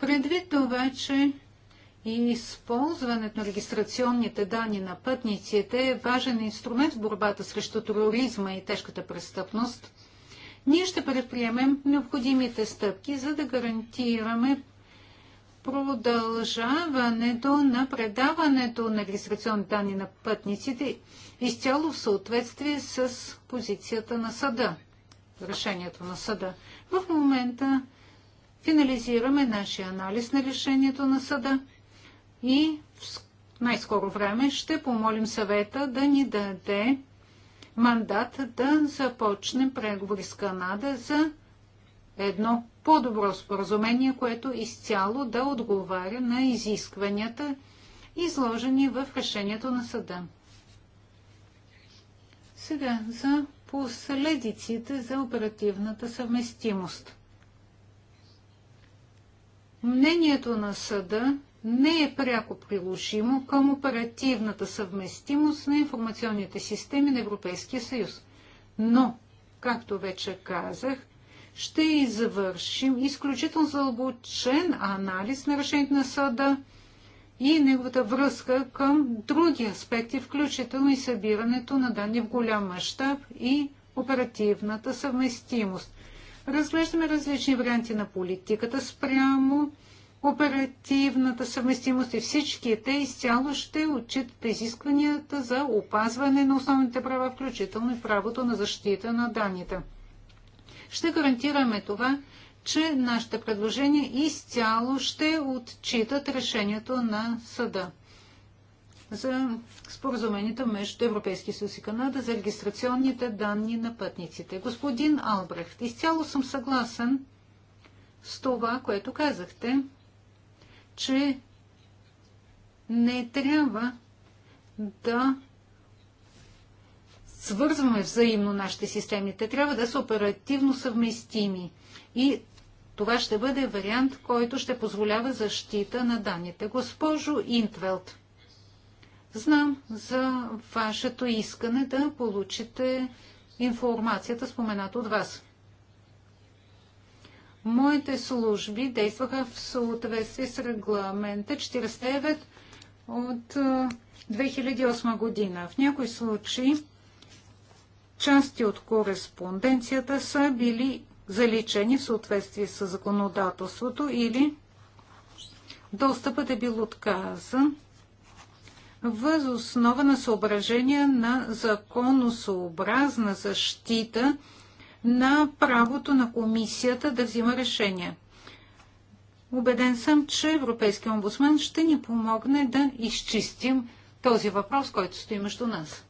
Предвид това, че и използването на регистрационните данни на пътниците е важен инструмент в борбата срещу тероризма и тежката престъпност. Ние ще предприемем необходимите стъпки, за да гарантираме продължаването на предаването на регистрационни данни на пътниците изцяло в съответствие с позицията на съда, решението на съда. В момента финализираме нашия анализ на решението на съда и в най-скоро време ще помолим съвета да ни даде мандат да започнем преговори с Канада за едно по-добро споразумение, което изцяло да отговаря на изискванията, изложени в решението на съда. Сега за последиците за оперативната съвместимост. Мнението на съда не е пряко приложимо към оперативната съвместимост на информационните системи на Европейския съюз. Но, както вече казах, ще извършим изключително задълбочен анализ на решението на съда и неговата връзка към други аспекти, включително и събирането на данни в голям мащаб и оперативната съвместимост. Разглеждаме различни варианти на политиката спрямо оперативната съвместимост и всички те изцяло ще отчитат изискванията за опазване на основните права, включително и правото на защита на данните. Ще гарантираме това, че нашите предложения изцяло ще отчитат решението на съда за споразумението между Европейския съюз и Канада за регистрационните данни на пътниците. Господин Албрехт, изцяло съм съгласен с това, което казахте че не трябва да свързваме взаимно нашите системи. Те трябва да са оперативно съвместими. И това ще бъде вариант, който ще позволява защита на данните. Госпожо Интвелт, знам за вашето искане да получите информацията, спомената от вас. Моите служби действаха в съответствие с регламента 49 от 2008 година. В някои случаи части от кореспонденцията са били заличени в съответствие с законодателството или достъпът е бил отказан възоснова основа на съображения на законосообразна защита на правото на комисията да взима решения. Убеден съм, че Европейския омбудсмен ще ни помогне да изчистим този въпрос, който стои между нас.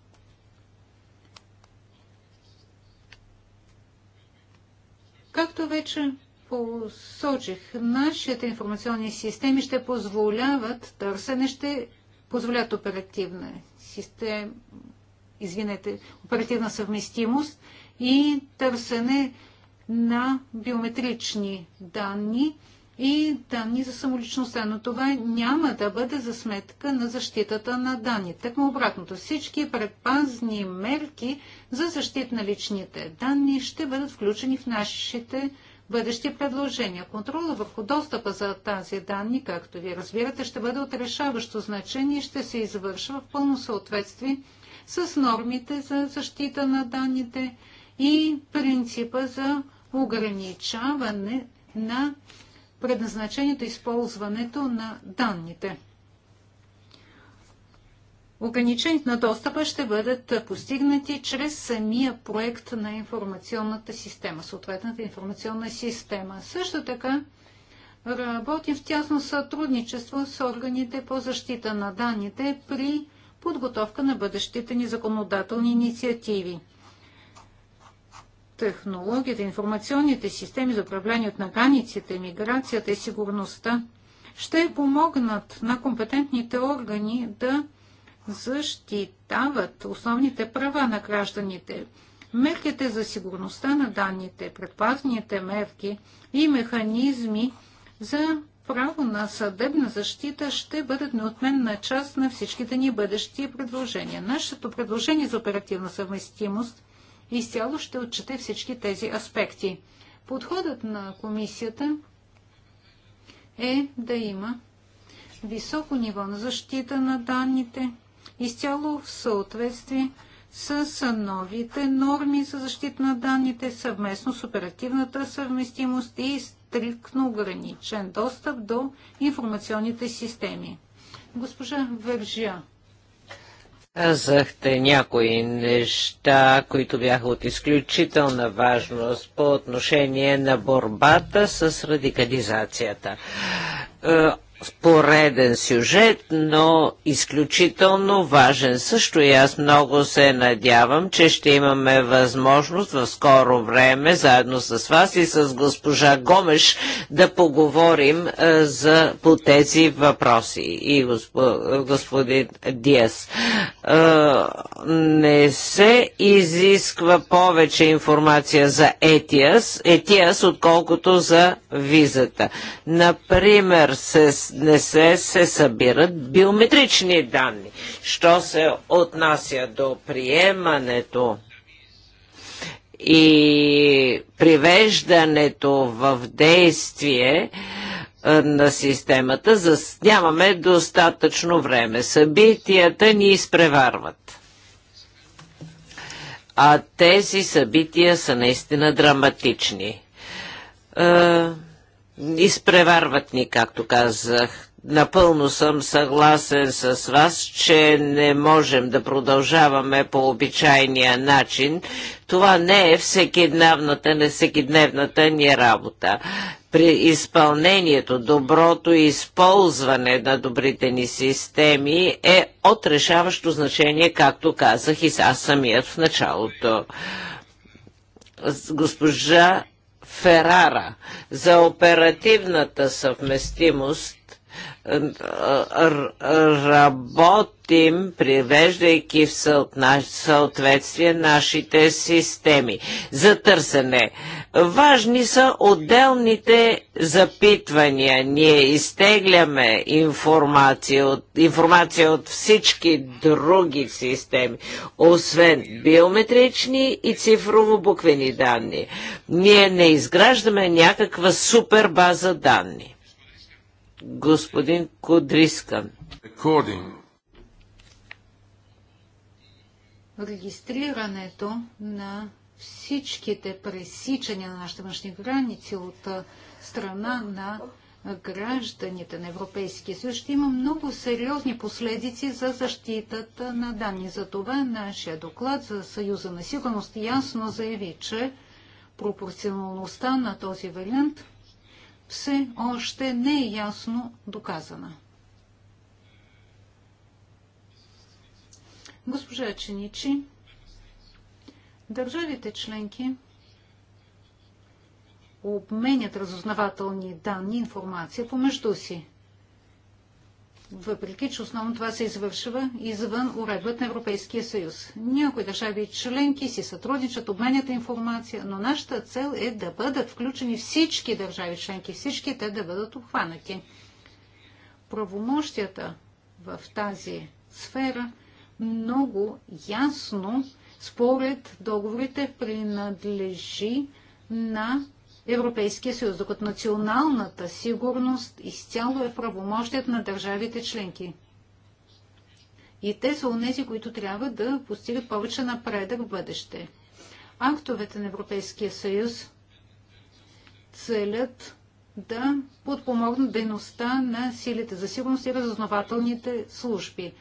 Както вече посочих, нашите информационни системи ще позволяват търсене, ще позволят оперативна система, извинете, оперативна съвместимост и търсене на биометрични данни и данни за самоличността, но това няма да бъде за сметка на защитата на данни. Така обратното, всички предпазни мерки за защита на личните данни ще бъдат включени в нашите бъдещи предложения. Контрола върху достъпа за тази данни, както ви разбирате, ще бъде от решаващо значение и ще се извършва в пълно съответствие с нормите за защита на данните, и принципа за ограничаване на предназначението и използването на данните. Ограничението на достъпа ще бъдат постигнати чрез самия проект на информационната система, съответната информационна система. Също така работим в тясно сътрудничество с органите по защита на данните при подготовка на бъдещите ни законодателни инициативи технологията, информационните системи за управление на границите, миграцията и сигурността ще помогнат на компетентните органи да защитават основните права на гражданите. Мерките за сигурността на данните, предпазните мерки и механизми за право на съдебна защита ще бъдат неотменна част на всичките ни бъдещи предложения. Нашето предложение за оперативна съвместимост изцяло ще отчете всички тези аспекти. Подходът на комисията е да има високо ниво на защита на данните, изцяло в съответствие с новите норми за защита на данните, съвместно с оперативната съвместимост и стриктно ограничен достъп до информационните системи. Госпожа Вержия Казахте някои неща, които бяха от изключителна важност по отношение на борбата с радикализацията. Е, пореден сюжет, но изключително важен. Също и аз много се надявам, че ще имаме възможност в скоро време, заедно с вас и с госпожа Гомеш, да поговорим е, за, по тези въпроси. И госп, господин Диас, е, не се изисква повече информация за ЕТИАС, ЕТИАС, отколкото за визата. Например, с не се, се събират биометрични данни. Що се отнася до приемането и привеждането в действие е, на системата, за... нямаме достатъчно време. Събитията ни изпреварват. А тези събития са наистина драматични. Uh, Изпреварват ни, както казах. Напълно съм съгласен с вас, че не можем да продължаваме по обичайния начин. Това не е всекидневната, не всекидневната ни работа. При изпълнението, доброто използване на добрите ни системи е от решаващо значение, както казах и аз самият в началото. Госпожа Ферара за оперативната съвместимост работим, привеждайки в съответствие нашите системи за търсене. Важни са отделните запитвания. Ние изтегляме информация от, информация от всички други системи, освен биометрични и цифрово-буквени данни. Ние не изграждаме някаква супербаза данни господин Кудриска. Регистрирането на всичките пресичания на нашите външни граници от страна на гражданите на Европейския съюз ще има много сериозни последици за защитата на данни. За това нашия доклад за Съюза на сигурност ясно заяви, че пропорционалността на този вариант все още не е ясно доказана. Госпожа Ченичи, държавите членки обменят разузнавателни данни, информация помежду си въпреки че основно това се извършва извън уредбата на Европейския съюз. Някои държави членки си сътрудничат, обменят информация, но нашата цел е да бъдат включени всички държави членки, всички те да бъдат обхванати. Правомощията в тази сфера много ясно според договорите принадлежи на Европейския съюз, докато националната сигурност изцяло е правомощият на държавите членки. И те са унези, които трябва да постигат повече напредък в бъдеще. Актовете на Европейския съюз целят да подпомогнат дейността на силите за сигурност и разузнавателните служби.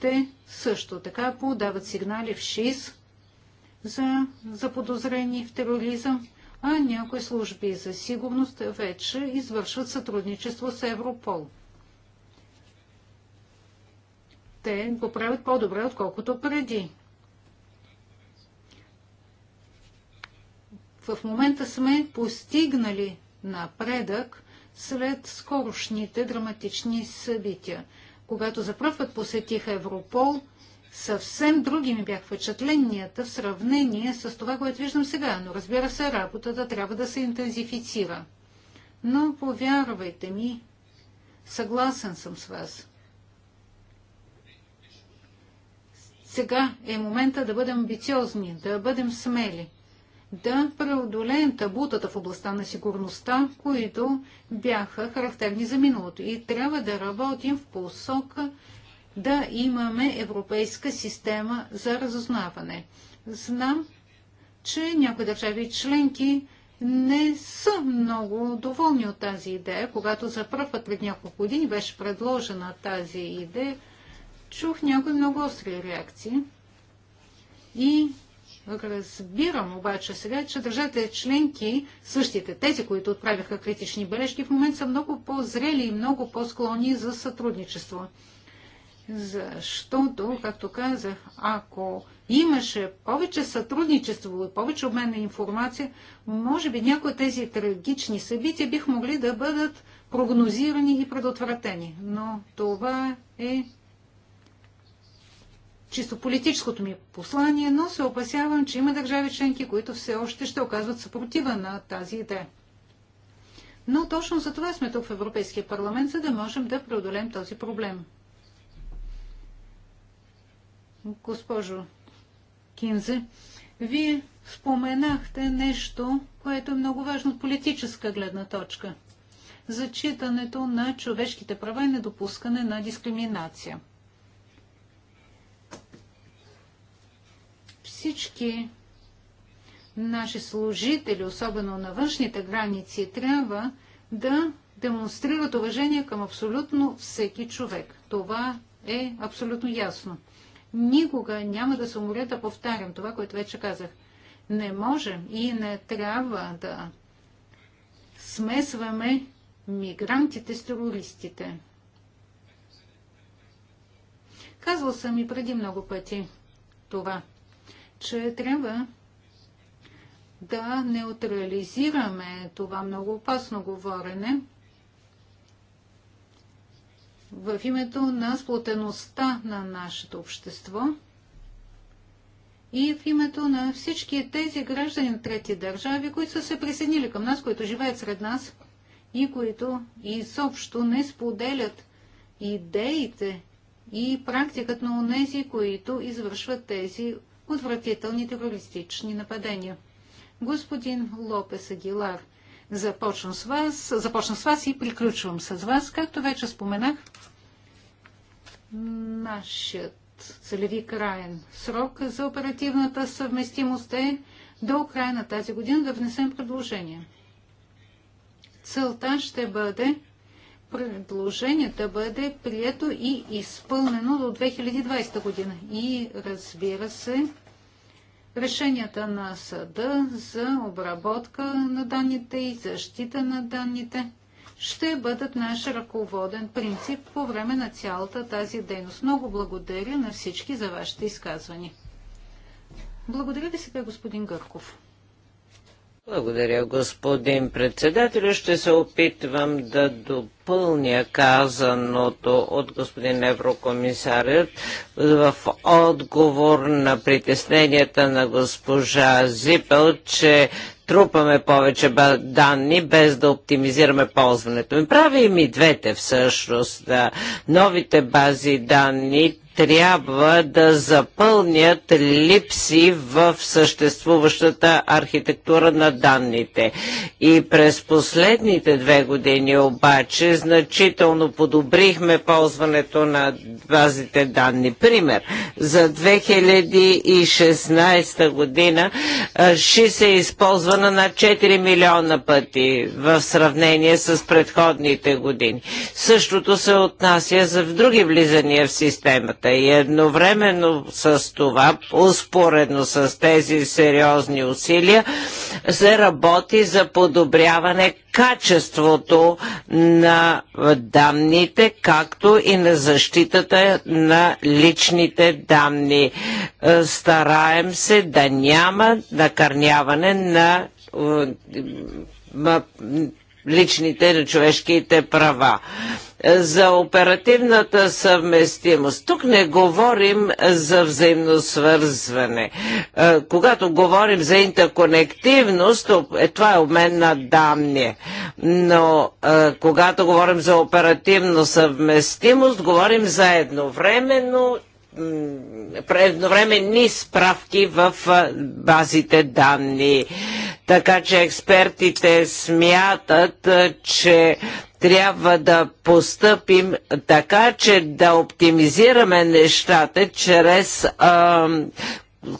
Те също така подават сигнали в ШИС за заподозрени в тероризъм а някои служби за сигурност вече извършват сътрудничество с Европол. Те го правят по-добре, отколкото преди. В момента сме постигнали напредък след скорошните драматични събития. Когато за първ път посетих Европол – Съвсем други ми бяха впечатленията в сравнение с това, което виждам сега, но разбира се, работата трябва да се интензифицира. Но повярвайте ми, съгласен съм с вас. Сега е момента да бъдем амбициозни, да бъдем смели, да преодолеем табутата в областта на сигурността, които бяха характерни за миналото. И трябва да работим в посока да имаме европейска система за разузнаване. Знам, че някои държави членки не са много доволни от тази идея. Когато за първ път пред няколко години беше предложена тази идея, чух някои много остри реакции. И разбирам обаче сега, че държавите членки, същите тези, които отправяха критични бележки, в момента са много по-зрели и много по-склонни за сътрудничество защото, както казах, ако имаше повече сътрудничество и повече обмен на информация, може би някои от тези трагични събития бих могли да бъдат прогнозирани и предотвратени. Но това е чисто политическото ми послание, но се опасявам, че има държави членки, които все още ще оказват съпротива на тази идея. Но точно за това сме тук в Европейския парламент, за да можем да преодолем този проблем. Госпожо Кинзе, вие споменахте нещо, което е много важно от политическа гледна точка. Зачитането на човешките права и недопускане на дискриминация. Всички наши служители, особено на външните граници, трябва да демонстрират уважение към абсолютно всеки човек. Това е абсолютно ясно. Никога няма да се уморя да повтарям това, което вече казах. Не можем и не трябва да смесваме мигрантите с терористите. Казвал съм и преди много пъти това, че трябва да неутрализираме това много опасно говорене – в името на сплотеността на нашето общество и в името на всички тези граждани на трети държави, които са се присъединили към нас, които живеят сред нас и които изобщо не споделят идеите и практикът на онези, които извършват тези отвратителни терористични нападения. Господин Лопес Агилар – Започвам с вас, започна с вас и приключвам с вас. Както вече споменах, нашият целеви краен срок за оперативната съвместимост е до края на тази година да внесем предложение. Целта ще бъде предложението да бъде прието и изпълнено до 2020 година. И разбира се, решенията на съда за обработка на данните и защита на данните ще бъдат наш ръководен принцип по време на цялата тази дейност. Много благодаря на всички за вашите изказвания. Благодаря ви сега, господин Гърков. Благодаря, господин председател. Ще се опитвам да допълня казаното от господин еврокомисарят в отговор на притесненията на госпожа Зипел, че трупаме повече данни, без да оптимизираме ползването им. Правим и двете всъщност. Да. Новите бази данни трябва да запълнят липси в съществуващата архитектура на данните. И през последните две години обаче значително подобрихме ползването на базите данни. Пример, за 2016 година ШИ се е използвана на 4 милиона пъти в сравнение с предходните години. Същото се отнася за други влизания в системата хората е, и едновременно с това, успоредно с тези сериозни усилия, се работи за подобряване качеството на данните, както и на защитата на личните данни. Е, стараем се да няма накърняване на е, личните на човешките права. За оперативната съвместимост. Тук не говорим за взаимно свързване. Е, когато говорим за интерконективност, е, това е обмен на данни. Но е, когато говорим за оперативно съвместимост, говорим за едновременно едновременни справки в базите данни. Така че експертите смятат, че трябва да постъпим така, че да оптимизираме нещата чрез а,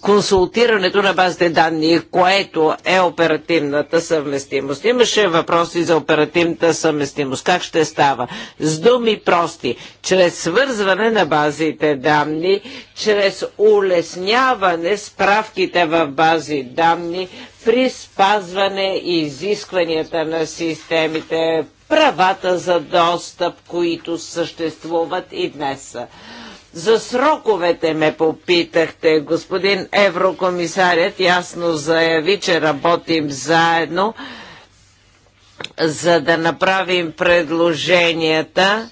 консултирането на базите данни, което е оперативната съвместимост. Имаше въпроси за оперативната съвместимост. Как ще става? С думи прости, чрез свързване на базите данни, чрез улесняване справките в бази данни, при спазване и изискванията на системите, правата за достъп, които съществуват и днес. За сроковете ме попитахте, господин еврокомисарят ясно заяви, че работим заедно, за да направим предложенията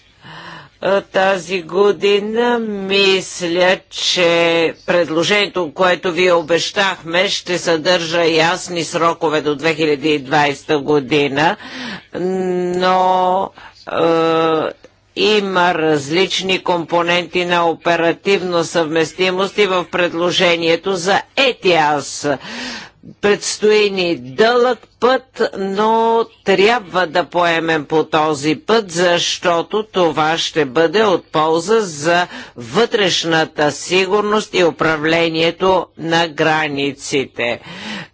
тази година. Мисля, че предложението, което ви обещахме, ще съдържа ясни срокове до 2020 година, но има различни компоненти на оперативно съвместимост и в предложението за ЕТИАС. Предстои ни дълъг път, но трябва да поемем по този път, защото това ще бъде от полза за вътрешната сигурност и управлението на границите.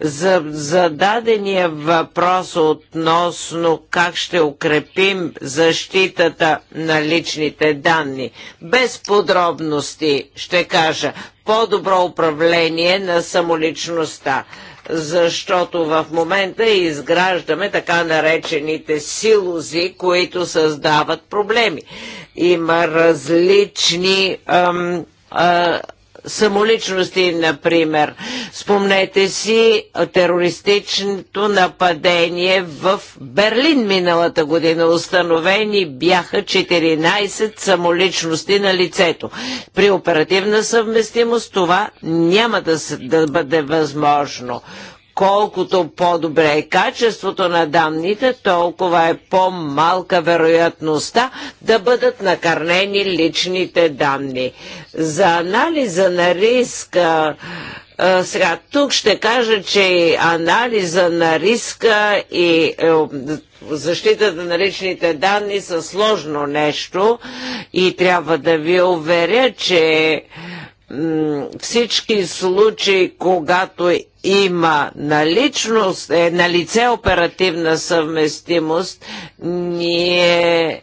За зададения въпрос относно как ще укрепим защитата на личните данни. Без подробности ще кажа по-добро управление на самоличността защото в момента изграждаме така наречените силози, които създават проблеми. Има различни ам, а, самоличности, например. Спомнете си терористичното нападение в Берлин миналата година. Установени бяха 14 самоличности на лицето. При оперативна съвместимост това няма да, да бъде възможно колкото по-добре е качеството на данните, толкова е по-малка вероятността да бъдат накърнени личните данни. За анализа на риска сега, тук ще кажа, че анализа на риска и е, защитата на личните данни са сложно нещо и трябва да ви уверя, че всички случаи, когато има наличност, е на лице оперативна съвместимост, ние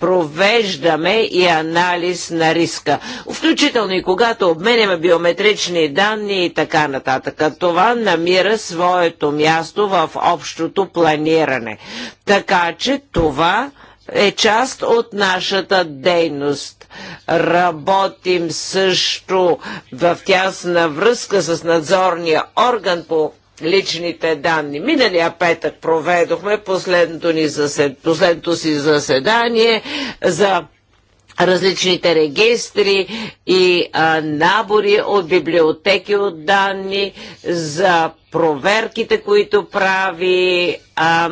провеждаме и анализ на риска. Включително и когато обменяме биометрични данни и така нататък. Това намира своето място в общото планиране. Така че това е част от нашата дейност. Работим също в тясна връзка с надзорния орган по личните данни. Миналия петък проведохме последното, ни засед... последното си заседание за различните регистри и а, набори от библиотеки от данни за проверките, които прави а,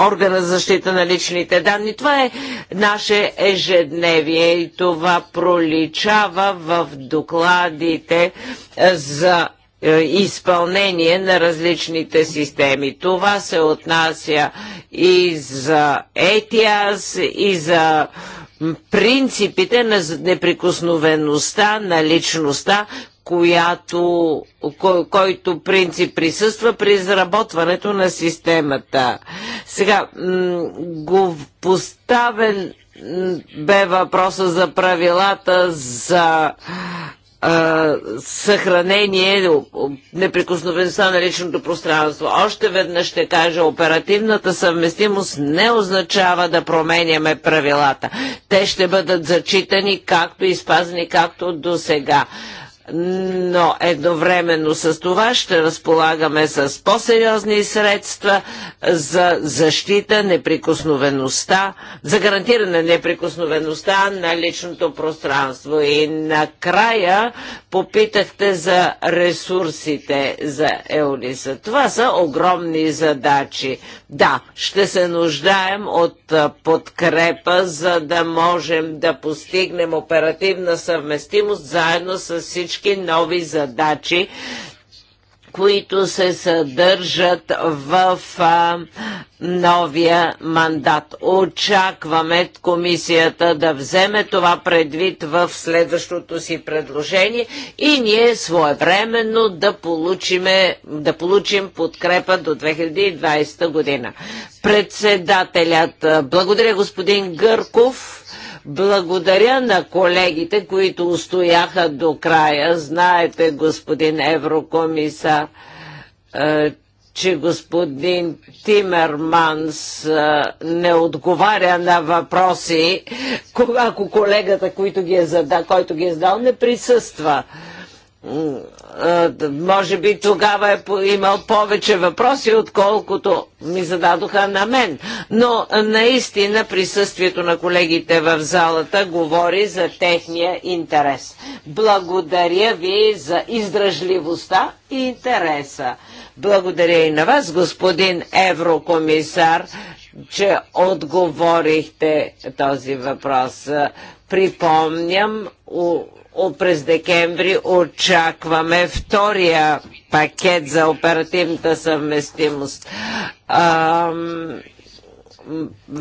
органа за защита на личните данни. Това е наше ежедневие и това проличава в докладите е, за е, изпълнение на различните системи. Това се отнася и за ЕТИАС, и за принципите на неприкосновеността на личността, която, кой, който принцип присъства при изработването на системата. Сега, го поставен бе въпроса за правилата за съхранение, неприкосновеността на личното пространство. Още веднъж ще кажа, оперативната съвместимост не означава да променяме правилата. Те ще бъдат зачитани както и спазани, както до сега но едновременно с това ще разполагаме с по-сериозни средства за защита неприкосновеността, за гарантиране неприкосновеността на личното пространство. И накрая попитахте за ресурсите за Еолиса. Това са огромни задачи. Да, ще се нуждаем от подкрепа, за да можем да постигнем оперативна съвместимост заедно с всички всички нови задачи, които се съдържат в а, новия мандат. Очакваме комисията да вземе това предвид в следващото си предложение и ние своевременно да, получиме, да получим подкрепа до 2020 година. Председателят, благодаря господин Гърков. Благодаря на колегите, които устояха до края. Знаете, господин еврокомисар, е, че господин Тимерманс е, не отговаря на въпроси, ако колегата, който ги е задал, който ги е задал не присъства може би тогава е имал повече въпроси, отколкото ми зададоха на мен. Но наистина присъствието на колегите в залата говори за техния интерес. Благодаря ви за издръжливостта и интереса. Благодаря и на вас, господин еврокомисар, че отговорихте този въпрос. Припомням, през декември очакваме втория пакет за оперативната съвместимост. А,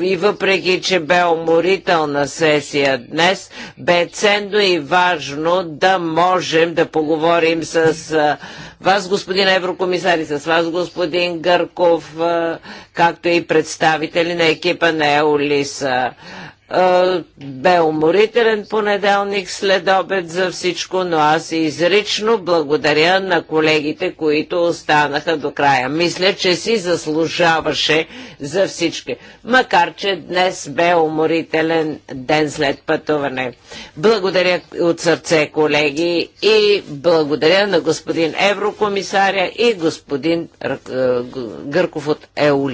и въпреки, че бе уморителна сесия днес, бе ценно и важно да можем да поговорим с вас, господин Еврокомисар, и с вас, господин Гърков, както и представители на екипа на Еолиса. Е, бе уморителен понеделник след обед за всичко, но аз изрично благодаря на колегите, които останаха до края. Мисля, че си заслужаваше за всички. Макар, че днес бе уморителен ден след пътуване. Благодаря от сърце, колеги, и благодаря на господин еврокомисаря и господин е, Гърков от ЕУ.